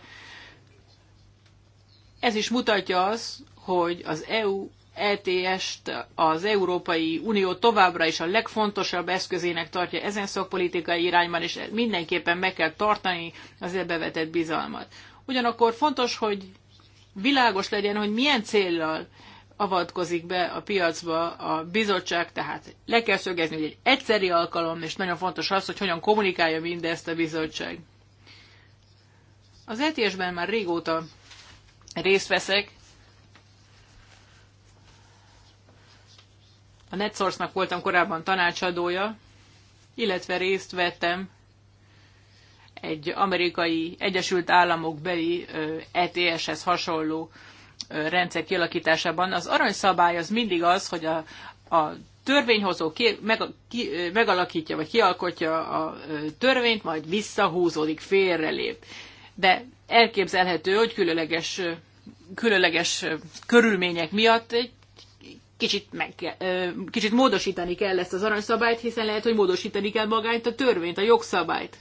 Ez is mutatja az, hogy az EU ETS-t az Európai Unió továbbra is a legfontosabb eszközének tartja ezen szakpolitikai irányban, és mindenképpen meg kell tartani az ebbe vetett bizalmat. Ugyanakkor fontos, hogy világos legyen, hogy milyen céllal avatkozik be a piacba a bizottság, tehát le kell szögezni, hogy egy egyszeri alkalom, és nagyon fontos az, hogy hogyan kommunikálja mindezt a bizottság. Az ETS-ben már régóta részt veszek. A NetSource-nak voltam korábban tanácsadója, illetve részt vettem egy amerikai Egyesült Államok beli ETS-hez hasonló rendszer kialakításában az aranyszabály az mindig az, hogy a, a törvényhozó ki, meg, ki, megalakítja vagy kialkotja a törvényt, majd visszahúzódik, félrelép. De elképzelhető, hogy különleges, különleges körülmények miatt egy kicsit, meg, kicsit módosítani kell ezt az aranyszabályt, hiszen lehet, hogy módosítani kell magányt a törvényt, a jogszabályt.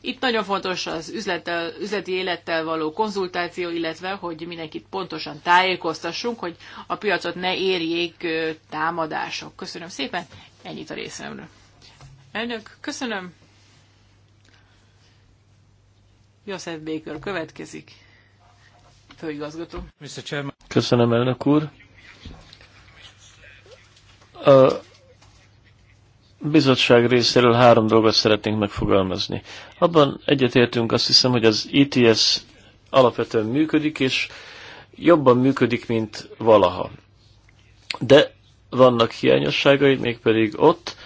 Itt nagyon fontos az üzlettel, üzleti élettel való konzultáció, illetve hogy mindenkit pontosan tájékoztassunk, hogy a piacot ne érjék támadások. Köszönöm szépen, ennyit a részemről. Elnök, köszönöm. Joseph Baker következik. Főigazgató. Köszönöm, elnök úr. A bizottság részéről három dolgot szeretnénk megfogalmazni. Abban egyetértünk azt hiszem, hogy az ETS alapvetően működik, és jobban működik, mint valaha. De vannak hiányosságai, mégpedig ott,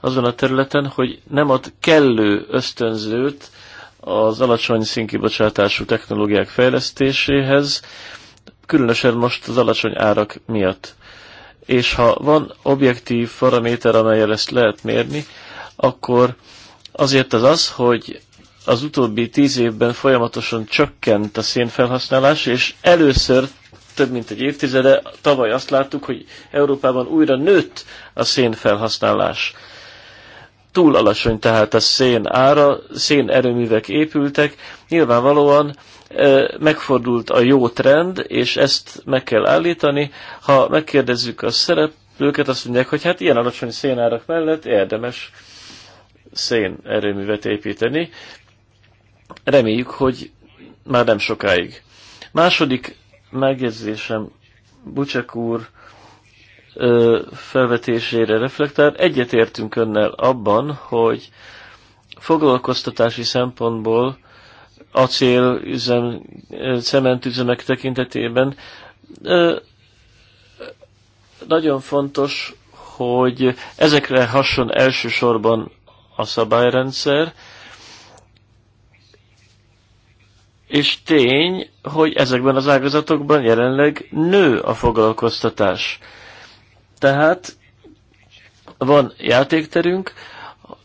azon a területen, hogy nem ad kellő ösztönzőt az alacsony színkibocsátású technológiák fejlesztéséhez, különösen most az alacsony árak miatt és ha van objektív paraméter, amelyel ezt lehet mérni, akkor azért az az, hogy az utóbbi tíz évben folyamatosan csökkent a szénfelhasználás, és először több mint egy évtizede tavaly azt láttuk, hogy Európában újra nőtt a szénfelhasználás. Túl alacsony tehát a szén ára, szén erőművek épültek, nyilvánvalóan megfordult a jó trend, és ezt meg kell állítani. Ha megkérdezzük a szereplőket, azt mondják, hogy hát ilyen alacsony szénárak mellett érdemes szén erőművet építeni. Reméljük, hogy már nem sokáig. Második megjegyzésem Bucsek úr felvetésére reflektál. Egyetértünk önnel abban, hogy foglalkoztatási szempontból acélüzem, cementüzemek tekintetében. Nagyon fontos, hogy ezekre hasson elsősorban a szabályrendszer, és tény, hogy ezekben az ágazatokban jelenleg nő a foglalkoztatás. Tehát van játékterünk,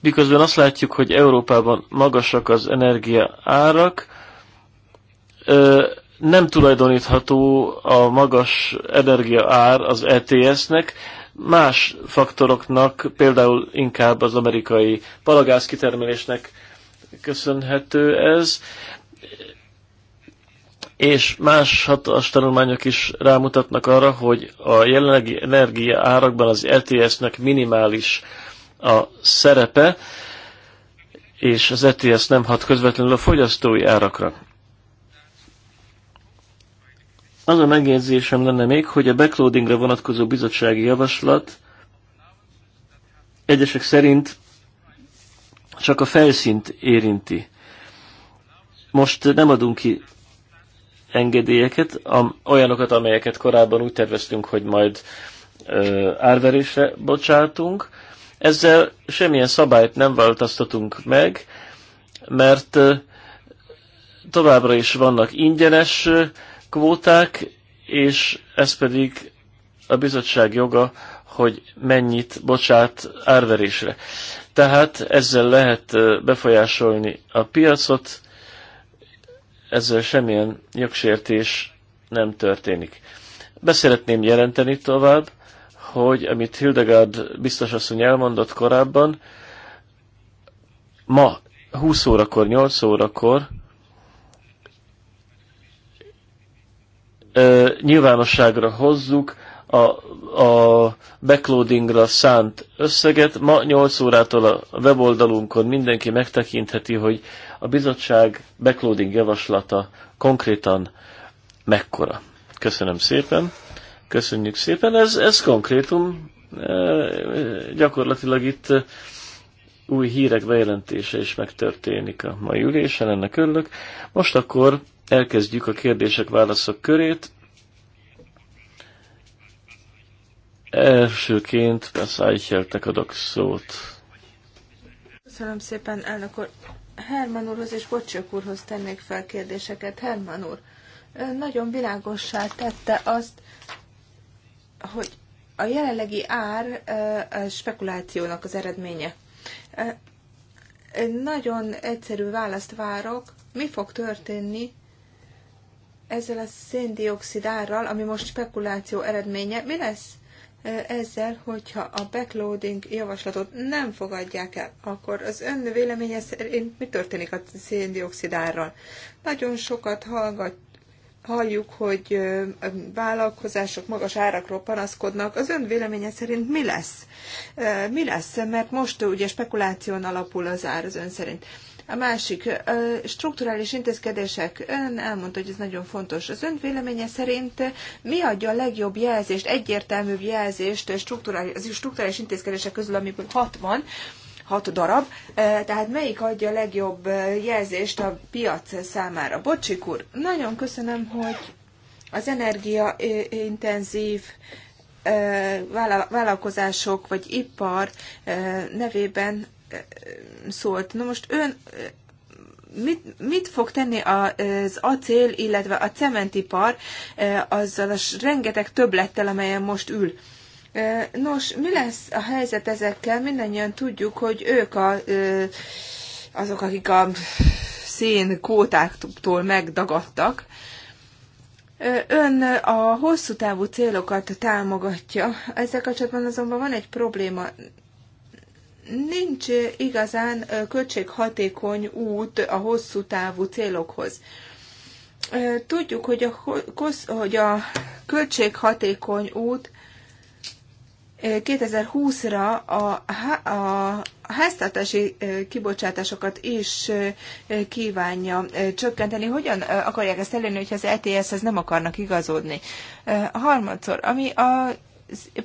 miközben azt látjuk, hogy Európában magasak az energia árak, nem tulajdonítható a magas energia ár az ETS-nek, más faktoroknak, például inkább az amerikai palagáz kitermelésnek köszönhető ez, és más hatás tanulmányok is rámutatnak arra, hogy a jelenlegi energia árakban az ETS-nek minimális a szerepe, és az ETS nem hat közvetlenül a fogyasztói árakra. Az a megjegyzésem lenne még, hogy a backloadingra vonatkozó bizottsági javaslat egyesek szerint csak a felszínt érinti. Most nem adunk ki engedélyeket, olyanokat, amelyeket korábban úgy terveztünk, hogy majd árverésre bocsátunk, ezzel semmilyen szabályt nem változtatunk meg, mert továbbra is vannak ingyenes kvóták, és ez pedig a bizottság joga, hogy mennyit bocsát árverésre. Tehát ezzel lehet befolyásolni a piacot, ezzel semmilyen jogsértés nem történik. Beszeretném jelenteni tovább, hogy amit Hildegard biztos asszony elmondott korábban, ma 20 órakor, 8 órakor nyilvánosságra hozzuk a, a backloadingra szánt összeget. Ma 8 órától a weboldalunkon mindenki megtekintheti, hogy a bizottság backloading javaslata konkrétan mekkora. Köszönöm szépen! Köszönjük szépen. Ez, ez konkrétum. E, gyakorlatilag itt e, új hírek bejelentése is megtörténik a mai ülésen, ennek örülök. Most akkor elkezdjük a kérdések-válaszok körét. Elsőként Peszájcheltek adok szót. Köszönöm szépen, elnök úr. Herman úrhoz és Bocsök úrhoz tennék fel kérdéseket. Herman úr, nagyon világossá tette azt, hogy a jelenlegi ár a spekulációnak az eredménye. Nagyon egyszerű választ várok, mi fog történni ezzel a széndiokszid árral, ami most spekuláció eredménye. Mi lesz ezzel, hogyha a backloading javaslatot nem fogadják el, akkor az ön véleménye szerint mi történik a széndiokszid árral? Nagyon sokat hallgat, halljuk, hogy vállalkozások magas árakról panaszkodnak. Az ön véleménye szerint mi lesz? Mi lesz? Mert most ugye spekuláción alapul az ár az ön szerint. A másik, strukturális intézkedések. Ön elmondta, hogy ez nagyon fontos. Az ön véleménye szerint mi adja a legjobb jelzést, egyértelműbb jelzést az strukturális intézkedések közül, amiből hat van hat darab, tehát melyik adja a legjobb jelzést a piac számára? Bocsik úr, nagyon köszönöm, hogy az energiaintenzív vállalkozások vagy ipar nevében szólt. Na most ön mit, mit fog tenni az acél, illetve a cementipar azzal a rengeteg töblettel, amelyen most ül? Nos, mi lesz a helyzet ezekkel? Mindennyian tudjuk, hogy ők a, azok, akik a szén kótáktól megdagadtak. Ön a hosszú távú célokat támogatja. Ezzel kapcsolatban azonban van egy probléma. Nincs igazán költséghatékony út a hosszú távú célokhoz. Tudjuk, hogy a, hogy a költséghatékony út 2020-ra a, a háztartási kibocsátásokat is kívánja csökkenteni. Hogyan akarják ezt elérni, hogyha az ETS-hez nem akarnak igazodni? A harmadszor, ami a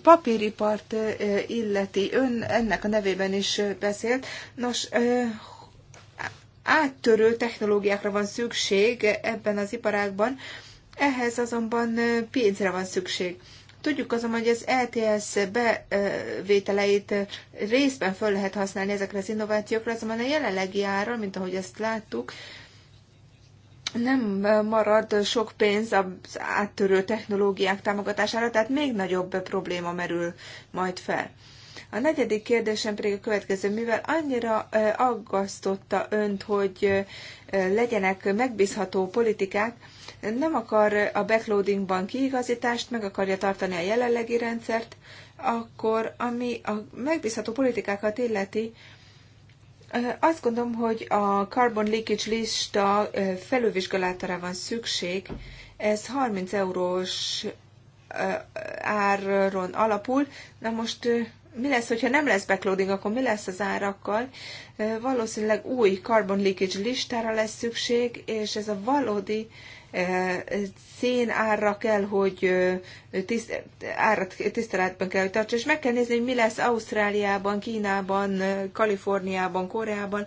papíripart illeti, ön ennek a nevében is beszélt. Nos, áttörő technológiákra van szükség ebben az iparágban, ehhez azonban pénzre van szükség. Tudjuk azonban, hogy az ETS bevételeit részben föl lehet használni ezekre az innovációkra, azonban a jelenlegi ára, mint ahogy ezt láttuk, nem marad sok pénz az áttörő technológiák támogatására, tehát még nagyobb probléma merül majd fel. A negyedik kérdésem pedig a következő, mivel annyira aggasztotta önt, hogy legyenek megbízható politikák, nem akar a backloadingban kiigazítást, meg akarja tartani a jelenlegi rendszert, akkor ami a megbízható politikákat illeti, azt gondolom, hogy a carbon leakage lista felülvizsgálatára van szükség. Ez 30 eurós áron alapul. Na most mi lesz, hogyha nem lesz backloading, akkor mi lesz az árakkal? Valószínűleg új carbon leakage listára lesz szükség, és ez a valódi árra kell, hogy árat tiszteletben kell, hogy tartsa, és meg kell nézni, hogy mi lesz Ausztráliában, Kínában, Kaliforniában, Koreában.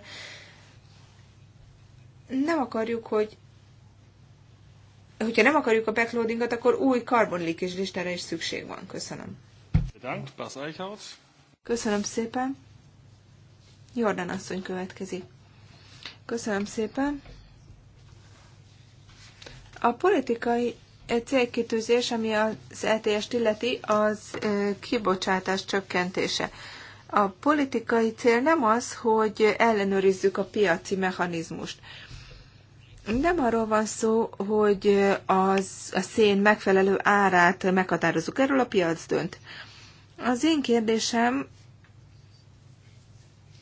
Nem akarjuk, hogy hogyha nem akarjuk a backloadingot, akkor új karbonlikés listára is szükség van. Köszönöm. Köszönöm szépen. Jordan asszony következik. Köszönöm szépen. A politikai eh, célkitűzés, ami az ETS-t illeti, az eh, kibocsátás csökkentése. A politikai cél nem az, hogy ellenőrizzük a piaci mechanizmust. Nem arról van szó, hogy az, a szén megfelelő árát meghatározzuk, erről a piac dönt. Az én kérdésem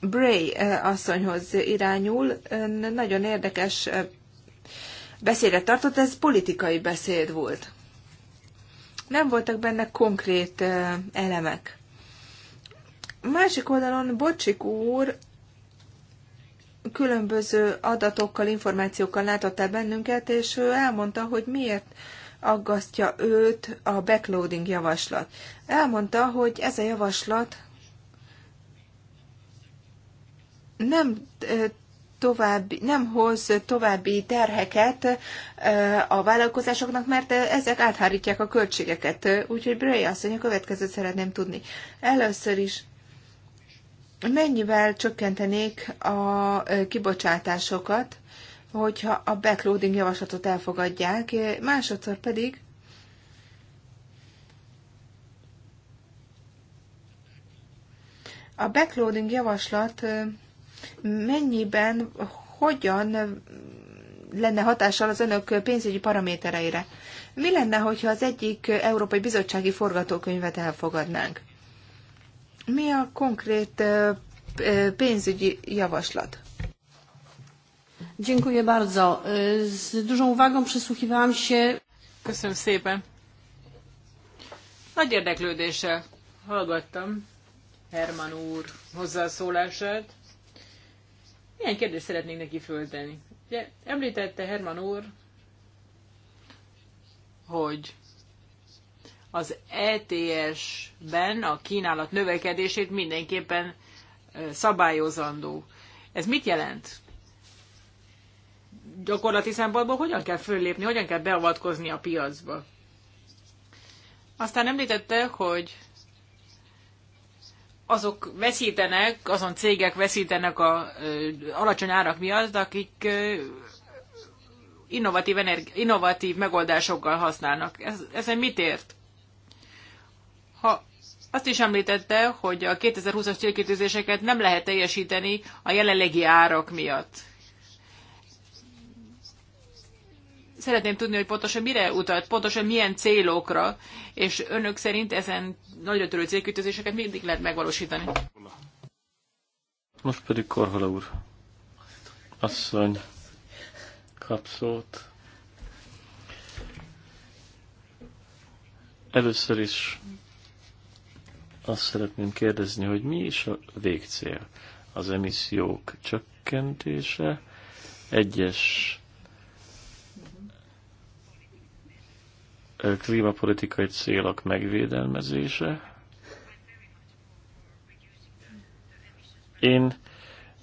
Bray eh, asszonyhoz irányul. Nagyon érdekes beszédet tartott, ez politikai beszéd volt. Nem voltak benne konkrét elemek. Másik oldalon Bocsik úr különböző adatokkal, információkkal látott el bennünket, és ő elmondta, hogy miért aggasztja őt a backloading javaslat. Elmondta, hogy ez a javaslat nem további, nem hoz további terheket eh, a vállalkozásoknak, mert ezek áthárítják a költségeket. Úgyhogy Bray asszony, a következőt szeretném tudni. Először is mennyivel csökkentenék a eh, kibocsátásokat, hogyha a backloading javaslatot elfogadják, másodszor pedig a backloading javaslat eh, mennyiben, hogyan lenne hatással az önök pénzügyi paramétereire? Mi lenne, hogyha az egyik Európai Bizottsági Forgatókönyvet elfogadnánk? Mi a konkrét pénzügyi javaslat? Dziękuję bardzo. E, z dużą uwagą przysłuchiwałam się. Köszönöm szépen. Nagy érdeklődéssel hallgattam Herman úr hozzászólását. Milyen kérdést szeretnék neki föltenni. Ugye említette Herman úr, hogy az ETS-ben a kínálat növekedését mindenképpen szabályozandó. Ez mit jelent? Gyakorlati szempontból hogyan kell föllépni, hogyan kell beavatkozni a piacba? Aztán említette, hogy azok veszítenek, azon cégek veszítenek a ö, alacsony árak miatt, akik ö, innovatív, energi- innovatív megoldásokkal használnak. Ez, ezen mit ért? Ha azt is említette, hogy a 2020-as célkitűzéseket nem lehet teljesíteni a jelenlegi árak miatt. szeretném tudni, hogy pontosan mire utalt, pontosan milyen célokra, és önök szerint ezen nagyra törő célkütőzéseket mindig lehet megvalósítani. Most pedig Korhala úr. Asszony, kap szót. Először is azt szeretném kérdezni, hogy mi is a végcél? Az emissziók csökkentése, egyes klímapolitikai célok megvédelmezése. Én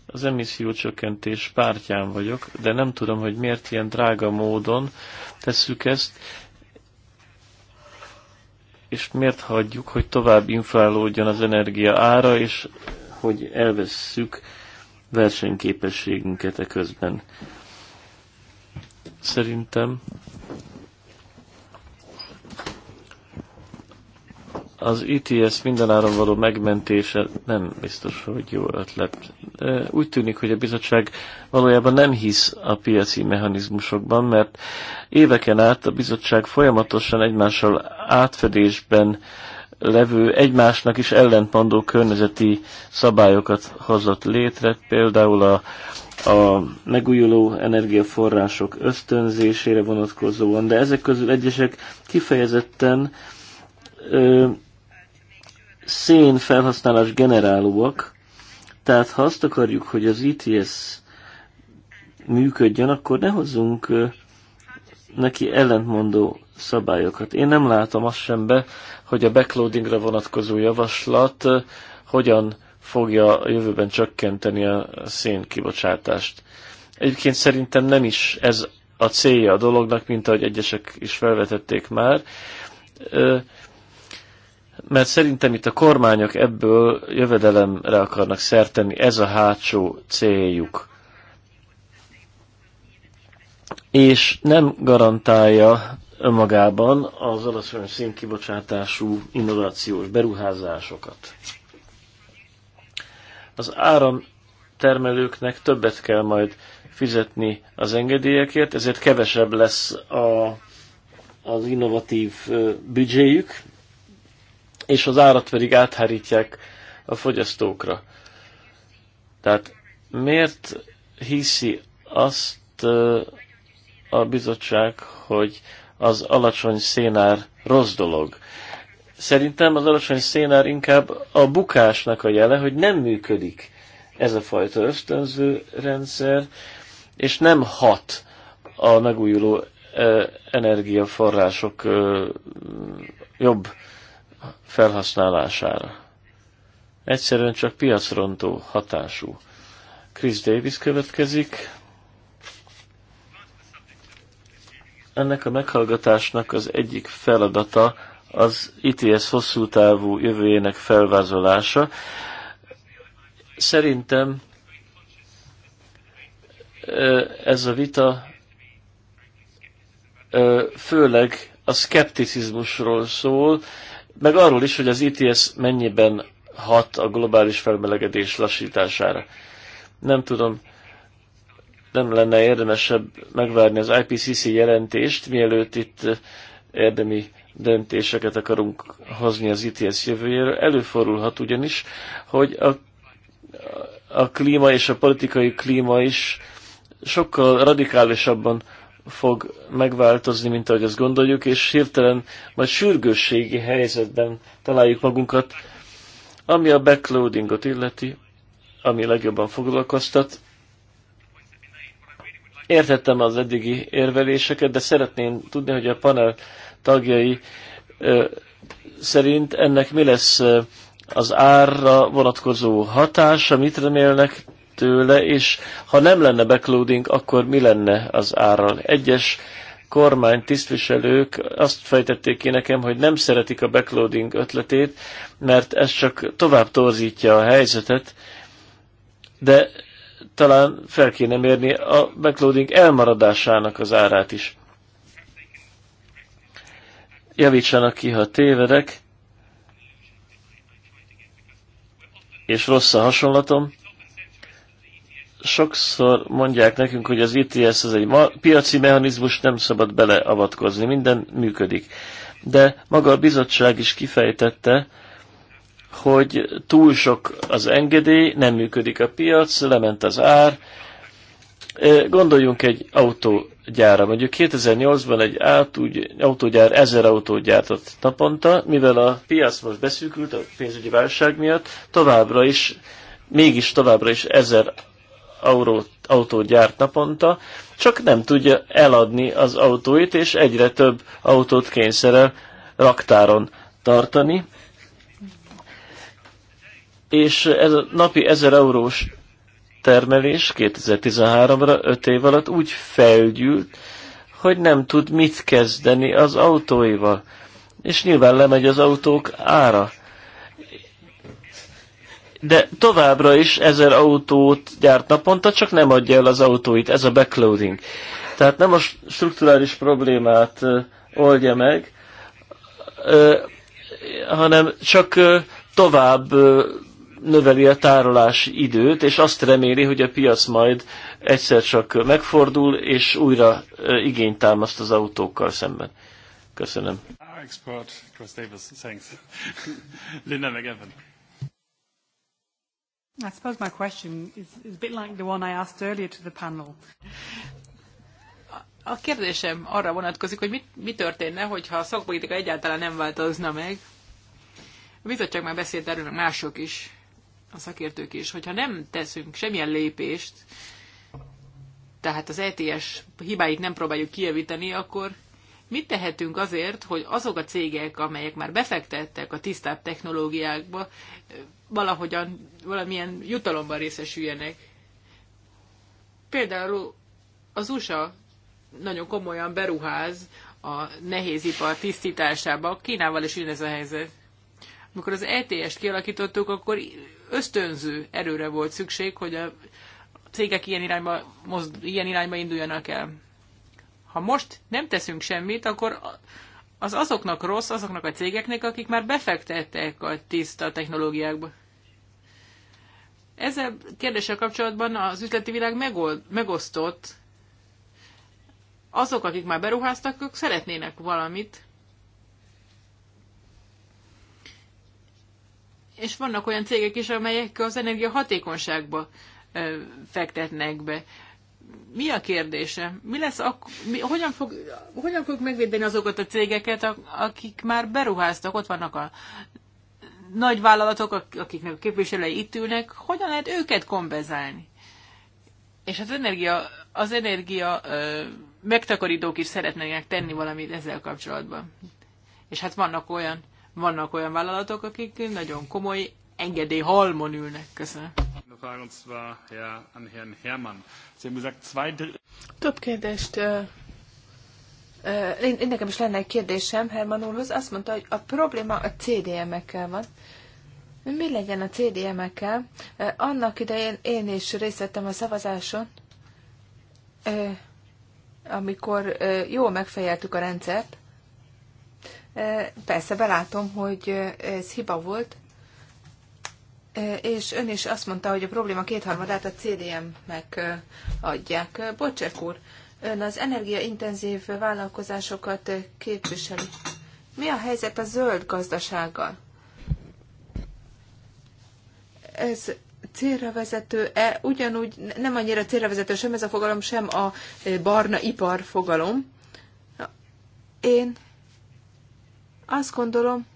az emissziócsökkentés pártján vagyok, de nem tudom, hogy miért ilyen drága módon tesszük ezt, és miért hagyjuk, hogy tovább inflálódjon az energia ára, és hogy elvesszük versenyképességünket e közben. Szerintem az ITS e mindenáron való megmentése nem biztos, hogy jó ötlet. Úgy tűnik, hogy a bizottság valójában nem hisz a piaci mechanizmusokban, mert éveken át a bizottság folyamatosan egymással átfedésben levő, egymásnak is ellentmondó környezeti szabályokat hozott létre, például a, a megújuló energiaforrások ösztönzésére vonatkozóan, de ezek közül egyesek kifejezetten ö, szén felhasználás generálóak, tehát ha azt akarjuk, hogy az ITS e működjön, akkor ne hozzunk neki ellentmondó szabályokat. Én nem látom azt sem be, hogy a backloadingra vonatkozó javaslat hogyan fogja a jövőben csökkenteni a szén kibocsátást. Egyébként szerintem nem is ez a célja a dolognak, mint ahogy egyesek is felvetették már mert szerintem itt a kormányok ebből jövedelemre akarnak szerteni, ez a hátsó céljuk. És nem garantálja önmagában az alacsony szénkibocsátású innovációs beruházásokat. Az áramtermelőknek többet kell majd fizetni az engedélyekért, ezért kevesebb lesz a, az innovatív büdzséjük, és az árat pedig áthárítják a fogyasztókra. Tehát miért hiszi azt a bizottság, hogy az alacsony szénár rossz dolog? Szerintem az alacsony szénár inkább a bukásnak a jele, hogy nem működik ez a fajta ösztönző rendszer, és nem hat a megújuló energiaforrások jobb felhasználására. Egyszerűen csak piacrontó hatású. Chris Davis következik. Ennek a meghallgatásnak az egyik feladata az ITS hosszú távú jövőjének felvázolása. Szerintem ez a vita főleg a szkepticizmusról szól, meg arról is, hogy az ETS mennyiben hat a globális felmelegedés lassítására. Nem tudom, nem lenne érdemesebb megvárni az IPCC jelentést, mielőtt itt érdemi döntéseket akarunk hozni az ITS e jövőjéről. Előfordulhat ugyanis, hogy a, a klíma és a politikai klíma is sokkal radikálisabban fog megváltozni, mint ahogy azt gondoljuk, és hirtelen majd sürgősségi helyzetben találjuk magunkat, ami a backloadingot illeti, ami legjobban foglalkoztat. Értettem az eddigi érveléseket, de szeretném tudni, hogy a panel tagjai ö, szerint ennek mi lesz az árra vonatkozó hatása, mit remélnek, tőle, és ha nem lenne backloading, akkor mi lenne az árral? Egyes kormány tisztviselők azt fejtették ki nekem, hogy nem szeretik a backloading ötletét, mert ez csak tovább torzítja a helyzetet, de talán fel kéne mérni a backloading elmaradásának az árát is. Javítsanak ki, ha tévedek, és rossz a hasonlatom, sokszor mondják nekünk, hogy az ETS az egy piaci mechanizmus, nem szabad beleavatkozni, minden működik. De maga a bizottság is kifejtette, hogy túl sok az engedély, nem működik a piac, lement az ár. Gondoljunk egy autógyára. Mondjuk 2008-ban egy autógyár ezer autót gyártott naponta, mivel a piac most beszűkült a pénzügyi válság miatt, továbbra is, mégis továbbra is ezer autót gyárt naponta, csak nem tudja eladni az autóit, és egyre több autót kényszerel raktáron tartani. És ez a napi 1000 eurós termelés 2013-ra 5 év alatt úgy felgyűlt, hogy nem tud mit kezdeni az autóival. És nyilván lemegy az autók ára de továbbra is ezer autót gyárt naponta, csak nem adja el az autóit, ez a backloading. Tehát nem a strukturális problémát oldja meg, hanem csak tovább növeli a tárolás időt, és azt reméli, hogy a piac majd egyszer csak megfordul, és újra igényt támaszt az autókkal szemben. Köszönöm. Our expert, Chris Davis, thanks. (laughs) Linda McEvan. I suppose my question is, is a bit like the one I asked earlier to the panel. A kérdésem arra vonatkozik, hogy mit, mi történne, hogyha a szakpolitika egyáltalán nem változna meg. A bizottság már beszélt erről, mások is, a szakértők is, hogyha nem teszünk semmilyen lépést, tehát az ETS hibáit nem próbáljuk kijavítani, akkor mit tehetünk azért, hogy azok a cégek, amelyek már befektettek a tisztább technológiákba, valahogyan, valamilyen jutalomban részesüljenek. Például az USA nagyon komolyan beruház a nehézipar tisztításába. Kínával is ugyanez a helyzet. Amikor az ETS-t kialakítottuk, akkor ösztönző erőre volt szükség, hogy a cégek ilyen irányba, mozd, ilyen irányba induljanak el. Ha most nem teszünk semmit, akkor az azoknak rossz, azoknak a cégeknek, akik már befektettek a tiszta technológiákba. Ezzel kérdéssel kapcsolatban az üzleti világ megold, megosztott. Azok, akik már beruháztak, ők szeretnének valamit. És vannak olyan cégek is, amelyek az energia hatékonyságba fektetnek be mi a kérdése? Mi lesz ak- mi, hogyan, fog, hogyan fogjuk megvédeni azokat a cégeket, akik már beruháztak? Ott vannak a nagy vállalatok, akiknek a képviselői itt ülnek, hogyan lehet őket kompenzálni? És az energia, az energia megtakarítók is szeretnének tenni valamit ezzel kapcsolatban. És hát vannak olyan, vannak olyan vállalatok, akik nagyon komoly engedély halmon ülnek. Köszönöm. Több kérdést én, én nekem is lenne egy kérdésem Herman úrhoz. Azt mondta, hogy a probléma a CDM-ekkel van. Mi legyen a CDM-ekkel? Annak idején én is részt vettem a szavazáson, amikor jól megfejeltük a rendszert. Persze belátom, hogy ez hiba volt, és ön is azt mondta, hogy a probléma kétharmadát a CDM-ek adják. Bocsek úr, Ön az energiaintenzív vállalkozásokat képviseli. Mi a helyzet a zöld gazdasággal? Ez célra vezető-e? Ugyanúgy nem annyira célra vezető sem ez a fogalom, sem a e, barna ipar fogalom. Én azt gondolom,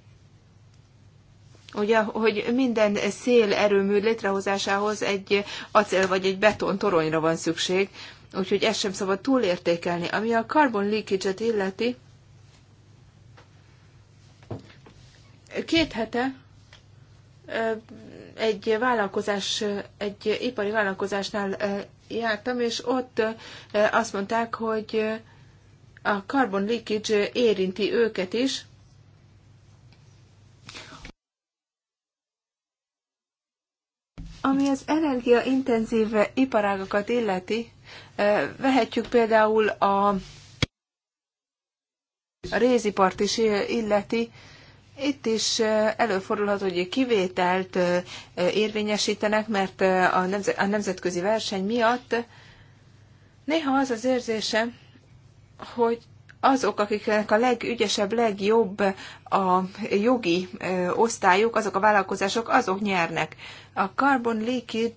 Ugye, hogy minden erőmű létrehozásához egy acél vagy egy beton toronyra van szükség úgyhogy ezt sem szabad túlértékelni. Ami a carbon leakage-et illeti, két hete egy vállalkozás, egy ipari vállalkozásnál jártam, és ott azt mondták, hogy a carbon leakage érinti őket is, Ami az energiaintenzív iparágokat illeti, Vehetjük például a, rézipart is illeti, itt is előfordulhat, hogy kivételt érvényesítenek, mert a nemzetközi verseny miatt néha az az érzése, hogy azok, akiknek a legügyesebb, legjobb a jogi osztályuk, azok a vállalkozások, azok nyernek. A carbon leakage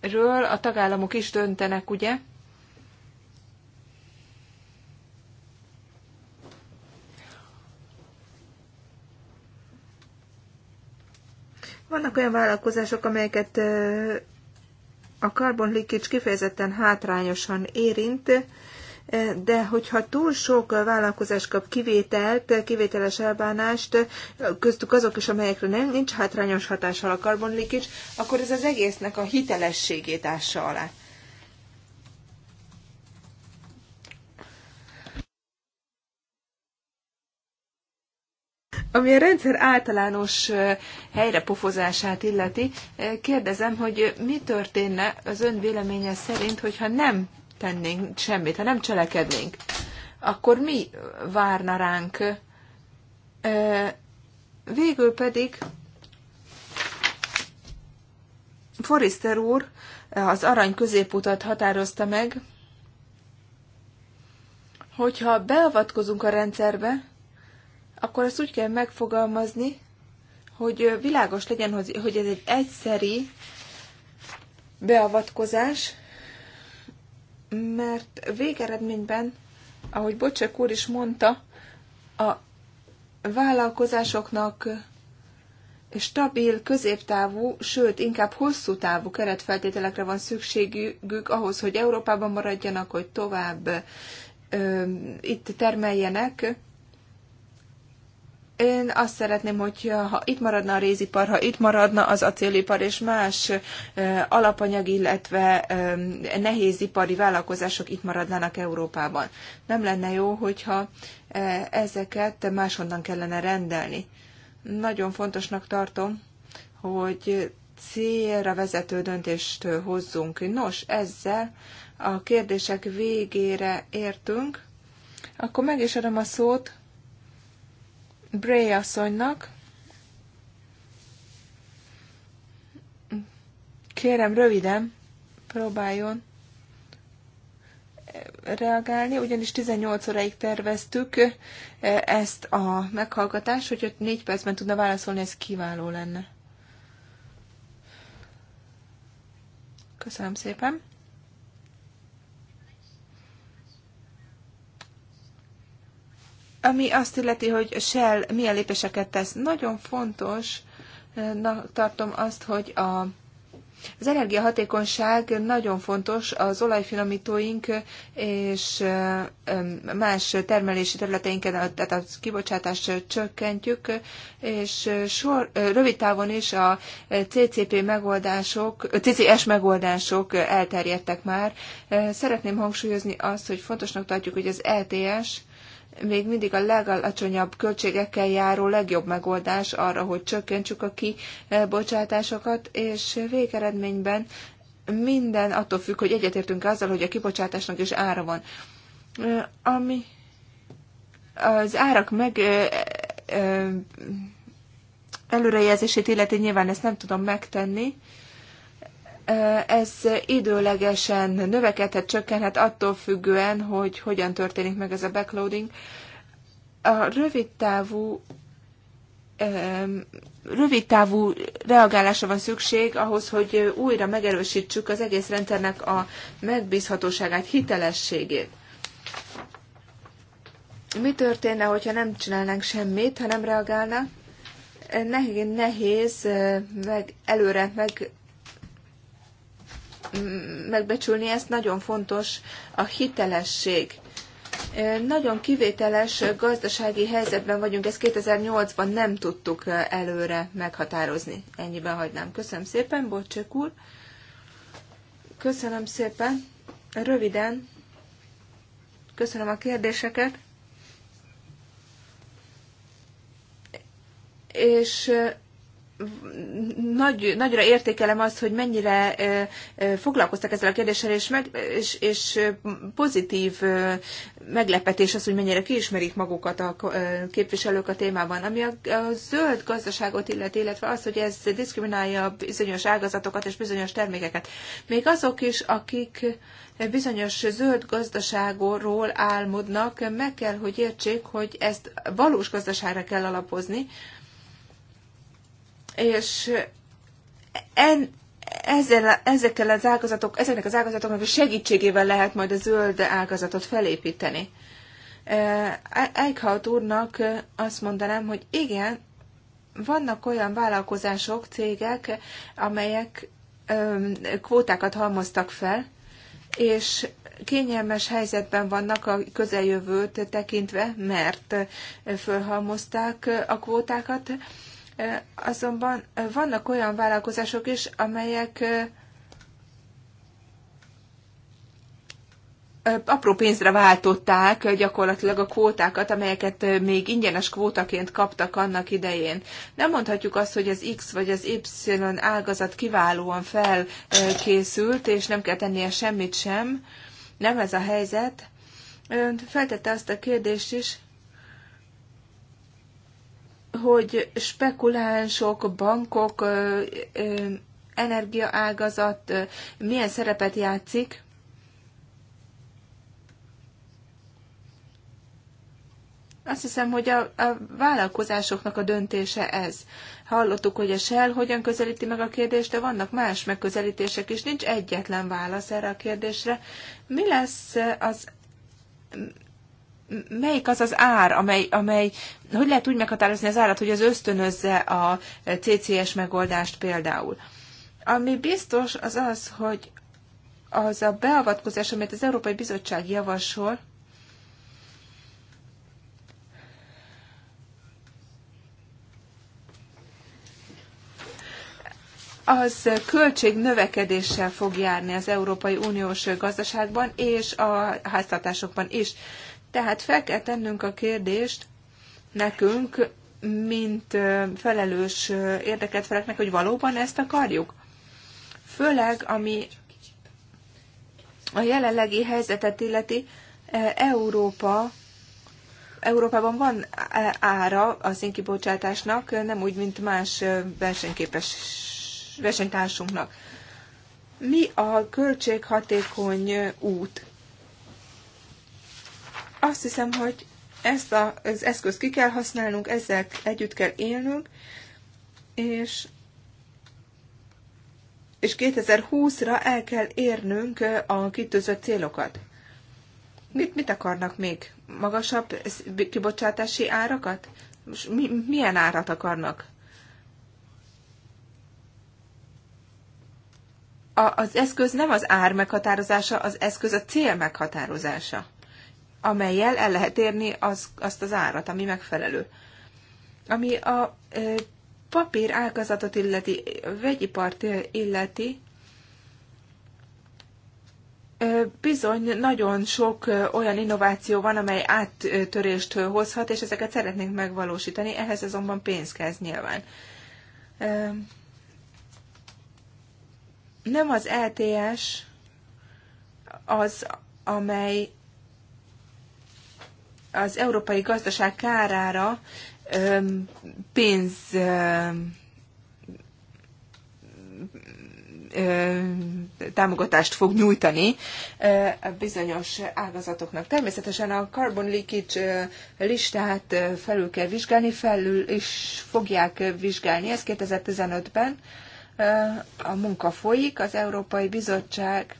ről a tagállamok is döntenek, ugye? Vannak olyan vállalkozások, amelyeket a carbon leakage kifejezetten hátrányosan érint, de hogyha túl sok vállalkozás kap kivételt, kivételes elbánást, köztük azok is, amelyekre nem, nincs hátrányos hatással a karbonlikics, akkor ez az egésznek a hitelességét ássa alá. Ami a rendszer általános helyrepofozását illeti, kérdezem, hogy mi történne az ön véleménye szerint, hogyha nem tennénk semmit, ha nem cselekednénk, akkor mi várna ránk? Végül pedig Forrester úr az arany középutat határozta meg, hogyha beavatkozunk a rendszerbe, akkor ezt úgy kell megfogalmazni, hogy világos legyen, hogy ez egy egyszeri beavatkozás, mert végeredményben, ahogy Bocsek úr is mondta, a vállalkozásoknak stabil, középtávú, sőt, inkább hosszú távú keretfeltételekre van szükségük ahhoz, hogy Európában maradjanak, hogy tovább ö, itt termeljenek, én azt szeretném, hogy ha itt maradna a rézipar, ha itt maradna az acélipar és más alapanyag, illetve nehézipari vállalkozások itt maradnának Európában. Nem lenne jó, hogyha ezeket máshonnan kellene rendelni. Nagyon fontosnak tartom, hogy célra vezető döntést hozzunk. Nos, ezzel a kérdések végére értünk. Akkor meg is adom a szót Bray asszonynak. Kérem, röviden próbáljon reagálni, ugyanis 18 óraig terveztük eh, ezt a meghallgatást, hogy 4 percben tudna válaszolni, ez kiváló lenne. Köszönöm szépen. Ami azt illeti, hogy Shell milyen lépéseket tesz, nagyon fontos, na, tartom azt, hogy a, az energiahatékonyság nagyon fontos az olajfinomítóink és más termelési területeinken, tehát a kibocsátást csökkentjük, és sor, rövid távon is a CCP megoldások, CCS megoldások elterjedtek már. Szeretném hangsúlyozni azt, hogy fontosnak tartjuk, hogy az LTS, e még mindig a legalacsonyabb költségekkel járó legjobb megoldás arra, hogy csökkentsük a kibocsátásokat, és végeredményben minden attól függ, hogy egyetértünk azzal, hogy a kibocsátásnak is ára van. Ami az árak meg előrejelzését illeti, nyilván ezt nem tudom megtenni, ez időlegesen növekedhet, csökkenhet attól függően, hogy hogyan történik meg ez a backloading. A rövidtávú rövidtávú reagálásra van szükség ahhoz, hogy újra megerősítsük az egész rendszernek a megbízhatóságát, hitelességét. Mi történne, hogyha nem csinálnánk semmit, ha nem reagálnánk? Nehéz, nehéz meg előre meg megbecsülni ezt, nagyon fontos a hitelesség. Nagyon kivételes gazdasági helyzetben vagyunk, ezt 2008-ban nem tudtuk előre meghatározni. Ennyiben hagynám. Köszönöm szépen, Bocsek úr. Köszönöm szépen. Röviden. Köszönöm a kérdéseket. És nagy, nagyra értékelem azt, hogy mennyire foglalkoztak ezzel a kérdéssel, és, meg, és, és pozitív meglepetés az, hogy mennyire kiismerik magukat a képviselők a témában. Ami a, a zöld gazdaságot illeti, illetve az, hogy ez diszkriminálja bizonyos ágazatokat és bizonyos termékeket. Még azok is, akik bizonyos zöld gazdaságról álmodnak, meg kell, hogy értsék, hogy ezt valós gazdaságra kell alapozni, és en, ezzel, ezekkel az ágazatok, ezeknek az ágazatoknak a segítségével lehet majd a zöld ágazatot felépíteni. E, Eichhaut úrnak azt mondanám, hogy igen, vannak olyan vállalkozások, cégek, amelyek kvótákat halmoztak fel, és kényelmes helyzetben vannak a közeljövőt tekintve, mert fölhalmozták a kvótákat, Azonban vannak olyan vállalkozások is, amelyek apró pénzre váltották gyakorlatilag a kvótákat, amelyeket még ingyenes kvótaként kaptak annak idején. Nem mondhatjuk azt, hogy az X vagy az Y ágazat kiválóan felkészült, és nem kell tennie semmit sem. Nem ez a helyzet. Ön feltette azt a kérdést is, hogy spekulánsok, bankok, energiaágazat milyen szerepet játszik. Azt hiszem, hogy a, a vállalkozásoknak a döntése ez. Hallottuk, hogy a Shell hogyan közelíti meg a kérdést, de vannak más megközelítések is, nincs egyetlen válasz erre a kérdésre. Mi lesz az melyik az az ár, amely, amely, hogy lehet úgy meghatározni az árat, hogy az ösztönözze a CCS megoldást például. Ami biztos az az, hogy az a beavatkozás, amit az Európai Bizottság javasol, az költség növekedéssel fog járni az Európai Uniós gazdaságban és a háztartásokban is. Tehát fel kell tennünk a kérdést nekünk, mint felelős érdeket feleknek, hogy valóban ezt akarjuk. Főleg, ami a jelenlegi helyzetet illeti, Európa, Európában van ára a szénkibocsátásnak, nem úgy, mint más versenyképes versenytársunknak. Mi a költséghatékony út? Azt hiszem, hogy ezt a, az eszközt ki kell használnunk, ezzel együtt kell élnünk, és és 2020-ra el kell érnünk a kitűzött célokat. Mit, mit akarnak még? Magasabb kibocsátási árakat? Most mi, milyen árat akarnak? A, az eszköz nem az ár meghatározása, az eszköz a cél meghatározása amelyel el lehet érni az, azt az árat, ami megfelelő. Ami a e, papír ágazatot illeti, vegyipart illeti, Bizony, nagyon sok olyan innováció van, amely áttörést hozhat, és ezeket szeretnénk megvalósítani, ehhez azonban pénz kell nyilván. Nem az LTS e az, amely az európai gazdaság kárára pénz támogatást fog nyújtani a bizonyos ágazatoknak. Természetesen a carbon leakage listát felül kell vizsgálni, felül is fogják vizsgálni. Ez 2015-ben a munka folyik, az Európai Bizottság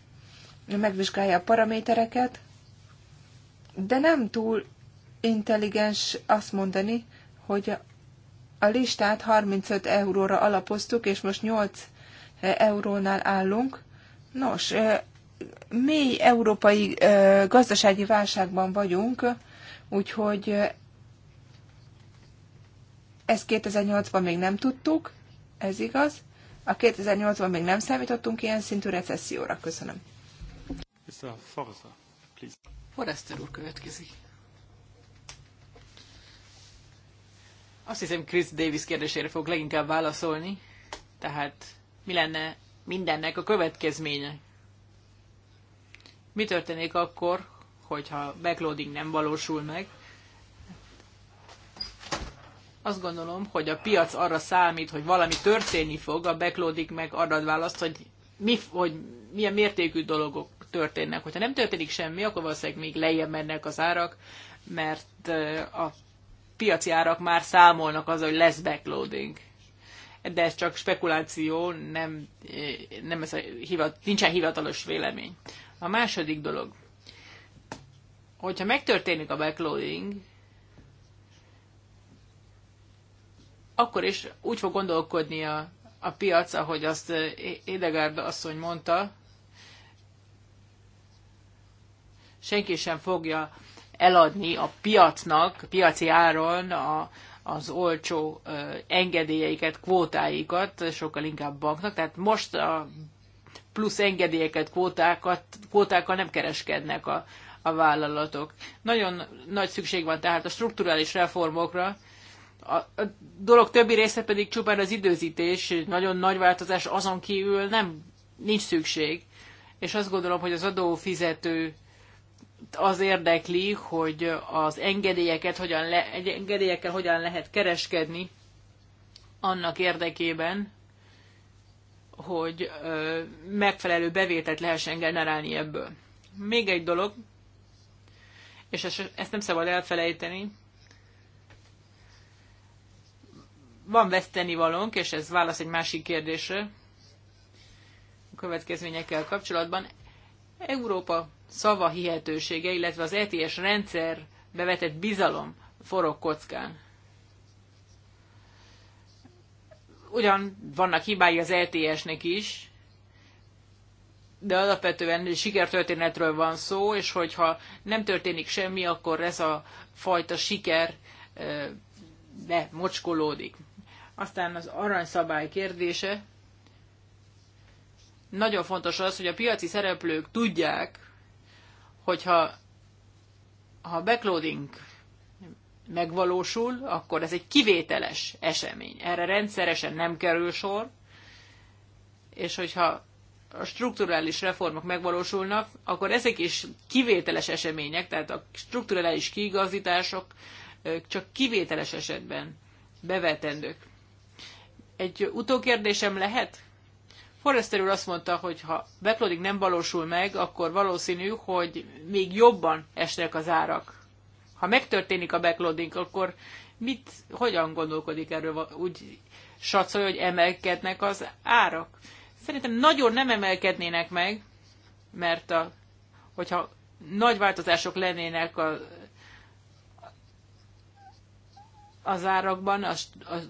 megvizsgálja a paramétereket, de nem túl intelligens azt mondani, hogy a listát 35 euróra alapoztuk, és most 8 eh, eurónál állunk. Nos, eh, mély európai eh, gazdasági válságban vagyunk, úgyhogy ezt 2008-ban még nem tudtuk, ez igaz. A 2008-ban még nem számítottunk ilyen szintű recesszióra. Köszönöm. Forrester úr következik. Azt hiszem Chris Davis kérdésére fog leginkább válaszolni. Tehát mi lenne mindennek a következménye? Mi történik akkor, hogyha backloading nem valósul meg? Azt gondolom, hogy a piac arra számít, hogy valami történni fog, a backloading meg arra választ, hogy, mi, hogy milyen mértékű dolgok történnek. Hogyha nem történik semmi, akkor valószínűleg még lejjebb mennek az árak, mert a piaci árak már számolnak az, hogy lesz backloading. De ez csak spekuláció, nem, nem ez a hivat, nincsen hivatalos vélemény. A második dolog, hogyha megtörténik a backloading, akkor is úgy fog gondolkodni a, a piac, ahogy azt Edegárd eh, asszony mondta, senki sem fogja eladni a piacnak, piaci áron a, az olcsó engedélyeiket, kvótáikat, sokkal inkább banknak. Tehát most a plusz engedélyeket, kvótákat, kvótákkal nem kereskednek a, a vállalatok. Nagyon nagy szükség van tehát a strukturális reformokra, a, a dolog többi része pedig csupán az időzítés, nagyon nagy változás azon kívül nem, nincs szükség. És azt gondolom, hogy az adófizető az érdekli, hogy az engedélyeket hogyan le, engedélyekkel hogyan lehet kereskedni annak érdekében, hogy ö, megfelelő bevételt lehessen generálni ebből. Még egy dolog, és ezt nem szabad elfelejteni, van vesztenivalónk, és ez válasz egy másik kérdésre, a következményekkel kapcsolatban. Európa szava hihetősége, illetve az ETS rendszer bevetett bizalom forog kockán. Ugyan vannak hibái az ETS-nek is, de alapvetően sikertörténetről van szó, és hogyha nem történik semmi, akkor ez a fajta siker bemocskolódik. Aztán az aranyszabály kérdése. Nagyon fontos az, hogy a piaci szereplők tudják, hogyha ha backloading megvalósul, akkor ez egy kivételes esemény. Erre rendszeresen nem kerül sor, és hogyha a strukturális reformok megvalósulnak, akkor ezek is kivételes események, tehát a strukturális kiigazítások csak kivételes esetben bevetendők. Egy utókérdésem lehet? Forrester úr azt mondta, hogy ha backloading nem valósul meg, akkor valószínű, hogy még jobban esnek az árak. Ha megtörténik a backloading, akkor mit, hogyan gondolkodik erről? Úgy satszolja, hogy emelkednek az árak. Szerintem nagyon nem emelkednének meg, mert a, hogyha nagy változások lennének a, az árakban, az, az,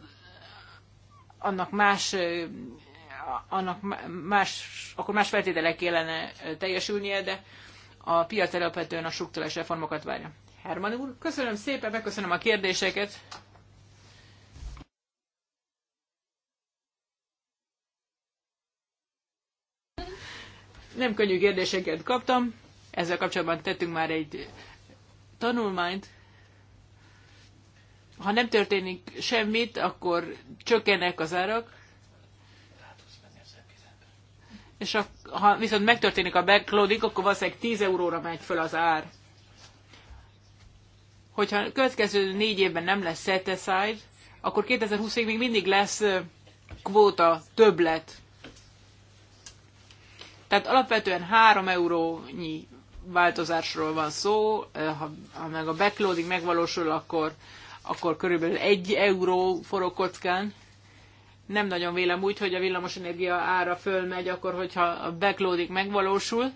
annak más annak más, akkor más feltételek kellene teljesülnie, de a piac alapvetően a struktúrás reformokat várja. Herman úr, köszönöm szépen, megköszönöm a kérdéseket. Nem könnyű kérdéseket kaptam, ezzel kapcsolatban tettünk már egy tanulmányt. Ha nem történik semmit, akkor csökkennek az árak, és a, ha viszont megtörténik a backloading, akkor valószínűleg 10 euróra megy föl az ár. Hogyha a következő négy évben nem lesz set aside, akkor 2020-ig még mindig lesz kvóta többlet. Tehát alapvetően 3 eurónyi változásról van szó, ha, ha meg a backloading megvalósul, akkor, akkor körülbelül 1 euró forog kockán nem nagyon vélem úgy, hogy a villamosenergia ára fölmegy, akkor hogyha a backloading megvalósul,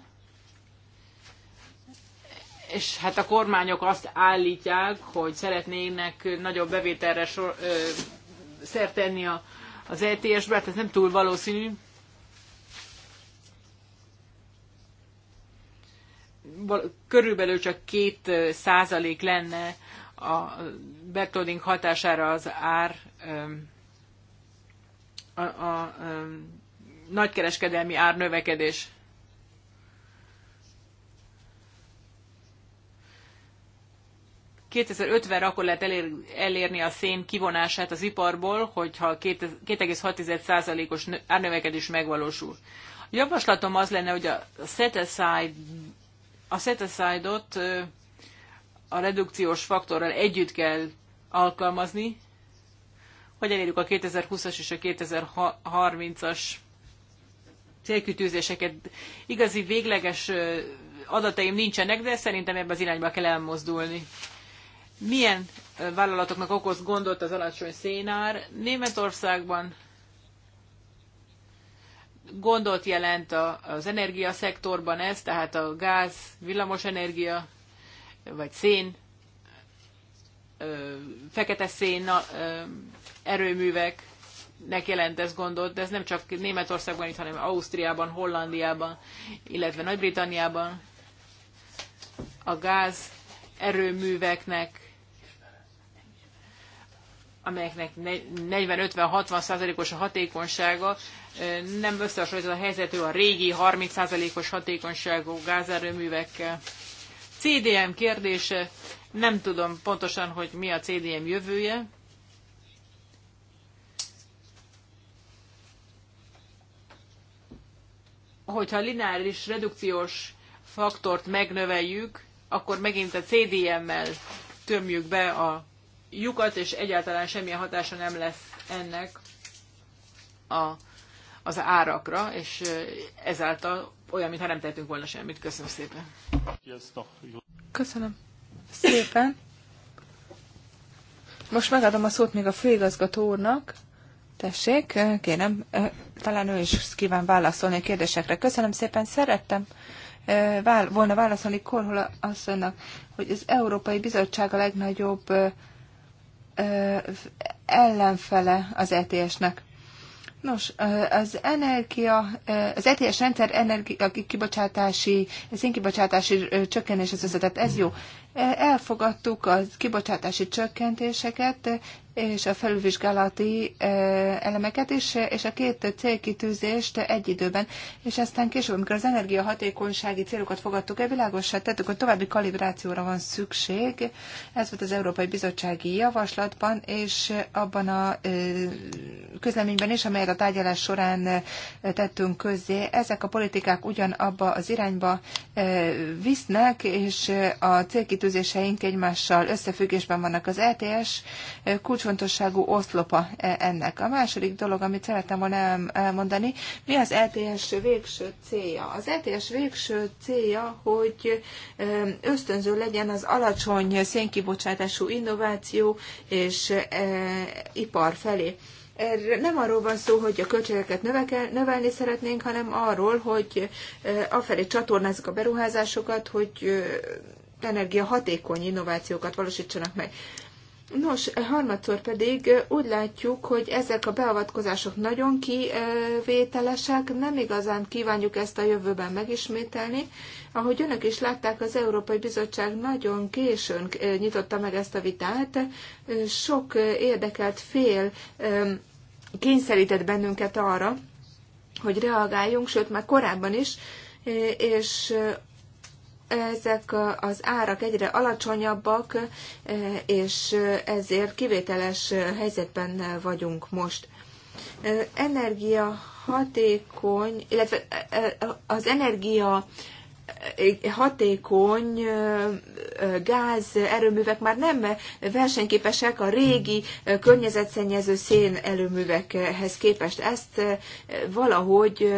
és hát a kormányok azt állítják, hogy szeretnének nagyobb bevételre sor, ö, szert tenni a, az ETS-be, hát ez nem túl valószínű. Körülbelül csak két százalék lenne a backloading hatására az ár ö, a, a, a nagykereskedelmi árnövekedés. ...2050-re akkor lehet elér, elérni a szén kivonását az iparból, hogyha 2,6%-os árnövekedés megvalósul. A javaslatom az lenne, hogy a set-aside, a set-aside-ot a redukciós faktorral együtt kell alkalmazni, hogy elérjük a 2020-as és a 2030-as célkütőzéseket. Igazi végleges adataim nincsenek, de szerintem ebbe az irányba kell elmozdulni. Milyen vállalatoknak okoz gondot az alacsony szénár? Németországban gondot jelent az energiaszektorban ez, tehát a gáz, villamosenergia, vagy szén, fekete szén erőműveknek jelent ez gondot, de ez nem csak Németországban itt, hanem Ausztriában, Hollandiában, illetve Nagy-Britanniában. A gáz erőműveknek amelyeknek 40-50-60 százalékos a hatékonysága, nem összehasonlítható a helyzetű a régi 30 százalékos hatékonyságú gázerőművekkel. CDM kérdése, nem tudom pontosan, hogy mi a CDM jövője. hogyha lineáris redukciós faktort megnöveljük, akkor megint a CDM-mel tömjük be a lyukat, és egyáltalán semmilyen hatása nem lesz ennek a, az árakra, és ezáltal olyan, mintha nem tettünk volna semmit. Köszönöm szépen. Köszönöm szépen. Most megadom a szót még a főigazgató úrnak, Tessék, kérem, talán ő is kíván válaszolni a kérdésekre. Köszönöm szépen, szerettem volna válaszolni Korhola asszonynak, hogy az Európai Bizottság a legnagyobb ellenfele az ETS-nek. Nos, az energia, az ETS rendszer energia kibocsátási, szénkibocsátási csökkenéshez vezetett, ez jó. Elfogadtuk a kibocsátási csökkentéseket és a felülvizsgálati e, elemeket is, és a két célkitűzést egy időben. És aztán később, amikor az energiahatékonysági célokat fogadtuk el, világosá tettük, hogy további kalibrációra van szükség. Ez volt az Európai Bizottsági Javaslatban, és abban a e, közleményben is, amelyet a tárgyalás során e, tettünk közzé. Ezek a politikák ugyanabba az irányba visznek, és a célkitűzések célkitűzéseink egymással összefüggésben vannak. Az ETS kulcsfontosságú oszlopa ennek. A második dolog, amit szeretem volna elmondani, mi az ETS végső célja? Az ETS végső célja, hogy ösztönző legyen az alacsony szénkibocsátású innováció és ipar felé. Erre nem arról van szó, hogy a költségeket növekel, növelni szeretnénk, hanem arról, hogy afelé csatornázzuk a beruházásokat, hogy energiahatékony innovációkat valósítsanak meg. Nos, harmadszor pedig úgy látjuk, hogy ezek a beavatkozások nagyon kivételesek, nem igazán kívánjuk ezt a jövőben megismételni. Ahogy önök is látták, az Európai Bizottság nagyon későn nyitotta meg ezt a vitát. Sok érdekelt fél kényszerített bennünket arra, hogy reagáljunk, sőt már korábban is, és ezek az árak egyre alacsonyabbak, e, és ezért kivételes helyzetben vagyunk most. E, energia hatékony, illetve e, az energia hatékony gáz erőművek már nem versenyképesek a régi környezetszennyező szén erőművekhez képest. Ezt valahogy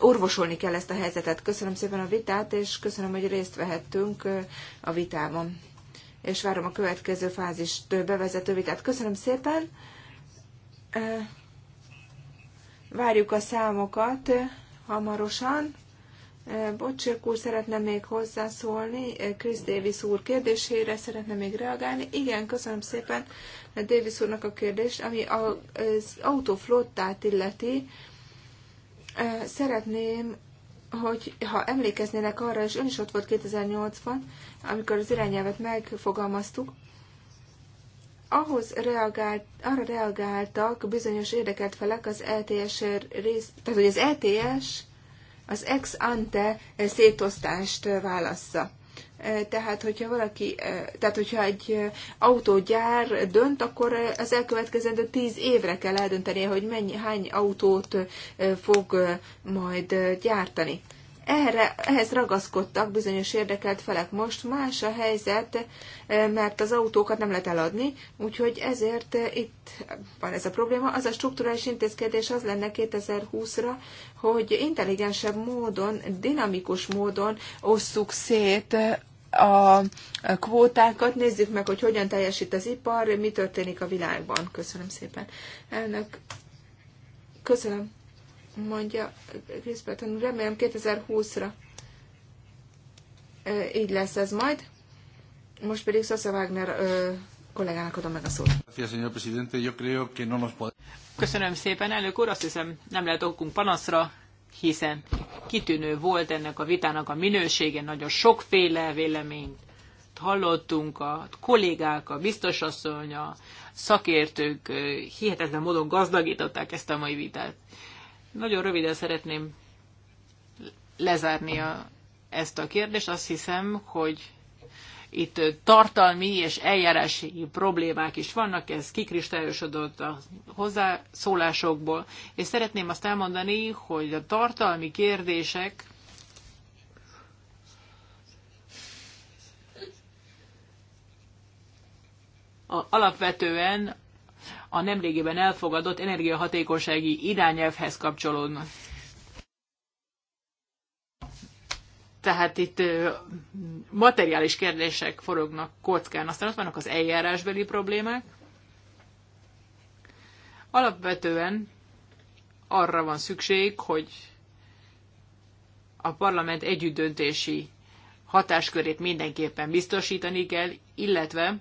orvosolni kell ezt a helyzetet. Köszönöm szépen a vitát, és köszönöm, hogy részt vehettünk a vitában. És várom a következő fázist bevezető vitát. Köszönöm szépen. Várjuk a számokat hamarosan. Bocsék úr szeretne még hozzászólni, Chris Davis úr kérdésére szeretne még reagálni. Igen, köszönöm szépen Davis úrnak a kérdést, ami az autóflottát illeti Szeretném, hogy ha emlékeznének arra, és ön is ott volt 2008-ban, amikor az irányelvet megfogalmaztuk, ahhoz reagált, arra reagáltak bizonyos érdekelt felek az LTS e rész, tehát hogy az LTS e az ex ante szétosztást válassza. Tehát, hogyha valaki, tehát, hogyha egy autógyár dönt, akkor az elkövetkezendő tíz évre kell eldönteni, hogy mennyi, hány autót fog majd gyártani. Erre, ehhez ragaszkodtak bizonyos érdekelt felek. Most más a helyzet, mert az autókat nem lehet eladni, úgyhogy ezért itt van ez a probléma. Az a strukturális intézkedés az lenne 2020-ra, hogy intelligensebb módon, dinamikus módon osszuk szét a kvótákat, nézzük meg, hogy hogyan teljesít az ipar, mi történik a világban. Köszönöm szépen. Elnök, köszönöm, mondja Chris Remélem 2020-ra így lesz ez majd. Most pedig Szosza Wagner kollégának adom meg a szót. Köszönöm szépen, elnök úr, azt hiszem nem lehet okunk panaszra, hiszen kitűnő volt ennek a vitának a minősége, nagyon sokféle véleményt hallottunk, a kollégák, a biztosasszony, a szakértők hihetetlen módon gazdagították ezt a mai vitát. Nagyon röviden szeretném lezárni a, ezt a kérdést. Azt hiszem, hogy itt tartalmi és eljárási problémák is vannak, ez kikristályosodott a hozzászólásokból, és szeretném azt elmondani, hogy a tartalmi kérdések a, alapvetően a nemrégiben elfogadott energiahatékonysági irányelvhez kapcsolódnak. Tehát itt materiális kérdések forognak kockán. Aztán ott vannak az eljárásbeli problémák. Alapvetően arra van szükség, hogy a parlament együttdöntési hatáskörét mindenképpen biztosítani kell, illetve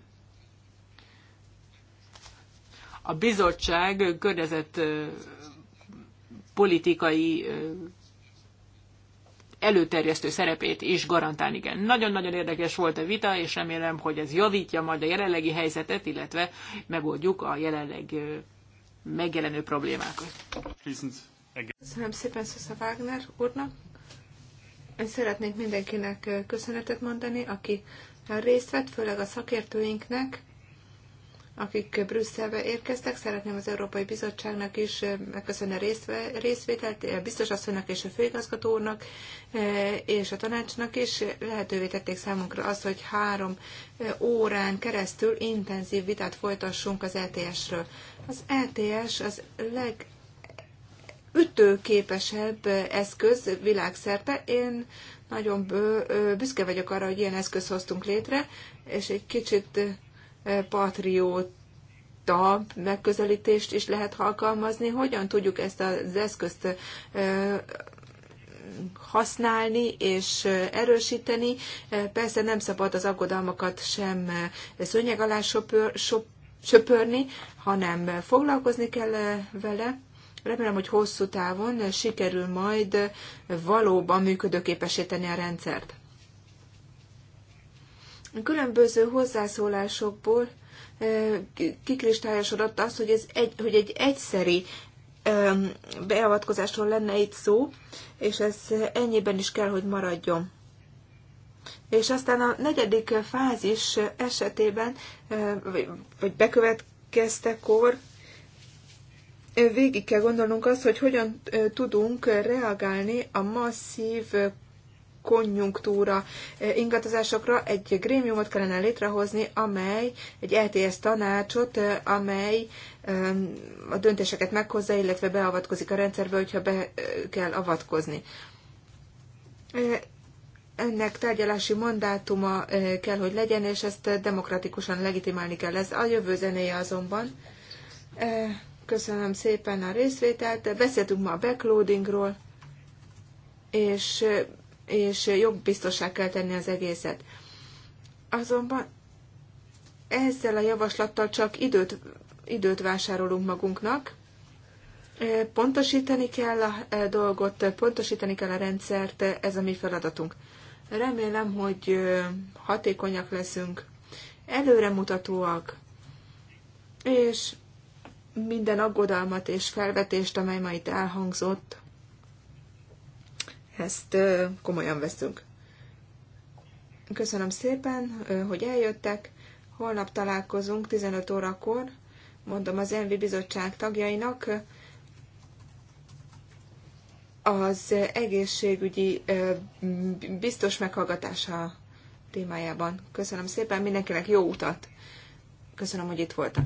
a bizottság környezet politikai előterjesztő szerepét is garantálni kell. Nagyon-nagyon érdekes volt a vita, és remélem, hogy ez javítja majd a jelenlegi helyzetet, illetve megoldjuk a jelenleg megjelenő problémákat. Köszönöm szépen Szusza Wagner úrnak. Én szeretnék mindenkinek köszönetet mondani, aki részt vett, főleg a szakértőinknek, akik Brüsszelbe érkeztek. Szeretném az Európai Bizottságnak is eh, megköszönni a részvételt, eh, biztos asszonynak és a főigazgatónak eh, és a tanácsnak is. Lehetővé tették számunkra azt, hogy három órán keresztül intenzív vitát folytassunk az ETS-ről. Az ETS az leg ütőképesebb eszköz világszerte. Én nagyon büszke vagyok arra, hogy ilyen eszköz hoztunk létre, és egy kicsit patrióta megközelítést is lehet alkalmazni. Hogyan tudjuk ezt az eszközt használni és erősíteni. Persze nem szabad az aggodalmakat sem szőnyeg alá söpör, söpörni, hanem foglalkozni kell vele. Remélem, hogy hosszú távon sikerül majd valóban működőképesíteni a rendszert. Különböző hozzászólásokból kikristályosodott az, hogy, ez egy, hogy egy egyszeri beavatkozásról lenne itt szó, és ez ennyiben is kell, hogy maradjon. És aztán a negyedik fázis esetében, vagy bekövetkeztekor végig kell gondolnunk azt, hogy hogyan tudunk reagálni a masszív konjunktúra eh, ingatozásokra egy grémiumot kellene létrehozni, amely egy LTS e tanácsot, eh, amely a döntéseket meghozza, illetve beavatkozik a rendszerbe, hogyha be eh, kell avatkozni. Ennek tárgyalási mandátuma kell, hogy legyen, és ezt demokratikusan legitimálni kell. Ez a jövő zenéje azonban. Köszönöm szépen a részvételt. Beszéltünk ma a backloadingról, és és jobb biztosság kell tenni az egészet. Azonban ezzel a javaslattal csak időt, időt vásárolunk magunknak, e, Pontosítani kell a e, dolgot, pontosítani kell a rendszert, ez a mi feladatunk. Remélem, hogy hatékonyak leszünk, előremutatóak, és minden aggodalmat és felvetést, amely ma itt elhangzott, ezt komolyan veszünk. Köszönöm szépen, hogy eljöttek. Holnap találkozunk 15 órakor, mondom az Envi Bizottság tagjainak, az egészségügyi biztos meghallgatása témájában. Köszönöm szépen mindenkinek jó utat. Köszönöm, hogy itt voltak.